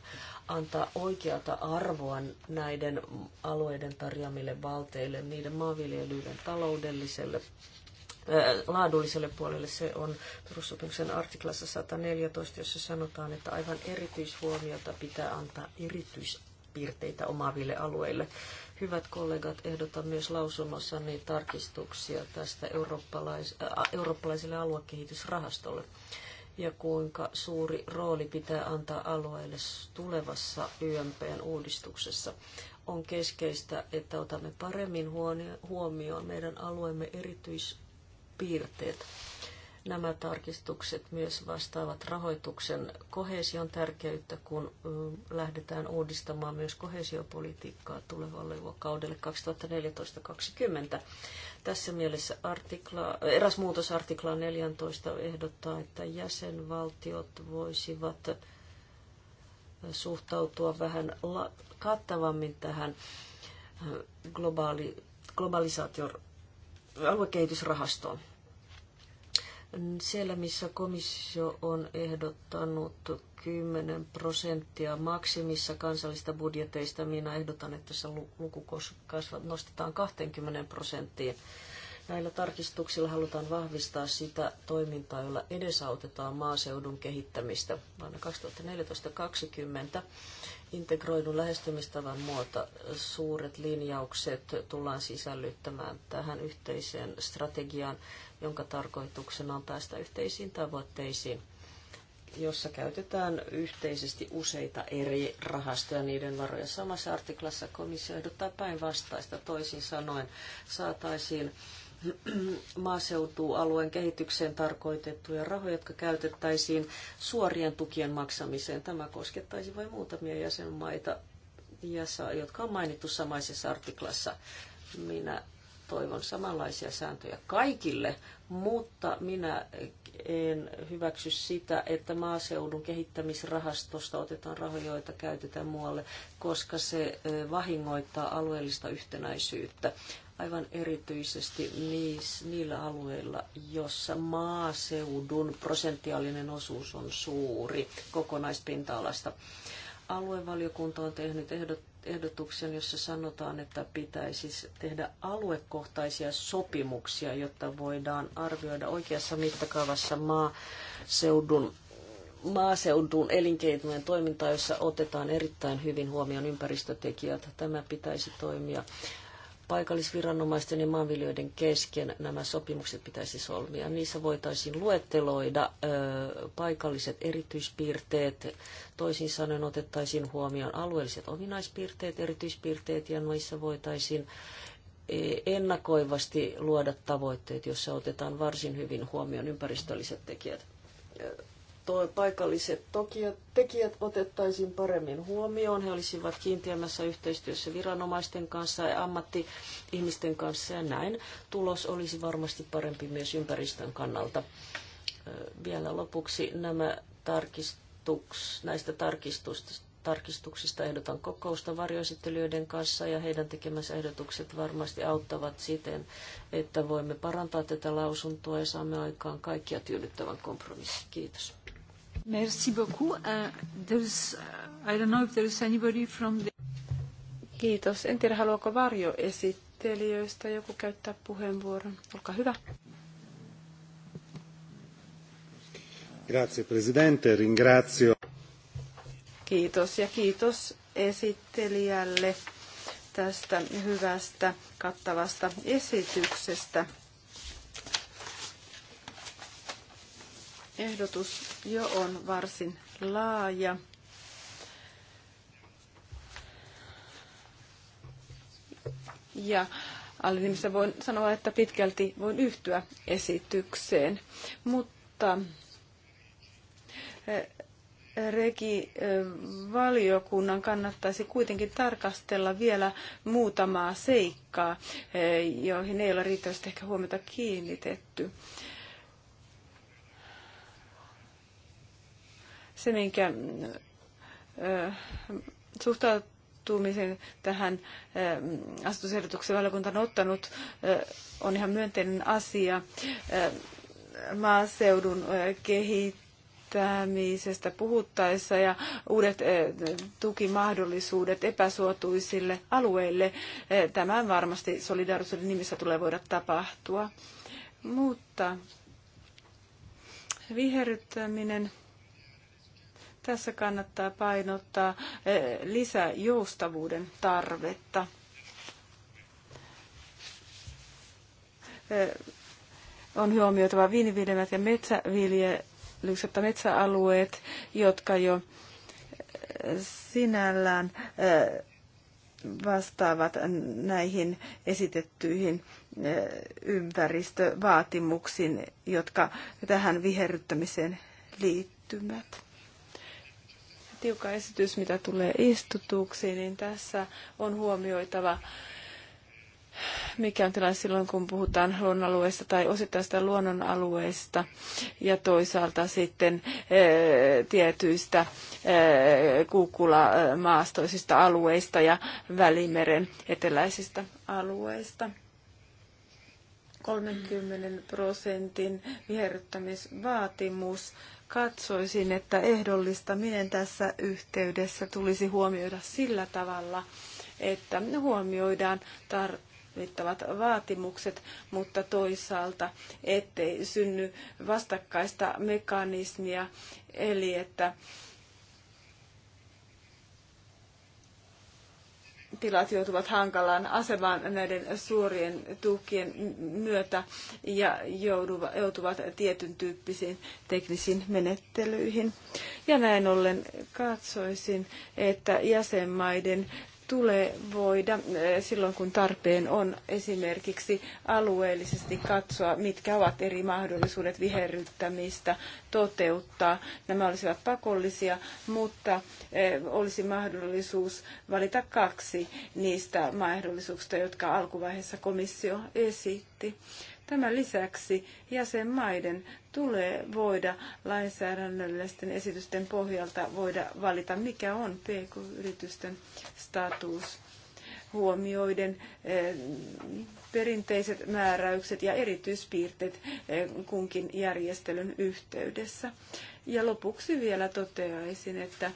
antaa oikeata arvoa näiden alueiden tarjoamille valteille, niiden maanviljelyiden taloudelliselle äh, laadulliselle puolelle. Se on perussopimuksen artiklassa 114, jossa sanotaan, että aivan erityishuomiota pitää antaa erityis piirteitä omaaville alueille. Hyvät kollegat, ehdotan myös lausunnossani tarkistuksia tästä eurooppalais, äh, eurooppalaiselle aluekehitysrahastolle ja kuinka suuri rooli pitää antaa alueille tulevassa YMPn uudistuksessa. On keskeistä, että otamme paremmin huomioon meidän alueemme erityispiirteet Nämä tarkistukset myös vastaavat rahoituksen kohesion tärkeyttä, kun lähdetään uudistamaan myös kohesiopolitiikkaa tulevalle kaudelle 2014-2020. Tässä mielessä artikla, eräs muutos artiklaan 14 ehdottaa, että jäsenvaltiot voisivat suhtautua vähän kattavammin tähän globaali, globalisaation aluekehitysrahastoon. Siellä, missä komissio on ehdottanut 10 prosenttia maksimissa kansallista budjeteista, minä ehdotan, että se luku nostetaan 20 prosenttiin. Näillä tarkistuksilla halutaan vahvistaa sitä toimintaa, jolla edesautetaan maaseudun kehittämistä. Vuonna 2014-2020 integroidun lähestymistavan muoto suuret linjaukset tullaan sisällyttämään tähän yhteiseen strategiaan, jonka tarkoituksena on päästä yhteisiin tavoitteisiin, jossa käytetään yhteisesti useita eri rahastoja niiden varoja. Samassa artiklassa komissio ehdottaa päinvastaista. Toisin sanoen saataisiin maaseutualueen kehitykseen tarkoitettuja rahoja, jotka käytettäisiin suorien tukien maksamiseen. Tämä koskettaisi vain muutamia jäsenmaita, jotka on mainittu samaisessa artiklassa. Minä toivon samanlaisia sääntöjä kaikille, mutta minä en hyväksy sitä, että maaseudun kehittämisrahastosta otetaan rahoja, joita käytetään muualle, koska se vahingoittaa alueellista yhtenäisyyttä. Aivan erityisesti niis, niillä alueilla, jossa maaseudun prosentiaalinen osuus on suuri kokonaispinta-alasta aluevaliokunta on tehnyt ehdot, ehdotuksen, jossa sanotaan, että pitäisi tehdä aluekohtaisia sopimuksia, jotta voidaan arvioida oikeassa mittakaavassa maaseudun, maaseudun elinkeinojen toimintaa, jossa otetaan erittäin hyvin huomioon ympäristötekijät. Tämä pitäisi toimia paikallisviranomaisten ja maanviljelijöiden kesken nämä sopimukset pitäisi solmia. Niissä voitaisiin luetteloida ö, paikalliset erityispiirteet, toisin sanoen otettaisiin huomioon alueelliset ominaispiirteet, erityispiirteet ja noissa voitaisiin e, ennakoivasti luoda tavoitteet, joissa otetaan varsin hyvin huomioon ympäristölliset tekijät to- paikalliset tekijät otettaisiin paremmin huomioon. He olisivat kiinteämmässä yhteistyössä viranomaisten kanssa ja ammatti-ihmisten kanssa ja näin. Tulos olisi varmasti parempi myös ympäristön kannalta. Vielä lopuksi nämä tarkistuks, näistä tarkistuksista tarkistuksista ehdotan kokousta varjoesittelijöiden kanssa ja heidän tekemänsä ehdotukset varmasti auttavat siten, että voimme parantaa tätä lausuntoa ja saamme aikaan kaikkia tyydyttävän kompromissin. Kiitos. Uh, uh, kiitos. En tiedä, haluaako varjoesittelijöistä joku käyttää puheenvuoron. Olkaa hyvä. Grazie, Presidente. Ringrazio. Kiitos ja kiitos esittelijälle tästä hyvästä kattavasta esityksestä. ehdotus jo on varsin laaja. Ja Alinimissä voin sanoa, että pitkälti voin yhtyä esitykseen, mutta eh, Regi-valiokunnan kannattaisi kuitenkin tarkastella vielä muutamaa seikkaa, eh, joihin ei ole riittävästi ehkä huomiota kiinnitetty. Se, minkä suhtautumisen tähän asetusehdotuksen valiokunta on ottanut, on ihan myönteinen asia. Maaseudun kehittämisestä puhuttaessa ja uudet tukimahdollisuudet epäsuotuisille alueille. Tämän varmasti solidaarisuuden nimissä tulee voida tapahtua. Mutta viherryttäminen tässä kannattaa painottaa eh, lisäjoustavuuden tarvetta. Eh, on huomioitava viiniviljelmät ja metsäviljelykset että metsäalueet, jotka jo eh, sinällään vastaavat näihin esitettyihin ympäristövaatimuksiin, jotka tähän viherryttämiseen liittyvät tiukka esitys, mitä tulee istutuksiin, niin tässä on huomioitava, mikä on tilanne silloin, kun puhutaan luonnonalueista tai osittaista luonnonalueista ja toisaalta sitten e, tietyistä e, eh, kukkulamaastoisista alueista ja Välimeren eteläisistä alueista. 30 prosentin viherryttämisvaatimus Katsoisin, että ehdollistaminen tässä yhteydessä tulisi huomioida sillä tavalla, että huomioidaan tarvittavat vaatimukset, mutta toisaalta ettei synny vastakkaista mekanismia, eli että tilat joutuvat hankalaan asemaan näiden suurien tukien myötä ja joutuvat tietyn tyyppisiin teknisiin menettelyihin. Ja näin ollen katsoisin, että jäsenmaiden tulee voida eh, silloin, kun tarpeen on esimerkiksi alueellisesti katsoa, mitkä ovat eri mahdollisuudet viherryttämistä toteuttaa. Nämä olisivat pakollisia, mutta eh, olisi mahdollisuus valita kaksi niistä mahdollisuuksista, jotka alkuvaiheessa komissio esitti. Tämän lisäksi jäsenmaiden tulee voida lainsäädännöllisten esitysten pohjalta voida valita, mikä on pk-yritysten status huomioiden eh, perinteiset määräykset ja erityispiirteet eh, kunkin järjestelyn yhteydessä. Ja lopuksi vielä toteaisin, että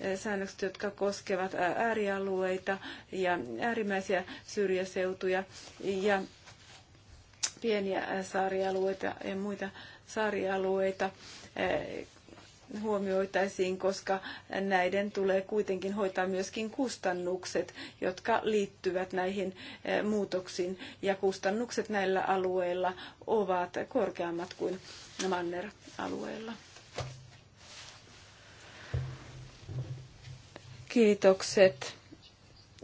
eh, säännökset, jotka koskevat äärialueita ja äärimmäisiä syrjäseutuja ja pieniä saarialueita ja muita saarialueita huomioitaisiin, koska näiden tulee kuitenkin hoitaa myöskin kustannukset, jotka liittyvät näihin muutoksiin. Ja kustannukset näillä alueilla ovat korkeammat kuin manner-alueilla. Kiitokset.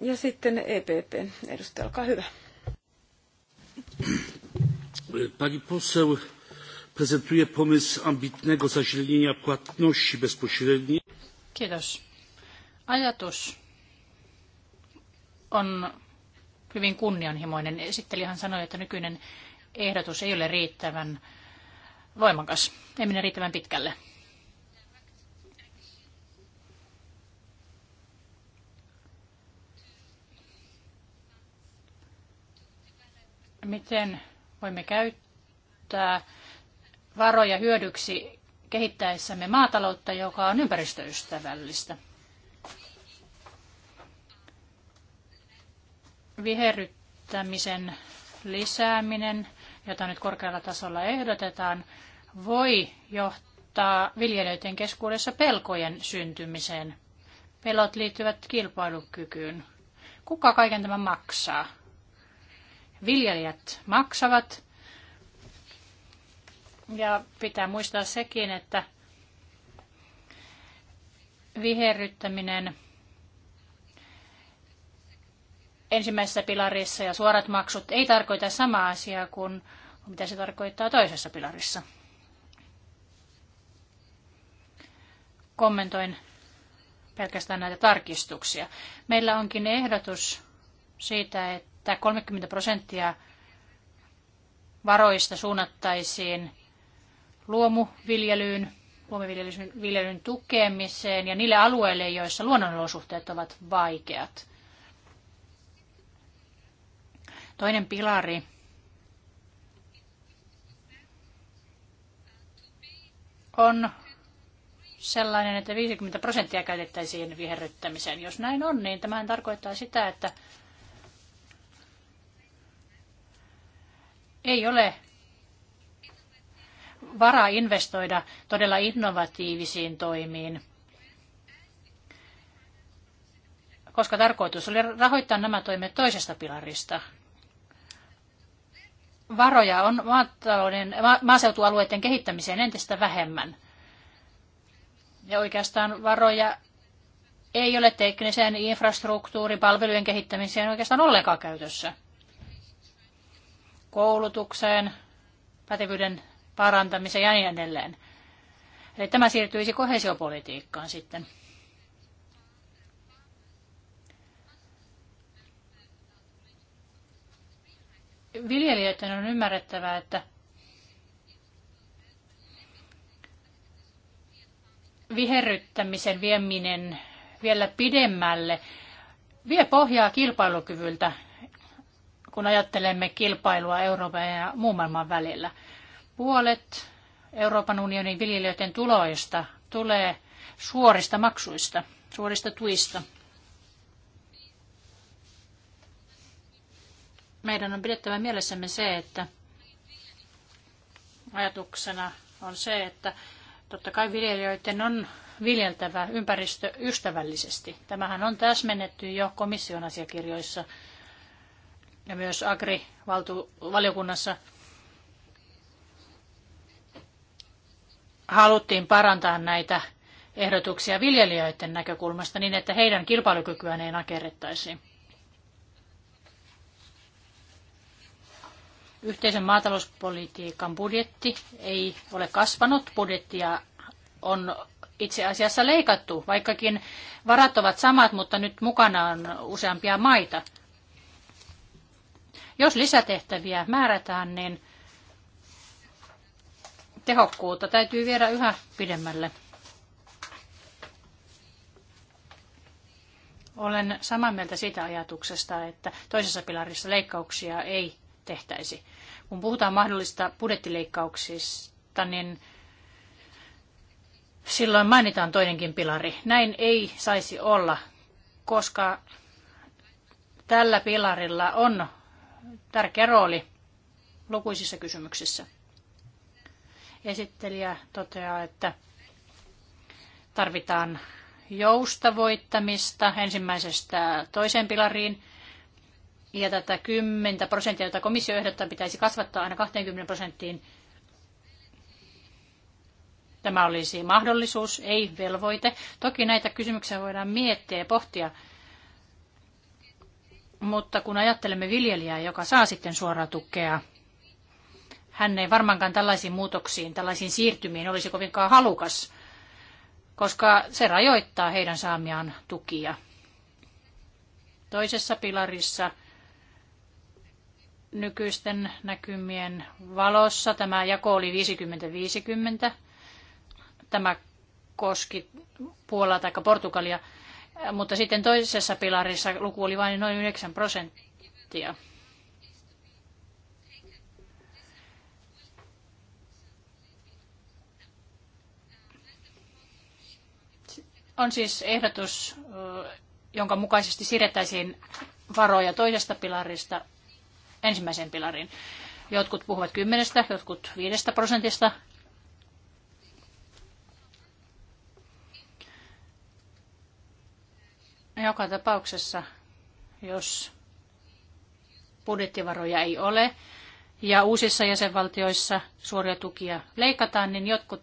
Ja sitten EPP. Edustaja, olkaa hyvä pani poseł prezentuje pomysł ambitnego zazielenienia płatności bezpośrednich. Kiitos. Ajatus on hyvin kunnianhimoinen. Esittelijähän sanoi, että nykyinen ehdotus ei ole riittävän voimakas, ei mene riittävän pitkälle. Miten voimme käyttää varoja hyödyksi kehittäessämme maataloutta, joka on ympäristöystävällistä. Viherryttämisen lisääminen, jota nyt korkealla tasolla ehdotetaan, voi johtaa viljelijöiden keskuudessa pelkojen syntymiseen. Pelot liittyvät kilpailukykyyn. Kuka kaiken tämän maksaa? viljelijät maksavat. Ja pitää muistaa sekin, että viherryttäminen ensimmäisessä pilarissa ja suorat maksut ei tarkoita samaa asiaa kuin mitä se tarkoittaa toisessa pilarissa. Kommentoin pelkästään näitä tarkistuksia. Meillä onkin ehdotus siitä, että tämä 30 prosenttia varoista suunnattaisiin luomuviljelyyn, luomuviljelyn tukemiseen ja niille alueille, joissa luonnonolosuhteet ovat vaikeat. Toinen pilari on sellainen, että 50 prosenttia käytettäisiin viherryttämiseen. Jos näin on, niin tämähän tarkoittaa sitä, että ei ole varaa investoida todella innovatiivisiin toimiin, koska tarkoitus oli rahoittaa nämä toimet toisesta pilarista. Varoja on maatalouden, maaseutualueiden kehittämiseen entistä vähemmän. Ja oikeastaan varoja ei ole tekniseen infrastruktuuripalvelujen kehittämiseen oikeastaan ollenkaan käytössä koulutukseen, pätevyyden parantamiseen ja niin edelleen. Eli tämä siirtyisi kohesiopolitiikkaan sitten. Viljelijöiden on ymmärrettävä, että viherryttämisen vieminen vielä pidemmälle vie pohjaa kilpailukyvyltä kun ajattelemme kilpailua Euroopan ja muun maailman välillä. Puolet Euroopan unionin viljelijöiden tuloista tulee suorista maksuista, suorista tuista. Meidän on pidettävä mielessämme se, että ajatuksena on se, että totta kai viljelijöiden on viljeltävä ympäristöystävällisesti. Tämähän on täsmennetty jo komission asiakirjoissa – ja myös Agri-valiokunnassa haluttiin parantaa näitä ehdotuksia viljelijöiden näkökulmasta niin, että heidän kilpailukykyään ei nakerrettaisi. Yhteisen maatalouspolitiikan budjetti ei ole kasvanut. Budjettia on itse asiassa leikattu, vaikkakin varat ovat samat, mutta nyt mukana on useampia maita – jos lisätehtäviä määrätään, niin tehokkuutta täytyy viedä yhä pidemmälle. Olen samaa mieltä siitä ajatuksesta, että toisessa pilarissa leikkauksia ei tehtäisi. Kun puhutaan mahdollista budjettileikkauksista, niin silloin mainitaan toinenkin pilari. Näin ei saisi olla, koska tällä pilarilla on tärkeä rooli lukuisissa kysymyksissä. Esittelijä toteaa, että tarvitaan joustavoittamista ensimmäisestä toiseen pilariin ja tätä 10 prosenttia, jota komissio ehdottaa, pitäisi kasvattaa aina 20 prosenttiin. Tämä olisi mahdollisuus, ei velvoite. Toki näitä kysymyksiä voidaan miettiä ja pohtia mutta kun ajattelemme viljelijää, joka saa sitten suoraa tukea, hän ei varmaankaan tällaisiin muutoksiin, tällaisiin siirtymiin olisi kovinkaan halukas, koska se rajoittaa heidän saamiaan tukia. Toisessa pilarissa nykyisten näkymien valossa tämä jako oli 50-50. Tämä koski Puolaa tai Portugalia – mutta sitten toisessa pilarissa luku oli vain noin 9 prosenttia. On siis ehdotus, jonka mukaisesti siirrettäisiin varoja toisesta pilarista ensimmäiseen pilariin. Jotkut puhuvat kymmenestä, jotkut viidestä prosentista, Joka tapauksessa, jos budjettivaroja ei ole ja uusissa jäsenvaltioissa suoria tukia leikataan, niin jotkut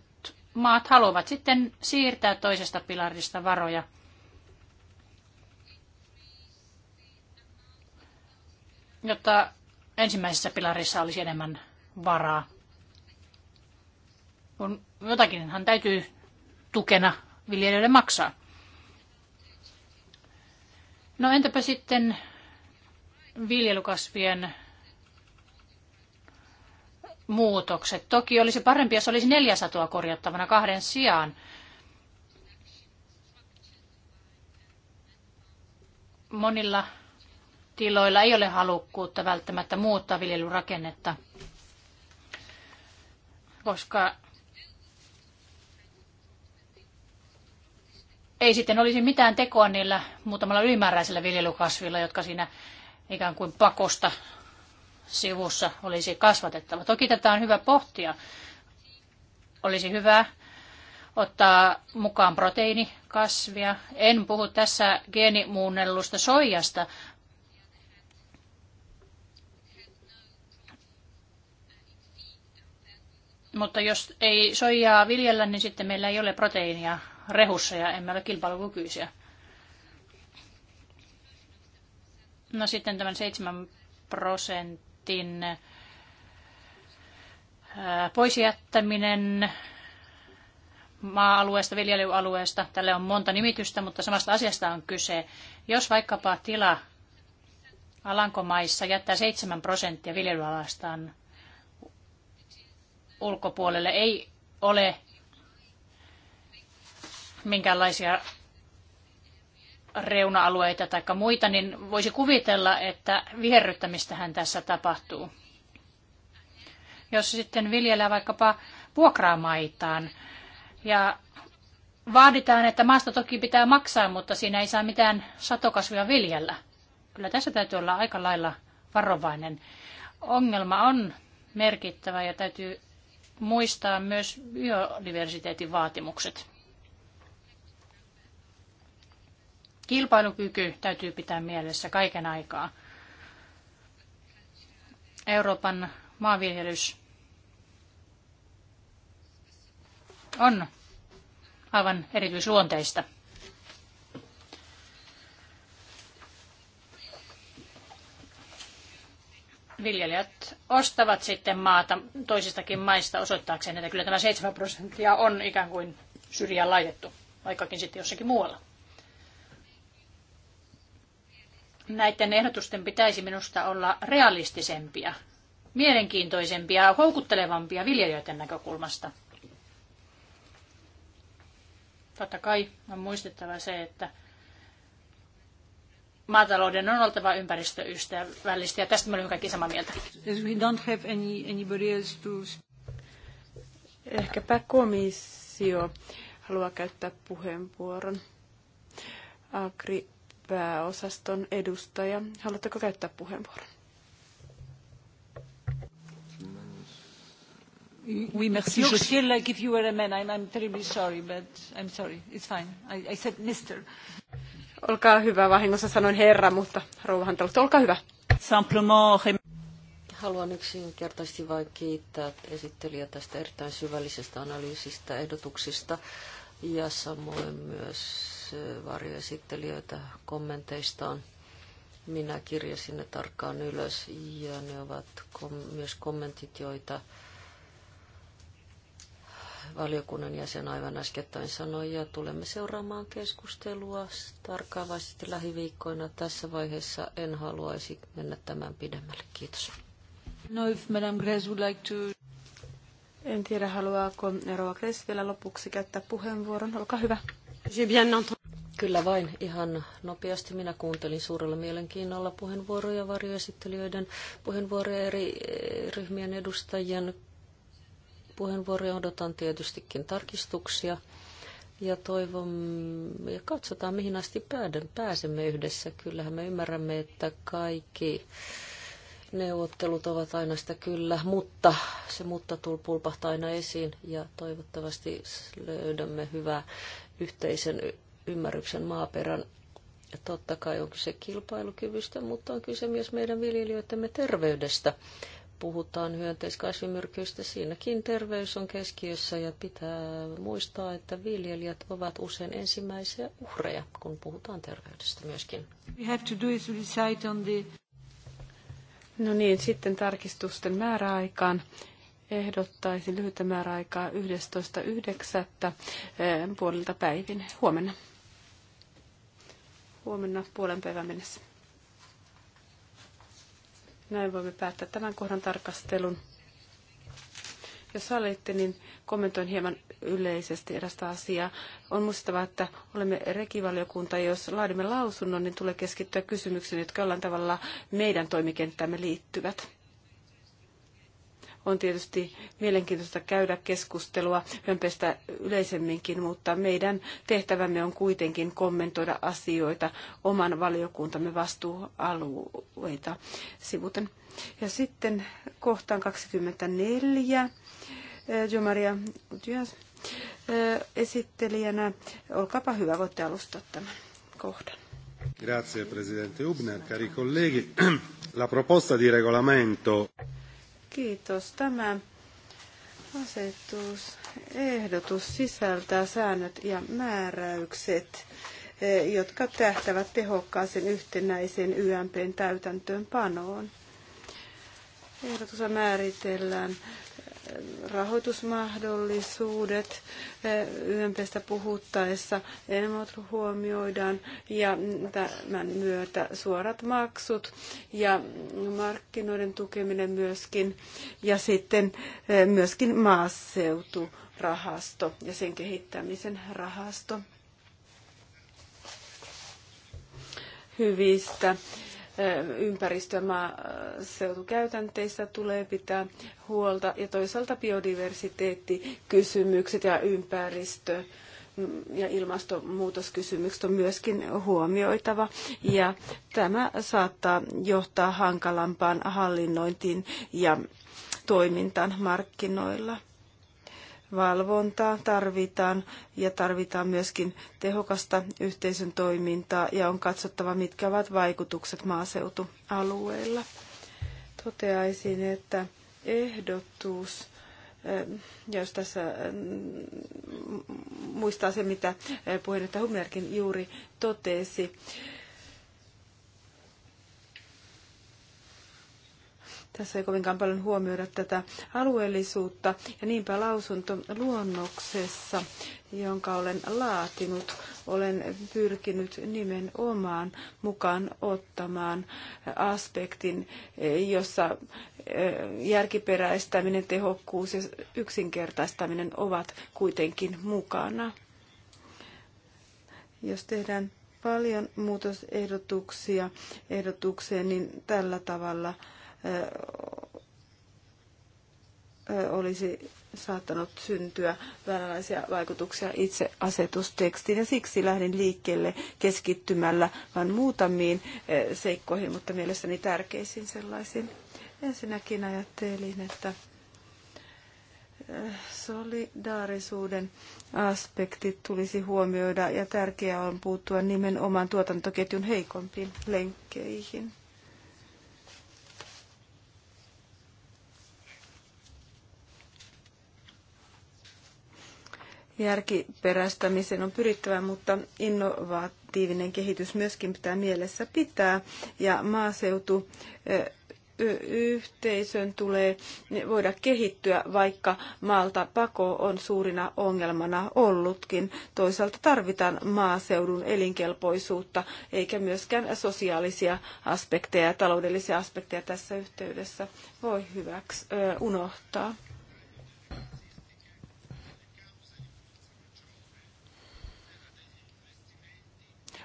maat haluavat sitten siirtää toisesta pilarista varoja. jotta ensimmäisessä pilarissa olisi enemmän varaa. Kun jotakinhan täytyy tukena viljelijöille maksaa. No entäpä sitten viljelykasvien muutokset? Toki olisi parempi, jos olisi neljä satoa korjattavana kahden sijaan. Monilla tiloilla ei ole halukkuutta välttämättä muuttaa viljelyrakennetta, koska ei sitten olisi mitään tekoa niillä muutamalla ylimääräisellä viljelykasvilla, jotka siinä ikään kuin pakosta sivussa olisi kasvatettava. Toki tätä on hyvä pohtia. Olisi hyvä ottaa mukaan proteiinikasvia. En puhu tässä geenimuunnellusta soijasta. Mutta jos ei soijaa viljellä, niin sitten meillä ei ole proteiinia rehussa ja emme ole kilpailukykyisiä. No sitten tämän 7 prosentin poisjättäminen maa-alueesta, viljelyalueesta. Tälle on monta nimitystä, mutta samasta asiasta on kyse. Jos vaikkapa tila Alankomaissa jättää 7 prosenttia viljelyalastaan ulkopuolelle, ei ole minkälaisia reuna-alueita tai muita, niin voisi kuvitella, että viherryttämistähän tässä tapahtuu. Jos sitten viljellään vaikkapa vuokraamaitaan ja vaaditaan, että maasta toki pitää maksaa, mutta siinä ei saa mitään satokasvia viljellä. Kyllä tässä täytyy olla aika lailla varovainen. Ongelma on merkittävä ja täytyy muistaa myös biodiversiteetin vaatimukset. Kilpailukyky täytyy pitää mielessä kaiken aikaa. Euroopan maanviljelys on aivan erityisluonteista. viljelijät ostavat sitten maata toisistakin maista osoittaakseen, että kyllä tämä 7 prosenttia on ikään kuin syrjään laitettu, vaikkakin sitten jossakin muualla. näiden ehdotusten pitäisi minusta olla realistisempia, mielenkiintoisempia, houkuttelevampia viljelijöiden näkökulmasta. Totta kai on muistettava se, että maatalouden on oltava ympäristöystävällistä ja tästä me olemme kaikki samaa mieltä. we don't have any, else to... Ehkäpä komissio haluaa käyttää puheenvuoron. Agri pääosaston edustaja. Haluatteko käyttää puheenvuoron? Oui, merci. like if you were a man, I'm terribly sorry, but I'm sorry. It's fine. I, I said mister. Olkaa hyvä, vahingossa sanoin herra, mutta rouvahan te olkaa hyvä. haluan yksinkertaisesti vain kiittää esittelijä tästä erittäin syvällisestä analyysistä, ehdotuksista ja samoin myös varjoesittelijöitä kommenteistaan. Minä kirjasin ne tarkkaan ylös ja ne ovat kom- myös kommentit, joita valiokunnan jäsen aivan äskettäin sanoi, ja tulemme seuraamaan keskustelua tarkkaavaisesti lähiviikkoina. Tässä vaiheessa en haluaisi mennä tämän pidemmälle. Kiitos. No, if Madame Grez would like to... En tiedä, haluaako Eroa Gress vielä lopuksi käyttää puheenvuoron. Olkaa hyvä. Kyllä vain ihan nopeasti. Minä kuuntelin suurella mielenkiinnolla puheenvuoroja, varjoesittelijöiden puheenvuoroja, eri eh, ryhmien edustajien puheenvuoroja. Odotan tietystikin tarkistuksia ja toivon, ja katsotaan mihin asti pääsemme yhdessä. Kyllähän me ymmärrämme, että kaikki neuvottelut ovat aina sitä kyllä, mutta se mutta pulpahtaa aina esiin ja toivottavasti löydämme hyvää yhteisen ymmärryksen maaperän. Ja totta kai on kyse kilpailukyvystä, mutta on kyse myös meidän viljelijöidemme terveydestä. Puhutaan hyönteiskasvimyrkyistä, siinäkin terveys on keskiössä ja pitää muistaa, että viljelijät ovat usein ensimmäisiä uhreja, kun puhutaan terveydestä myöskin. We have to do is decide on the... No niin, sitten tarkistusten määräaikaan ehdottaisin lyhyttä määräaikaa 11.9. Eh, puolilta päivin huomenna huomenna puolen päivän mennessä. Näin voimme päättää tämän kohdan tarkastelun. Jos sallitte, niin kommentoin hieman yleisesti erästä asiaa. On muistettava, että olemme rekivaliokunta, ja jos laadimme lausunnon, niin tulee keskittyä kysymyksiin, jotka jollain tavalla meidän toimikenttämme liittyvät. On tietysti mielenkiintoista käydä keskustelua hömpestä yleisemminkin, mutta meidän tehtävämme on kuitenkin kommentoida asioita oman valiokuntamme vastuualueita sivuten. Ja sitten kohtaan 24. Jomaria Utias esittelijänä. Olkaapa hyvä, voitte alustaa tämän kohdan. Grazie Presidente cari colleghi. La proposta di regolamento. Kiitos. Tämä asetusehdotus sisältää säännöt ja määräykset, e, jotka tähtävät tehokkaaseen yhtenäisen YMPn täytäntöönpanoon. Ehdotus määritellään rahoitusmahdollisuudet eh, YMPstä puhuttaessa Enmotru huomioidaan ja tämän myötä suorat maksut ja markkinoiden tukeminen myöskin ja sitten eh, myöskin maaseuturahasto ja sen kehittämisen rahasto hyvistä ympäristö- ja maaseutukäytänteistä tulee pitää huolta ja toisaalta biodiversiteettikysymykset ja ympäristö ja ilmastonmuutoskysymykset on myöskin huomioitava. Ja tämä saattaa johtaa hankalampaan hallinnointiin ja toimintaan markkinoilla valvontaa tarvitaan ja tarvitaan myöskin tehokasta yhteisön toimintaa ja on katsottava, mitkä ovat vaikutukset maaseutualueilla. Toteaisin, että ehdotus, eh, jos tässä mm, muistaa se, mitä eh, puheenjohtaja Humnerkin juuri totesi, Tässä ei kovinkaan paljon huomioida tätä alueellisuutta ja niinpä lausunto luonnoksessa, jonka olen laatinut, olen pyrkinyt nimenomaan mukaan ottamaan aspektin, jossa eh, järkiperäistäminen, tehokkuus ja yksinkertaistaminen ovat kuitenkin mukana. Jos tehdään paljon muutosehdotuksia ehdotukseen, niin tällä tavalla – olisi saattanut syntyä vääränlaisia vaikutuksia itse asetustekstiin ja siksi lähdin liikkeelle keskittymällä vain muutamiin seikkoihin, mutta mielestäni tärkeisiin sellaisiin. Ensinnäkin ajattelin, että solidaarisuuden aspektit tulisi huomioida ja tärkeää on puuttua nimenomaan tuotantoketjun heikompiin lenkkeihin. järkiperäistämiseen on pyrittävä, mutta innovatiivinen kehitys myöskin pitää mielessä pitää. Ja maaseutu yhteisön tulee voida kehittyä, vaikka maalta pako on suurina ongelmana ollutkin. Toisaalta tarvitaan maaseudun elinkelpoisuutta, eikä myöskään sosiaalisia aspekteja ja taloudellisia aspekteja tässä yhteydessä voi hyväksi unohtaa.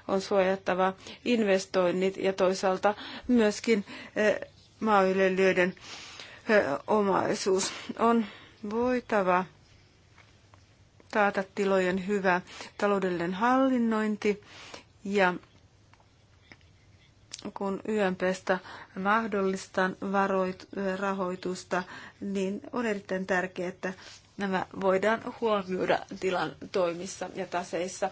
on suojattava investoinnit ja toisaalta myöskin eh, maanviljelijöiden eh, omaisuus. On voitava taata tilojen hyvä taloudellinen hallinnointi ja kun YMPstä mahdollistan varoit, rahoitusta, niin on erittäin tärkeää, että nämä voidaan huomioida tilan toimissa ja taseissa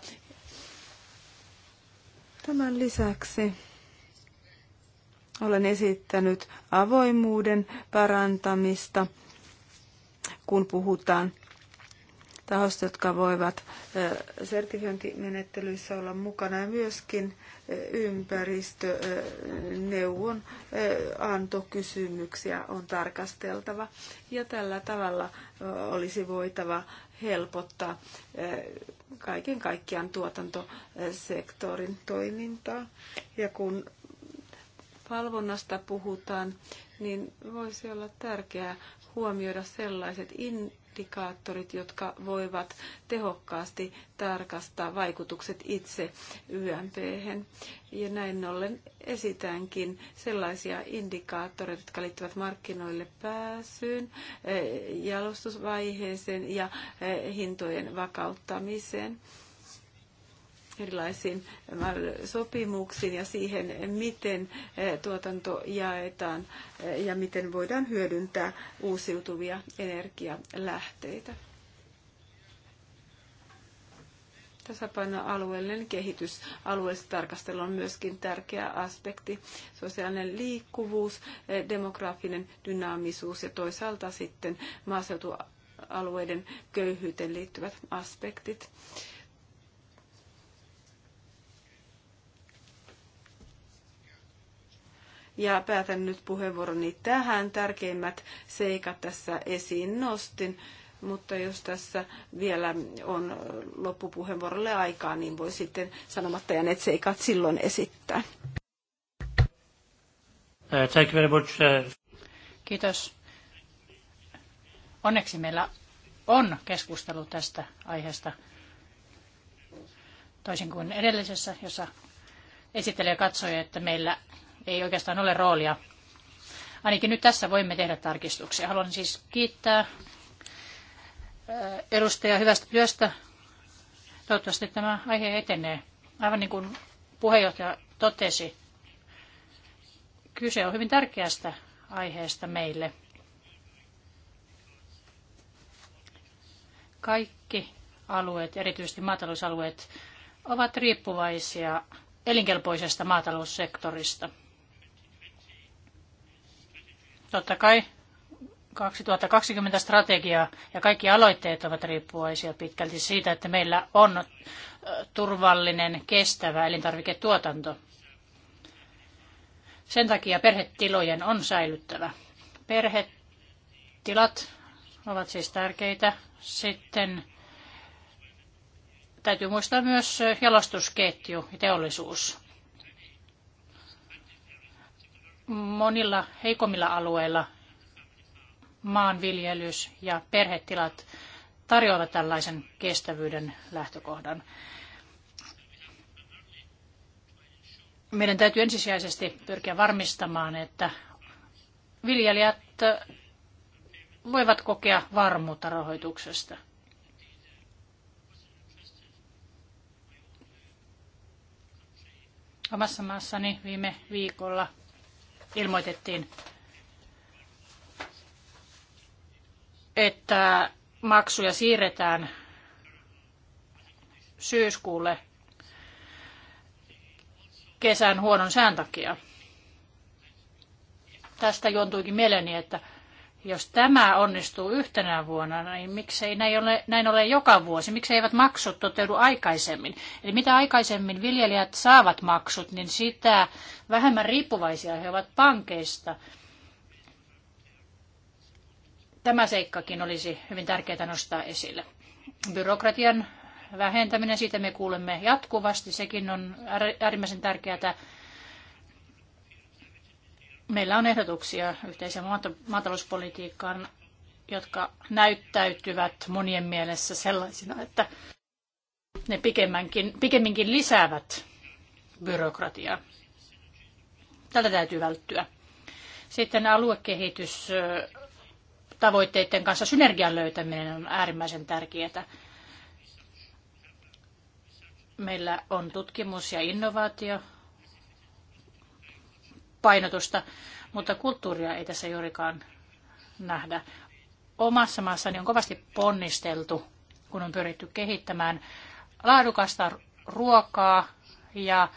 Tämän lisäksi olen esittänyt avoimuuden parantamista, kun puhutaan tahosta, jotka voivat sertifiointimenettelyissä olla mukana ja myöskin ympäristöneuvon antokysymyksiä on tarkasteltava. Ja tällä tavalla olisi voitava helpottaa eh, kaiken kaikkiaan tuotantosektorin toimintaa. Ja kun valvonnasta puhutaan, niin voisi olla tärkeää huomioida sellaiset in, indikaattorit, jotka voivat tehokkaasti tarkastaa vaikutukset itse ymp -hän. Ja näin ollen esitänkin sellaisia indikaattoreita, jotka liittyvät markkinoille pääsyyn, eh, jalostusvaiheeseen ja eh, hintojen vakauttamiseen erilaisiin sopimuksiin ja siihen, miten eh, tuotanto jaetaan eh, ja miten voidaan hyödyntää uusiutuvia energialähteitä. alueellinen kehitys Alueellista tarkastelu on myöskin tärkeä aspekti. Sosiaalinen liikkuvuus, eh, demografinen dynaamisuus ja toisaalta sitten maaseutualueiden köyhyyteen liittyvät aspektit. Ja päätän nyt puheenvuoroni tähän. Tärkeimmät seikat tässä esiin nostin. Mutta jos tässä vielä on loppupuheenvuorolle aikaa, niin voi sitten sanomatta jääneet seikat silloin esittää. Uh, thank you very much. Uh, Kiitos. Onneksi meillä on keskustelu tästä aiheesta. Toisin kuin edellisessä, jossa esittelijä katsoi, että meillä ei oikeastaan ole roolia. Ainakin nyt tässä voimme tehdä tarkistuksia. Haluan siis kiittää äh, edustajaa hyvästä työstä. Toivottavasti tämä aihe etenee. Aivan niin kuin puheenjohtaja totesi, kyse on hyvin tärkeästä aiheesta meille. Kaikki alueet, erityisesti maatalousalueet, ovat riippuvaisia elinkelpoisesta maataloussektorista. Totta kai 2020 strategia ja kaikki aloitteet ovat riippuvaisia pitkälti siitä, että meillä on turvallinen, kestävä elintarviketuotanto. Sen takia perhetilojen on säilyttävä. Perhetilat ovat siis tärkeitä. Sitten täytyy muistaa myös jalostusketju ja teollisuus monilla heikommilla alueilla maanviljelys ja perhetilat tarjoavat tällaisen kestävyyden lähtökohdan. Meidän täytyy ensisijaisesti pyrkiä varmistamaan, että viljelijät voivat kokea varmuutta rahoituksesta. Omassa maassani viime viikolla ilmoitettiin, että maksuja siirretään syyskuulle kesän huonon sään takia. Tästä juontuikin mieleeni, että jos tämä onnistuu yhtenä vuonna, niin miksei näin ole, näin ole joka vuosi? Miksi eivät maksut toteudu aikaisemmin? Eli mitä aikaisemmin viljelijät saavat maksut, niin sitä vähemmän riippuvaisia he ovat pankeista. Tämä seikkakin olisi hyvin tärkeää nostaa esille. Byrokratian vähentäminen, siitä me kuulemme jatkuvasti, sekin on äärimmäisen tärkeää Meillä on ehdotuksia yhteiseen maatalouspolitiikkaan, jotka näyttäytyvät monien mielessä sellaisina, että ne pikemminkin, pikemminkin lisäävät byrokratiaa. Tältä täytyy välttyä. Sitten aluekehitys tavoitteiden kanssa synergian löytäminen on äärimmäisen tärkeää. Meillä on tutkimus- ja innovaatio painotusta, mutta kulttuuria ei tässä juurikaan nähdä. Omassa maassani on kovasti ponnisteltu, kun on pyritty kehittämään laadukasta ruokaa ja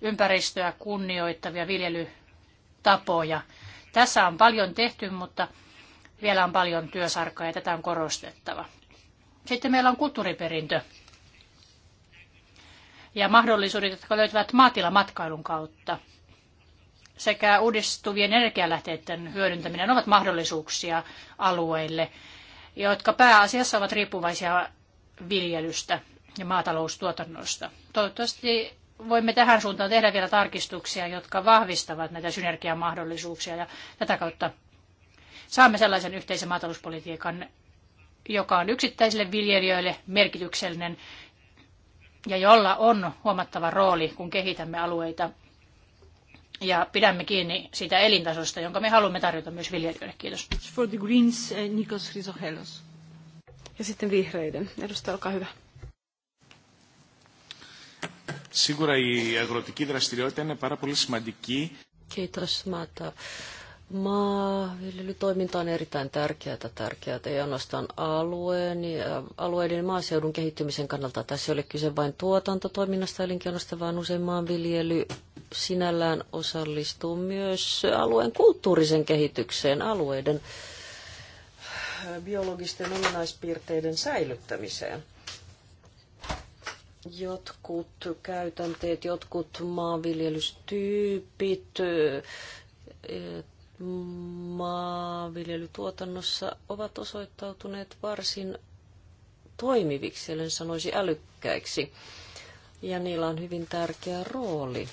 ympäristöä kunnioittavia viljelytapoja. Tässä on paljon tehty, mutta vielä on paljon työsarkaa ja tätä on korostettava. Sitten meillä on kulttuuriperintö ja mahdollisuudet, jotka löytyvät maatilamatkailun kautta sekä uudistuvien energialähteiden hyödyntäminen ovat mahdollisuuksia alueille, jotka pääasiassa ovat riippuvaisia viljelystä ja maataloustuotannosta. Toivottavasti voimme tähän suuntaan tehdä vielä tarkistuksia, jotka vahvistavat näitä synergiamahdollisuuksia ja tätä kautta saamme sellaisen yhteisen maatalouspolitiikan, joka on yksittäisille viljelijöille merkityksellinen ja jolla on huomattava rooli, kun kehitämme alueita ja pidämme kiinni siitä elintasosta, jonka me haluamme tarjota myös viljelijöille. Kiitos. For the Greens, eh, Nikos Risohelos. Ja sitten vihreiden. Edustaja, olkaa hyvä. Σίγουρα η αγροτική δραστηριότητα είναι πάρα πολύ σημαντική. Kiitos, Mata. Maanviljelytoiminta on erittäin tärkeää, tärkeää ei ainoastaan alueen alueiden maaseudun kehittymisen kannalta. Tässä ei ole kyse vain tuotantotoiminnasta elinkeinosta, vaan usein maanviljely sinällään osallistuu myös alueen kulttuurisen kehitykseen, alueiden biologisten ominaispiirteiden säilyttämiseen. Jotkut käytänteet, jotkut maanviljelystyypit eh, maanviljelytuotannossa ovat osoittautuneet varsin toimiviksi, eli sanoisi älykkäiksi. Ja niillä on hyvin tärkeä rooli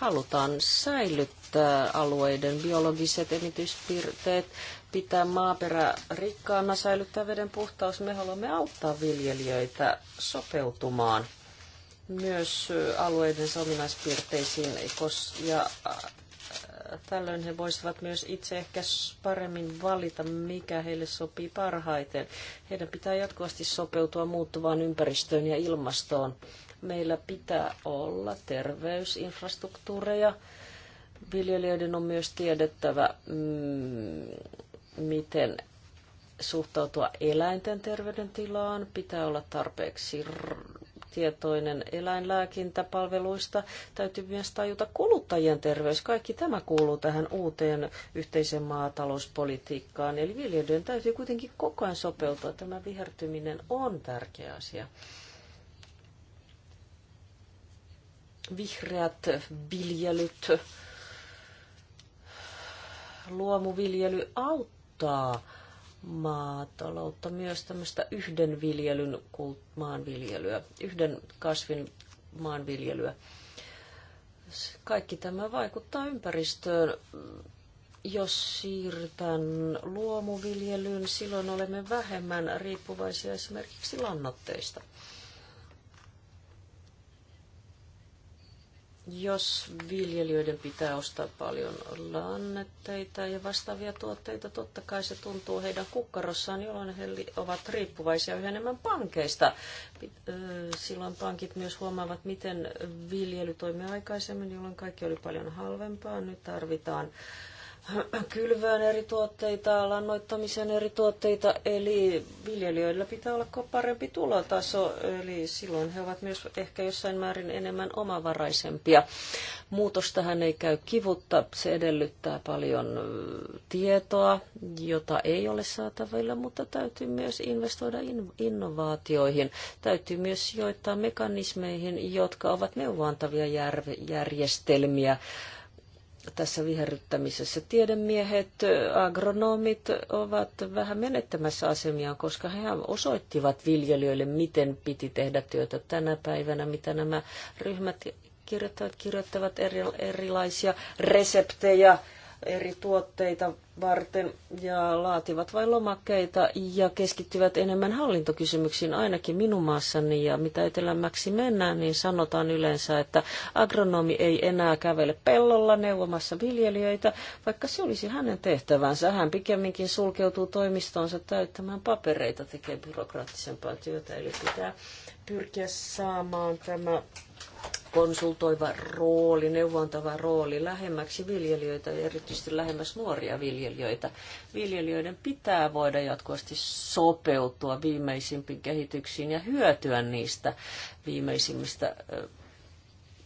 halutaan säilyttää alueiden biologiset erityispiirteet, pitää maaperä rikkaana, säilyttää veden puhtaus. Me haluamme auttaa viljelijöitä sopeutumaan myös alueiden ominaispiirteisiin ja äh, tällöin he voisivat myös itse ehkä paremmin valita, mikä heille sopii parhaiten. Heidän pitää jatkuvasti sopeutua muuttuvaan ympäristöön ja ilmastoon. Meillä pitää olla terveysinfrastruktuureja. Viljelijöiden on myös tiedettävä, mm, miten suhtautua eläinten terveydentilaan. Pitää olla tarpeeksi tietoinen eläinlääkintäpalveluista. Täytyy myös tajuta kuluttajien terveys. Kaikki tämä kuuluu tähän uuteen yhteisen maatalouspolitiikkaan. Eli viljelijöiden täytyy kuitenkin koko ajan sopeutua. Tämä vihertyminen on tärkeä asia. vihreät viljelyt, luomuviljely auttaa maataloutta, myös tämmöistä yhden viljelyn maanviljelyä, yhden kasvin maanviljelyä. Kaikki tämä vaikuttaa ympäristöön. Jos siirrytään luomuviljelyyn, silloin olemme vähemmän riippuvaisia esimerkiksi lannoitteista. Jos viljelijöiden pitää ostaa paljon lannetteita ja vastaavia tuotteita, totta kai se tuntuu heidän kukkarossaan, jolloin he ovat riippuvaisia yhä enemmän pankeista. Silloin pankit myös huomaavat, miten viljely toimii aikaisemmin, jolloin kaikki oli paljon halvempaa. Nyt tarvitaan kylvöön eri tuotteita, lannoittamisen eri tuotteita, eli viljelijöillä pitää olla parempi tulotaso, eli silloin he ovat myös ehkä jossain määrin enemmän omavaraisempia. Muutos tähän ei käy kivutta, se edellyttää paljon tietoa, jota ei ole saatavilla, mutta täytyy myös investoida innovaatioihin, täytyy myös sijoittaa mekanismeihin, jotka ovat neuvoantavia järjestelmiä, tässä viherryttämisessä. Tiedemiehet, agronomit ovat vähän menettämässä asemiaan, koska he osoittivat viljelijöille, miten piti tehdä työtä tänä päivänä, mitä nämä ryhmät kirjoittavat, kirjoittavat eri, erilaisia reseptejä, eri tuotteita varten ja laativat vain lomakkeita ja keskittyvät enemmän hallintokysymyksiin, ainakin minun maassani. Ja mitä etelämmäksi mennään, niin sanotaan yleensä, että agronomi ei enää kävele pellolla neuvomassa viljelijöitä, vaikka se olisi hänen tehtävänsä. Hän pikemminkin sulkeutuu toimistonsa täyttämään papereita, tekee byrokraattisempaa työtä, eli pitää pyrkiä saamaan tämä konsultoiva rooli, neuvontava rooli lähemmäksi viljelijöitä ja erityisesti lähemmäs nuoria viljelijöitä. Viljelijöiden pitää voida jatkuvasti sopeutua viimeisimpiin kehityksiin ja hyötyä niistä viimeisimmistä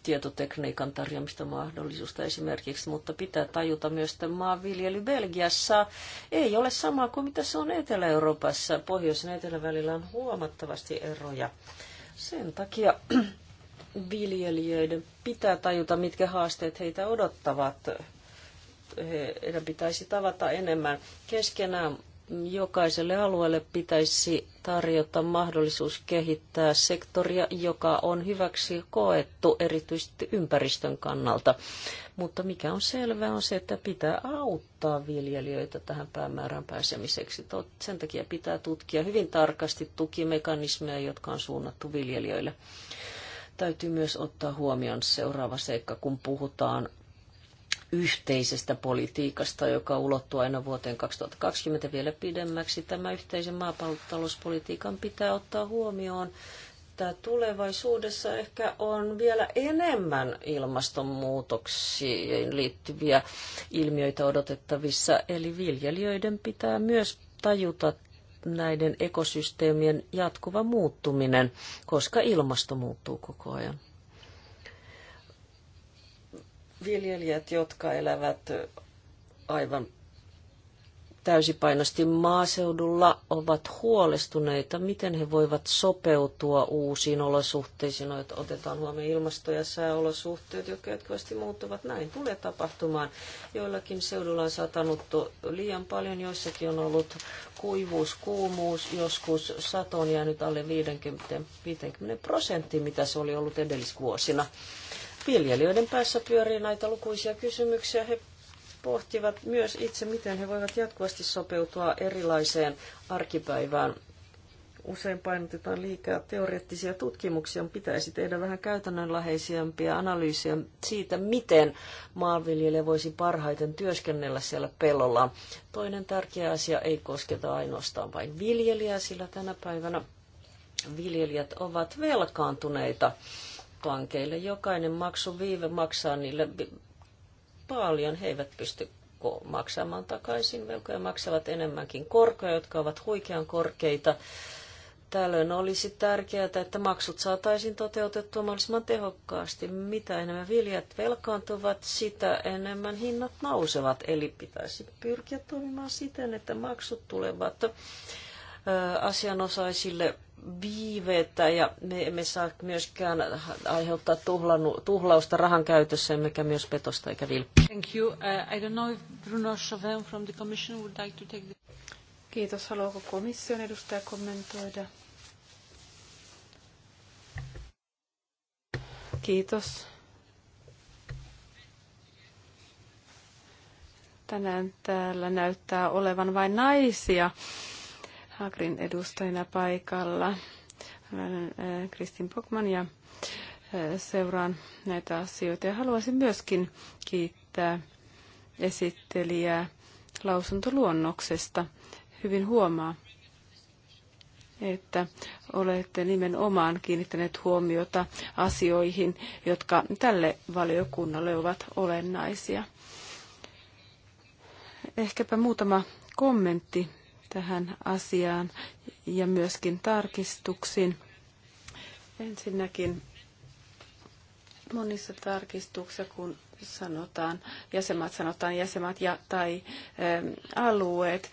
tietotekniikan tarjoamista mahdollisuutta esimerkiksi, mutta pitää tajuta myös, että maanviljely Belgiassa ei ole sama kuin mitä se on Etelä-Euroopassa. Pohjoisen ja Etelän välillä on huomattavasti eroja. Sen takia viljelijöiden pitää tajuta, mitkä haasteet heitä odottavat. Heidän pitäisi tavata enemmän keskenään. Jokaiselle alueelle pitäisi tarjota mahdollisuus kehittää sektoria, joka on hyväksi koettu erityisesti ympäristön kannalta. Mutta mikä on selvää on se, että pitää auttaa viljelijöitä tähän päämäärään pääsemiseksi. Sen takia pitää tutkia hyvin tarkasti tukimekanismeja, jotka on suunnattu viljelijöille täytyy myös ottaa huomioon seuraava seikka, kun puhutaan yhteisestä politiikasta, joka ulottuu aina vuoteen 2020 vielä pidemmäksi. Tämä yhteisen maapallotalouspolitiikan pitää ottaa huomioon että tulevaisuudessa ehkä on vielä enemmän ilmastonmuutoksiin liittyviä ilmiöitä odotettavissa. Eli viljelijöiden pitää myös tajuta näiden ekosysteemien jatkuva muuttuminen, koska ilmasto muuttuu koko ajan. Viljelijät, jotka elävät aivan Täysipainosti maaseudulla ovat huolestuneita, miten he voivat sopeutua uusiin olosuhteisiin, no, että otetaan huomioon ilmasto- ja sääolosuhteet, jotka jatkuvasti muuttuvat. Näin tulee tapahtumaan. Joillakin seudulla on satanut liian paljon, joissakin on ollut kuivuus, kuumuus, joskus sato on jäänyt alle 50, 50 prosenttia, mitä se oli ollut edellisvuosina. Viljelijöiden päässä pyörii näitä lukuisia kysymyksiä. He pohtivat myös itse, miten he voivat jatkuvasti sopeutua erilaiseen arkipäivään. Usein painotetaan liikaa teoreettisia tutkimuksia, pitäisi tehdä vähän käytännönläheisempiä analyysiä siitä, miten maanviljelijä voisi parhaiten työskennellä siellä pellolla. Toinen tärkeä asia ei kosketa ainoastaan vain viljelijää, sillä tänä päivänä viljelijät ovat velkaantuneita pankeille. Jokainen maksu viive maksaa niille paljon. He eivät pysty maksamaan takaisin velkoja, maksavat enemmänkin korkoja, jotka ovat huikean korkeita. Tällöin olisi tärkeää, että maksut saataisiin toteutettua mahdollisimman tehokkaasti. Mitä enemmän viljat velkaantuvat, sitä enemmän hinnat nousevat. Eli pitäisi pyrkiä toimimaan siten, että maksut tulevat asianosaisille viiveettä ja me emme saa myöskään aiheuttaa tuhlausta rahan käytössä, emmekä myös petosta eikä vilppiä. Thank you. Uh, I don't know if Bruno from the Commission would like to take the... Kiitos. Haluaako komission edustaja kommentoida? Kiitos. Tänään täällä näyttää olevan vain naisia Hagrin edustajina paikalla. Olen äh, Kristin Pokman ja äh, seuraan näitä asioita ja haluaisin myöskin kiittää esittelijää lausuntoluonnoksesta. Hyvin huomaa, että olette nimenomaan kiinnittäneet huomiota asioihin, jotka tälle valiokunnalle ovat olennaisia. Ehkäpä muutama kommentti tähän asiaan ja myöskin tarkistuksiin. Ensinnäkin monissa tarkistuksissa, kun sanotaan jäsenmaat, sanotaan jäsenmaat ja, tai ä, ähm, alueet,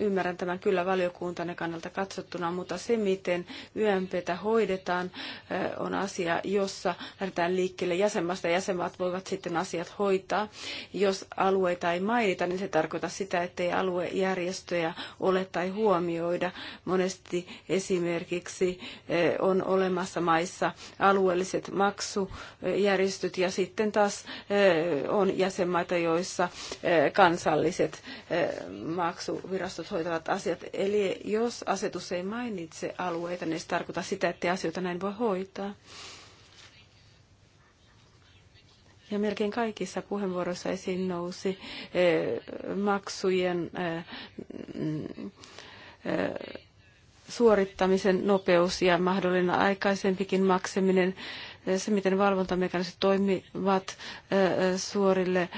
Ymmärrän tämän kyllä valiokuntanne kannalta katsottuna, mutta se, miten YMPtä hoidetaan, eh, on asia, jossa lähdetään liikkeelle jäsenmaasta. Jäsenmaat voivat sitten asiat hoitaa. Jos alueita ei mainita, niin se tarkoittaa sitä, ettei aluejärjestöjä ole tai huomioida. Monesti esimerkiksi eh, on olemassa maissa alueelliset maksujärjestöt ja sitten taas eh, on jäsenmaita, joissa kansalliset maksuvirastot asetus hoitavat asiat. Eli jos asetus ei mainitse alueita, niin se tarkoittaa sitä, että asioita näin voi hoitaa. Ja melkein kaikissa puheenvuoroissa esiin nousi eh, maksujen eh, mm, eh, suorittamisen nopeus ja mahdollinen aikaisempikin maksaminen se, miten valvontamekanismit toimivat suorille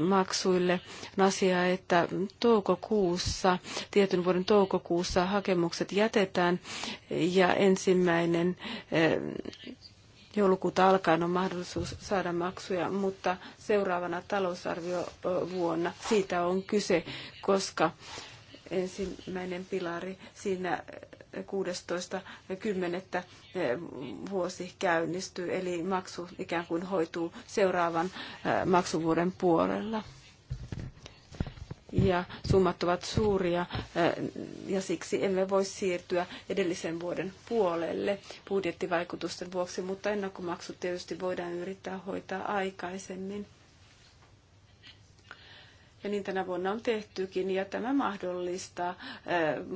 maksuille, on asia, että toukokuussa, tietyn vuoden toukokuussa hakemukset jätetään ja ensimmäinen joulukuuta alkaen on mahdollisuus saada maksuja, mutta seuraavana talousarviovuonna siitä on kyse, koska ensimmäinen pilari siinä 16.10. Eh, vuosi käynnistyy, eli maksu ikään kuin hoituu seuraavan eh, maksuvuoden puolella. Ja summat ovat suuria eh, ja siksi emme voi siirtyä edellisen vuoden puolelle budjettivaikutusten vuoksi, mutta ennakkomaksut tietysti voidaan yrittää hoitaa aikaisemmin ja niin tänä vuonna on tehtykin, ja tämä mahdollistaa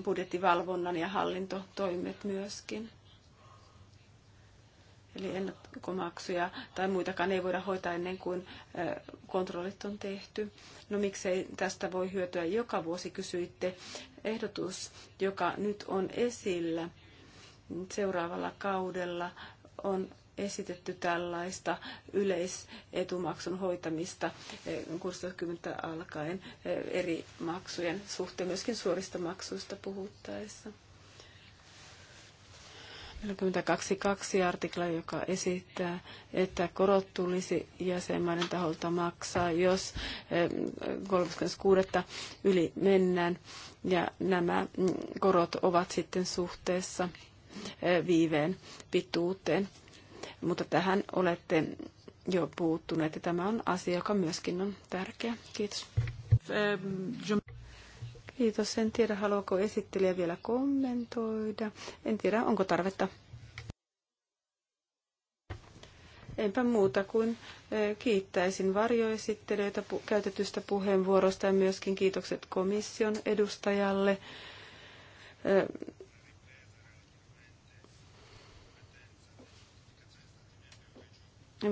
budjettivalvonnan ja hallintotoimet myöskin. Eli ennakkomaksuja tai muitakaan ei voida hoitaa ennen kuin kontrollit on tehty. No miksei tästä voi hyötyä joka vuosi, kysyitte. Ehdotus, joka nyt on esillä seuraavalla kaudella, on esitetty tällaista yleisetumaksun hoitamista 60 eh, alkaen eh, eri maksujen suhteen, myöskin suorista maksuista puhuttaessa. 42.2 artikla, joka esittää, että korot tulisi jäsenmaiden taholta maksaa, jos 36. Eh, yli mennään. Ja nämä mm, korot ovat sitten suhteessa viiveen pituuteen mutta tähän olette jo puuttuneet ja tämä on asia, joka myöskin on tärkeä. Kiitos. Kiitos. En tiedä, haluaako esittelijä vielä kommentoida. En tiedä, onko tarvetta. Enpä muuta kuin e, kiittäisin varjoesittelijöitä käytetystä puheenvuorosta ja myöskin kiitokset komission edustajalle e,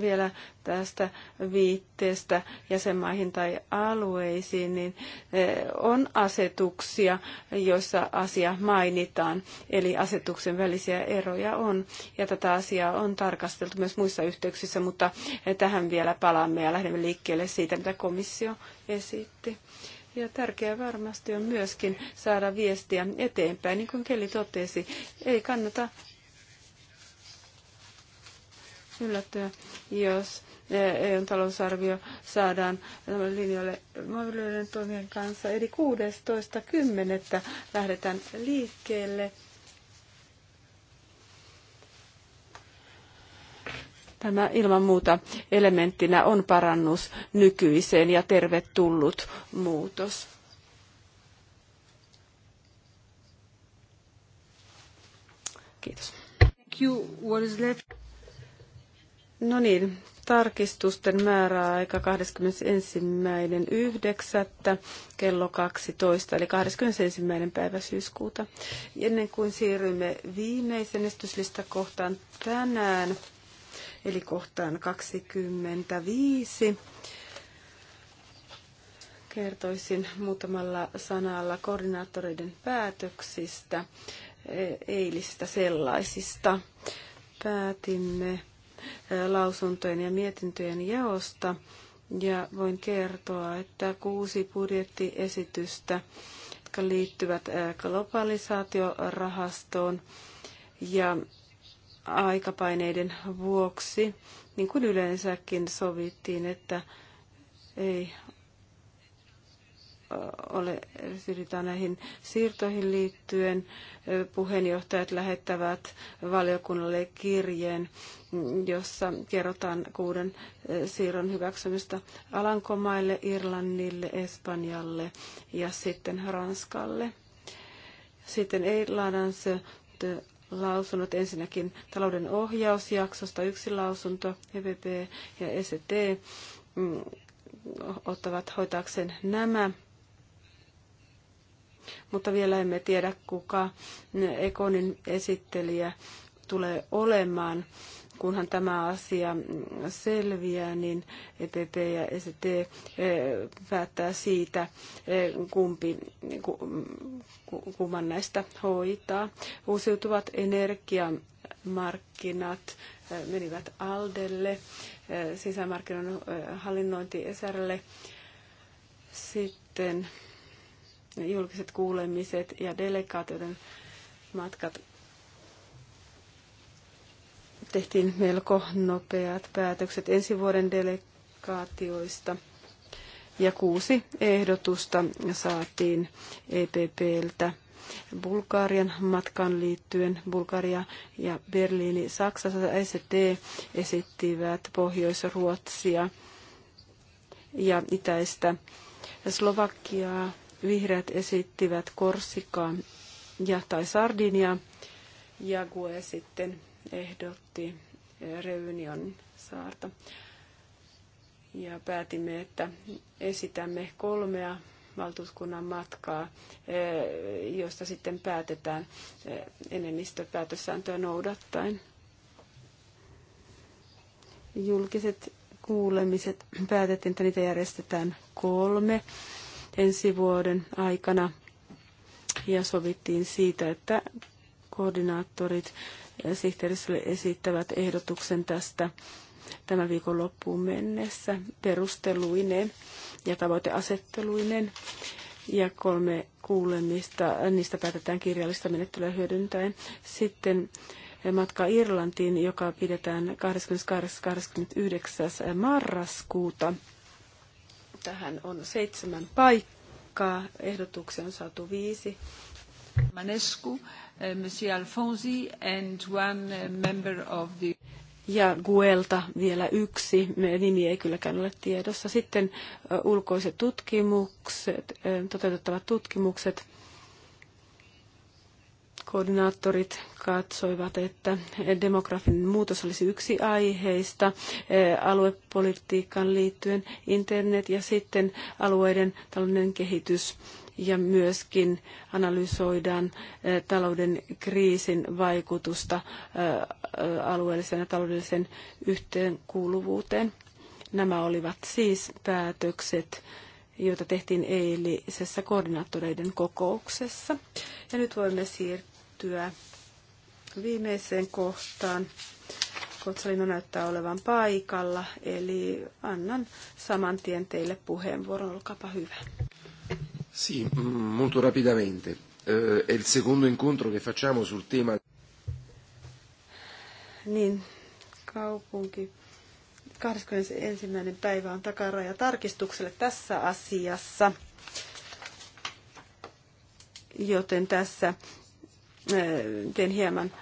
vielä tästä viitteestä jäsenmaihin tai alueisiin, niin e, on asetuksia, joissa asia mainitaan, eli asetuksen välisiä eroja on, ja tätä asiaa on tarkasteltu myös muissa yhteyksissä, mutta tähän vielä palaamme ja lähdemme liikkeelle siitä, mitä komissio esitti. Ja tärkeää varmasti on myöskin saada viestiä eteenpäin. Niin kuin Kelly totesi, ei kannata yllättyä, jos EUn talousarvio saadaan linjalle maanviljelijöiden toimien kanssa. Eli 16.10. lähdetään liikkeelle. Tämä ilman muuta elementtinä on parannus nykyiseen ja tervetullut muutos. Kiitos. Thank you. What is left? No niin, tarkistusten aika 21.9. kello 12, eli 21. päivä syyskuuta. Ennen kuin siirrymme viimeisen kohtaan tänään, eli kohtaan 25, kertoisin muutamalla sanalla koordinaattoreiden päätöksistä, e, eilistä sellaisista. Päätimme lausuntojen ja mietintöjen jaosta. Ja voin kertoa, että kuusi budjettiesitystä, jotka liittyvät globalisaatiorahastoon ja aikapaineiden vuoksi, niin kuin yleensäkin sovittiin, että ei Äh, ole siirrytään näihin siirtoihin liittyen. Äh, puheenjohtajat lähettävät valiokunnalle kirjeen, jossa kerrotaan kuuden äh, siirron hyväksymistä Alankomaille, Irlannille, Espanjalle ja sitten Ranskalle. Sitten ei se lausunnot. Ensinnäkin talouden ohjausjaksosta yksi lausunto, EPP ja ST e mm, ottavat hoitaakseen nämä mutta vielä emme tiedä, kuka Ekonin esittelijä tulee olemaan. Kunhan tämä asia selviää, niin EPP ja ST eh, päättää siitä, eh, kumpi, kumman näistä hoitaa. Uusiutuvat energiamarkkinat eh, menivät Aldelle, sisämarkkinoiden hallinnointi SRlle. Sitten julkiset kuulemiset ja delegaatioiden matkat tehtiin melko nopeat päätökset ensi vuoden delegaatioista. Ja kuusi ehdotusta saatiin EPPltä Bulgarian matkan liittyen. Bulgaria ja Berliini Saksassa SD esittivät Pohjois-Ruotsia ja itäistä Slovakiaa Vihreät esittivät Korsikaa ja tai Sardinia. Ja Gue sitten ehdotti Reunion saarta. Ja päätimme, että esitämme kolmea valtuuskunnan matkaa, eh, josta sitten päätetään eh, enemmistöpäätössääntöä noudattaen. Julkiset kuulemiset päätettiin, että niitä järjestetään kolme ensi vuoden aikana ja sovittiin siitä, että koordinaattorit ja sihteeristölle esittävät ehdotuksen tästä tämän viikon loppuun mennessä perusteluineen ja tavoiteasetteluineen. Ja kolme kuulemista, niistä päätetään kirjallista menettelyä hyödyntäen. Sitten matka Irlantiin, joka pidetään 28.29. marraskuuta. Tähän on seitsemän paikkaa. Ehdotuksen on saatu viisi. Manescu, eh, Monsieur Alfonsi and one eh, member of the... Ja Guelta vielä yksi, nimi ei kylläkään ole tiedossa. Sitten eh, ulkoiset tutkimukset, toteutettavat tutkimukset Koordinaattorit katsoivat, että demografinen muutos olisi yksi aiheista eh, aluepolitiikkaan liittyen internet ja sitten alueiden taloudellinen kehitys ja myöskin analysoidaan eh, talouden kriisin vaikutusta eh, alueelliseen ja taloudelliseen yhteenkuuluvuuteen. Nämä olivat siis päätökset, joita tehtiin eilisessä koordinaattoreiden kokouksessa. Ja nyt voimme siirtyä päätyä viimeiseen kohtaan. Kotsalino näyttää olevan paikalla, eli annan saman tien teille puheenvuoron. Olkaapa hyvä. Sì, molto rapidamente. Eh, è il secondo incontro che facciamo sul tema... Niin, kaupunki. 21. päivä on takaraja tarkistukselle tässä asiassa. Joten tässä teen hieman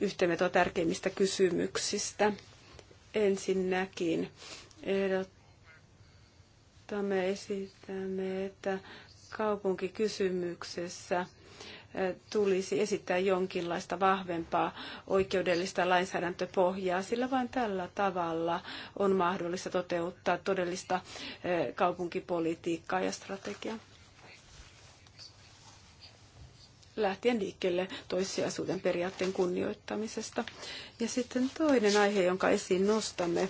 yhteenvetoa tärkeimmistä kysymyksistä. Ensinnäkin ehdottamme, esitämme, että kaupunkikysymyksessä tulisi esittää jonkinlaista vahvempaa oikeudellista lainsäädäntöpohjaa, sillä vain tällä tavalla on mahdollista toteuttaa todellista kaupunkipolitiikkaa ja strategiaa lähtien liikkeelle toissijaisuuden periaatteen kunnioittamisesta. Ja sitten toinen aihe, jonka esiin nostamme,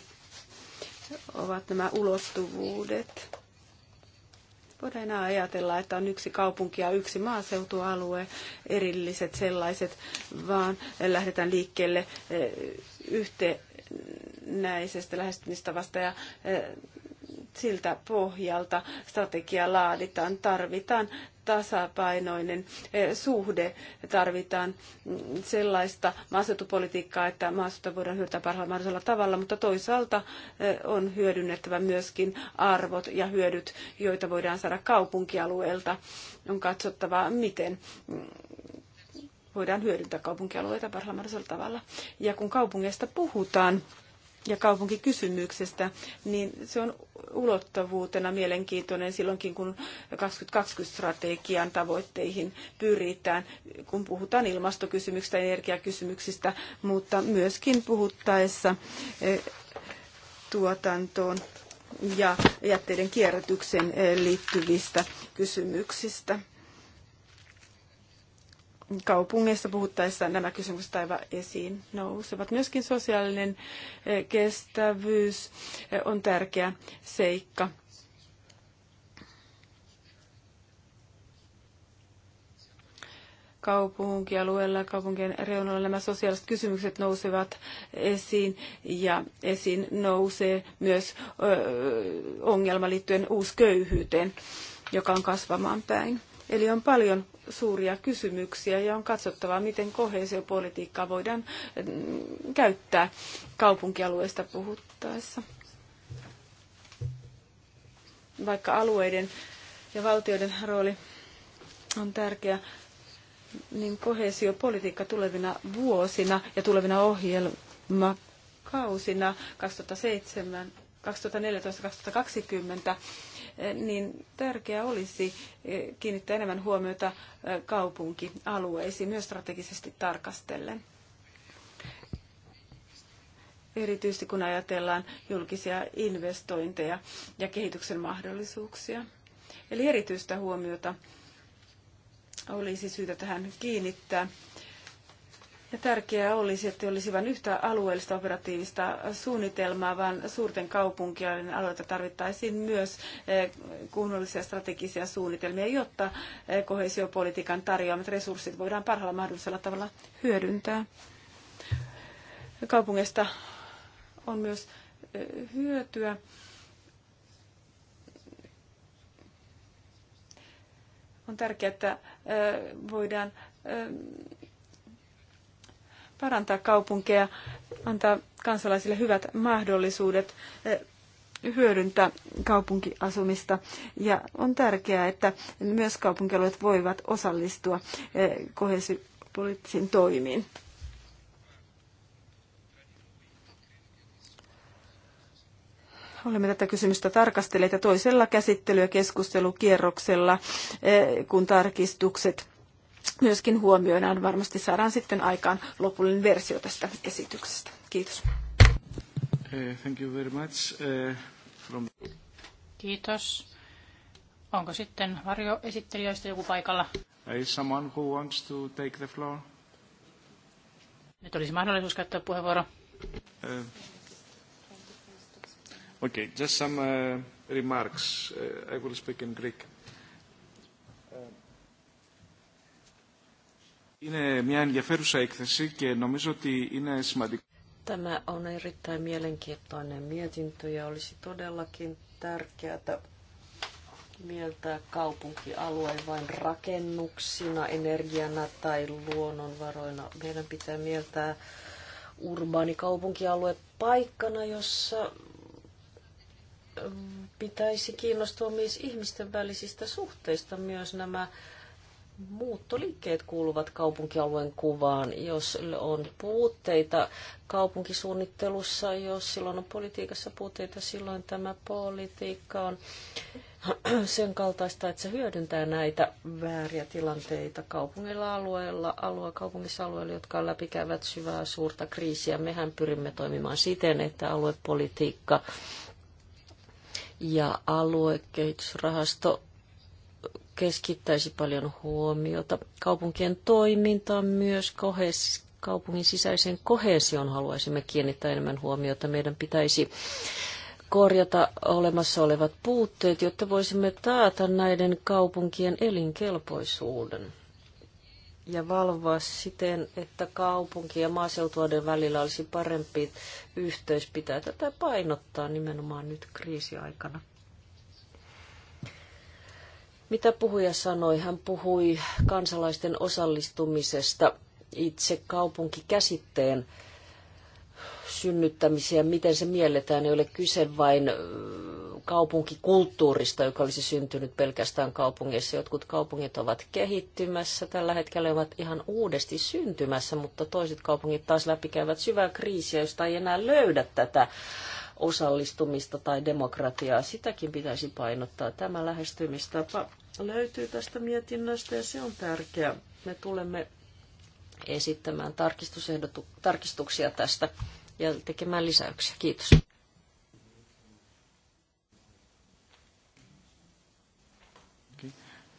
ovat nämä ulottuvuudet. Voidaan enää ajatella, että on yksi kaupunki ja yksi maaseutualue, erilliset sellaiset, vaan lähdetään liikkeelle eh, yhteen näisestä lähestymistavasta ja eh, siltä pohjalta strategia laaditaan. Tarvitaan tasapainoinen eh, suhde, tarvitaan mm, sellaista maaseutupolitiikkaa, että maaseutua voidaan hyödyntää parhaalla mahdollisella tavalla, mutta toisaalta eh, on hyödynnettävä myöskin arvot ja hyödyt, joita voidaan saada kaupunkialueelta. On katsottava, miten mm, voidaan hyödyntää kaupunkialueita parhaalla mahdollisella tavalla. Ja kun kaupungeista puhutaan, ja kaupunkikysymyksestä, niin se on ulottavuutena mielenkiintoinen silloinkin, kun 2020-strategian tavoitteihin pyritään, kun puhutaan ilmastokysymyksistä, ja energiakysymyksistä, mutta myöskin puhuttaessa e, tuotantoon ja jätteiden kierrätykseen e, liittyvistä kysymyksistä kaupungeissa puhuttaessa nämä kysymykset aivan esiin nousevat. Myöskin sosiaalinen eh, kestävyys eh, on tärkeä seikka. kaupunkialueella, kaupunkien reunoilla nämä sosiaaliset kysymykset nousevat esiin ja esiin nousee myös eh, ongelma liittyen uusköyhyyteen, joka on kasvamaan päin. Eli on paljon suuria kysymyksiä ja on katsottava, miten koheesiopolitiikkaa voidaan mm, käyttää kaupunkialueista puhuttaessa. Vaikka alueiden ja valtioiden rooli on tärkeä, niin koheesiopolitiikka tulevina vuosina ja tulevina ohjelmakausina 2007 2014-2020 niin tärkeää olisi eh, kiinnittää enemmän huomiota eh, kaupunkialueisiin myös strategisesti tarkastellen erityisesti kun ajatellaan julkisia investointeja ja kehityksen mahdollisuuksia. Eli erityistä huomiota olisi syytä tähän kiinnittää. Ja tärkeää olisi, että olisi vain yhtä alueellista operatiivista suunnitelmaa, vaan suurten kaupunkien alueita tarvittaisiin myös eh, kunnollisia strategisia suunnitelmia, jotta eh, kohesiopolitiikan tarjoamat resurssit voidaan parhaalla mahdollisella tavalla hyödyntää. Kaupungista on myös eh, hyötyä. On tärkeää, että voidaan parantaa kaupunkeja, antaa kansalaisille hyvät mahdollisuudet eh, hyödyntää kaupunkiasumista. Ja on tärkeää, että myös kaupunkialueet voivat osallistua eh, kohesipoliittisiin toimiin. Olemme tätä kysymystä tarkastelleet ja toisella käsittely- ja keskustelukierroksella, eh, kun tarkistukset myöskin huomioidaan. Varmasti saadaan sitten aikaan lopullinen versio tästä esityksestä. Kiitos. Eh, thank you very much. Eh, from... Kiitos. Onko sitten varjoesittelijöistä joku paikalla? Is someone who wants to take the floor? Nyt olisi mahdollisuus käyttää puheenvuoro. Uh, okay, just some uh, remarks. Uh, I will speak in Greek. Είναι μια ενδιαφέρουσα έκθεση και νομίζω ότι είναι σημαντικό. Tämä on erittäin mielenkiintoinen mietintö ja olisi todellakin tärkeää mieltää kaupunkialue vain rakennuksina, energiana tai luonnonvaroina. Meidän pitää mieltää urbaani kaupunkialue paikkana, jossa pitäisi kiinnostua myös ihmisten välisistä suhteista myös nämä muuttoliikkeet kuuluvat kaupunkialueen kuvaan, jos on puutteita kaupunkisuunnittelussa, jos silloin on politiikassa puutteita, silloin tämä politiikka on sen kaltaista, että se hyödyntää näitä vääriä tilanteita kaupungilla alueella, alue, kaupungissa alueella, jotka läpikäyvät syvää suurta kriisiä. Mehän pyrimme toimimaan siten, että aluepolitiikka ja aluekehitysrahasto keskittäisi paljon huomiota kaupunkien toimintaan myös kohes, kaupungin sisäiseen kohesioon haluaisimme kiinnittää enemmän huomiota. Meidän pitäisi korjata olemassa olevat puutteet, jotta voisimme taata näiden kaupunkien elinkelpoisuuden ja valvoa siten, että kaupunki- ja maaseutualueiden välillä olisi parempi yhteys. Pitää tätä painottaa nimenomaan nyt kriisiaikana. Mitä puhuja sanoi? Hän puhui kansalaisten osallistumisesta itse kaupunkikäsitteen synnyttämiseen, miten se mielletään, ei ole kyse vain kaupunkikulttuurista, joka olisi syntynyt pelkästään kaupungeissa. Jotkut kaupungit ovat kehittymässä, tällä hetkellä ovat ihan uudesti syntymässä, mutta toiset kaupungit taas läpikäyvät syvää kriisiä, josta ei enää löydä tätä osallistumista tai demokratiaa. Sitäkin pitäisi painottaa tämä lähestymistapa löytyy tästä mietinnöstä ja se on tärkeää. Me tulemme esittämään tarkistuksia tästä ja tekemään lisäyksiä. Kiitos. Okay.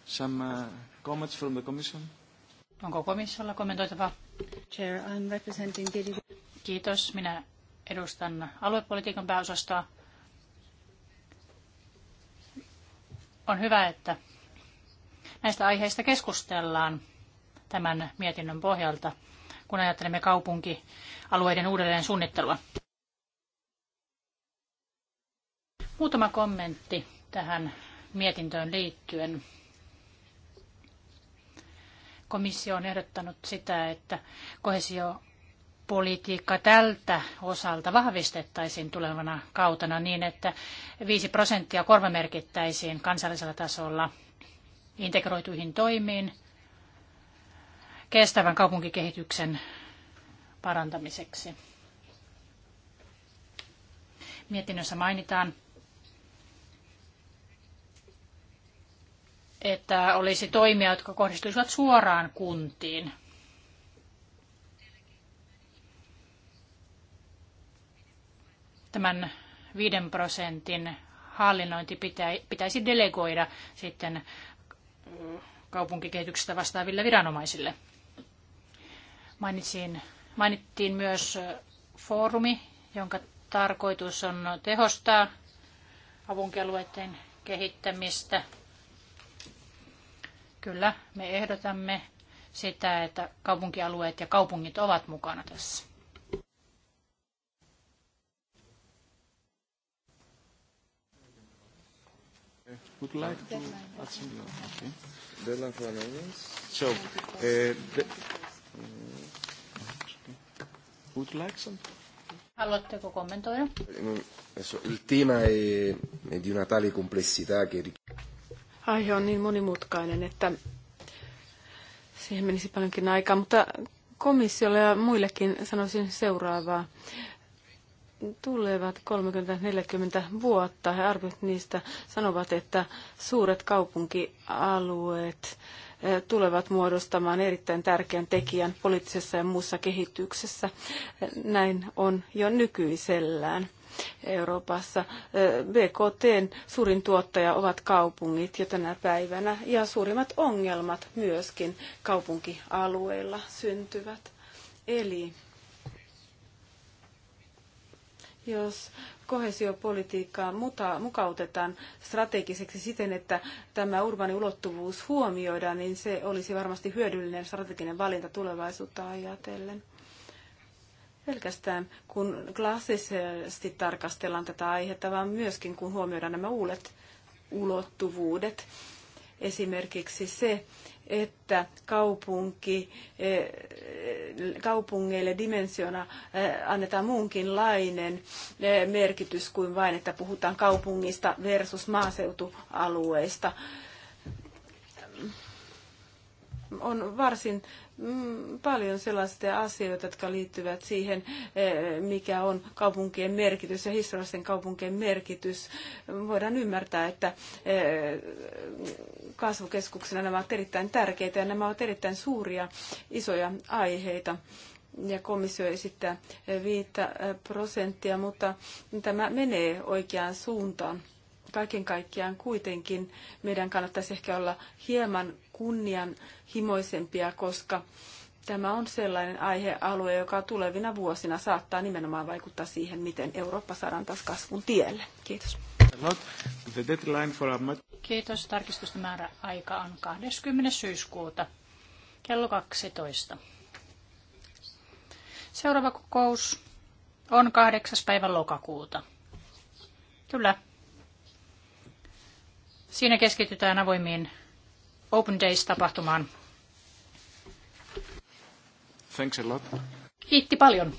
Some uh, comments from the commission? Onko komissiolla kommentoitavaa? Chair, I'm representing Kiitos. Minä edustan aluepolitiikan pääosastoa. On hyvä, että näistä aiheista keskustellaan tämän mietinnön pohjalta, kun ajattelemme kaupunkialueiden uudelleen suunnittelua. Muutama kommentti tähän mietintöön liittyen. Komissio on ehdottanut sitä, että kohesio politiikka tältä osalta vahvistettaisiin tulevana kautena niin, että 5 prosenttia korvamerkittäisiin kansallisella tasolla integroituihin toimiin kestävän kaupunkikehityksen parantamiseksi. Mietinnössä mainitaan, että olisi toimia, jotka kohdistuisivat suoraan kuntiin. Tämän 5 prosentin hallinnointi pitäisi delegoida sitten kaupunkikehityksestä vastaaville viranomaisille. Mainitsin, mainittiin myös foorumi, jonka tarkoitus on tehostaa avunkialueiden kehittämistä. Kyllä, me ehdotamme sitä, että kaupunkialueet ja kaupungit ovat mukana tässä. would like to add something? Okay. Deadline for amendments. So, uh, the, uh, would like something? Haluatteko kommentoida? Il tema è, è di una tale complessità che... Aihe on niin monimutkainen, että siihen menisi paljonkin aikaa, mutta komissiolle ja muillekin sanoisin seuraavaa tulevat 30-40 vuotta. He arvioivat niistä sanovat, että suuret kaupunkialueet eh, tulevat muodostamaan erittäin tärkeän tekijän poliittisessa ja muussa kehityksessä. Eh, näin on jo nykyisellään. Euroopassa. Eh, BKT suurin tuottaja ovat kaupungit jo tänä päivänä ja suurimmat ongelmat myöskin kaupunkialueilla syntyvät. Eli jos kohesiopolitiikkaa muta, mukautetaan strategiseksi siten, että tämä urbaani ulottuvuus huomioidaan, niin se olisi varmasti hyödyllinen strateginen valinta tulevaisuutta ajatellen. Pelkästään kun klassisesti tarkastellaan tätä aihetta, vaan myöskin kun huomioidaan nämä uudet ulottuvuudet. Esimerkiksi se, että kaupunki, eh, kaupungeille dimensiona eh, annetaan muunkinlainen eh, merkitys kuin vain, että puhutaan kaupungista versus maaseutualueista on varsin mm, paljon sellaisia asioita, jotka liittyvät siihen, eh, mikä on kaupunkien merkitys ja historiallisten kaupunkien merkitys. Voidaan ymmärtää, että eh, kasvukeskuksena nämä ovat erittäin tärkeitä ja nämä ovat erittäin suuria, isoja aiheita ja komissio esittää 5 eh, prosenttia, mutta tämä menee oikeaan suuntaan. Kaiken kaikkiaan kuitenkin meidän kannattaisi ehkä olla hieman kunnianhimoisempia, koska tämä on sellainen aihealue, joka tulevina vuosina saattaa nimenomaan vaikuttaa siihen, miten Eurooppa saadaan taas kasvun tielle. Kiitos. Kiitos. Tarkistusten määrä aika on 20. syyskuuta kello 12. Seuraava kokous on 8. päivä lokakuuta. Kyllä. Siinä keskitytään avoimiin Open Days-tapahtumaan. Thanks a lot. Kiitti paljon.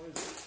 O yüzden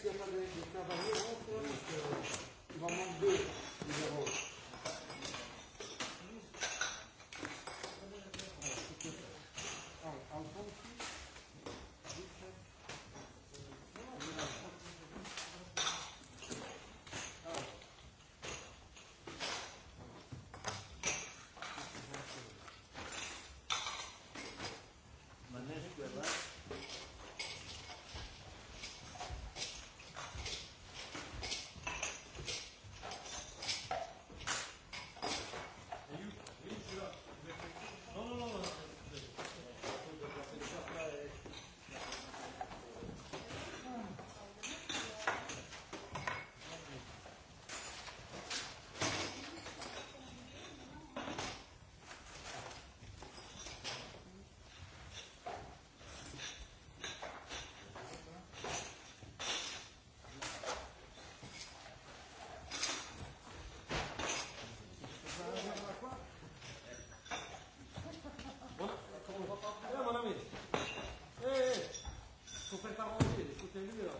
s'il n'y a pas de, de cavalier, on va manquer. 这个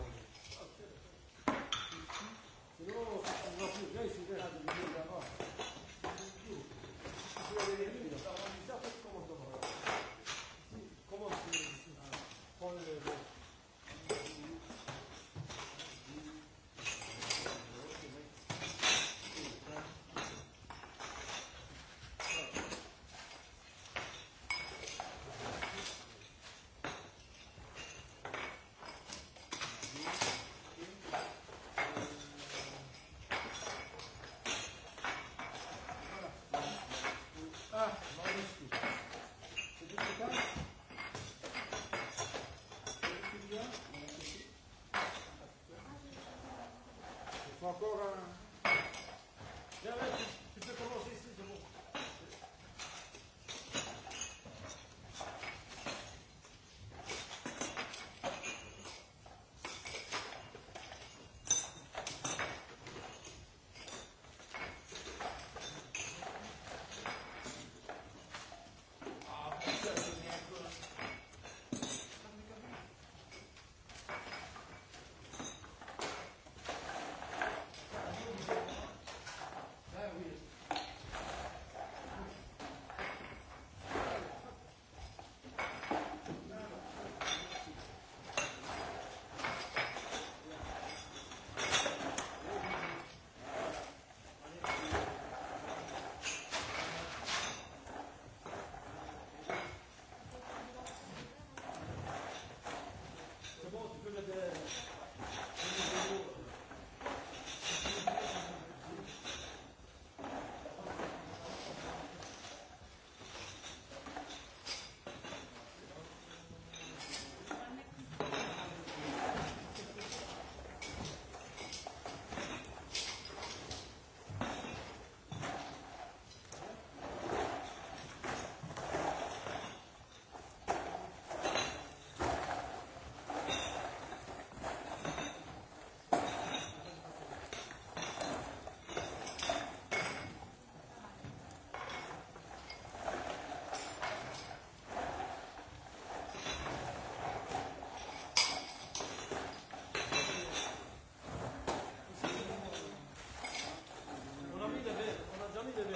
ancora Yeah.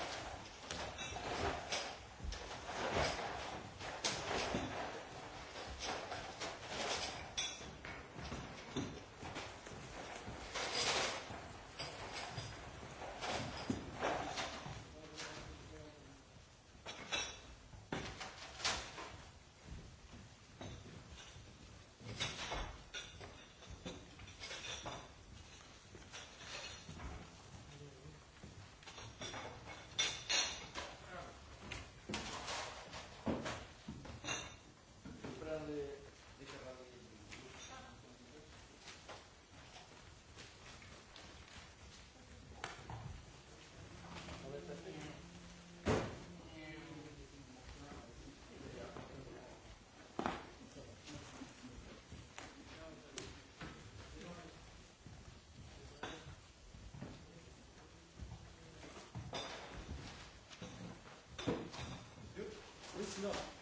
not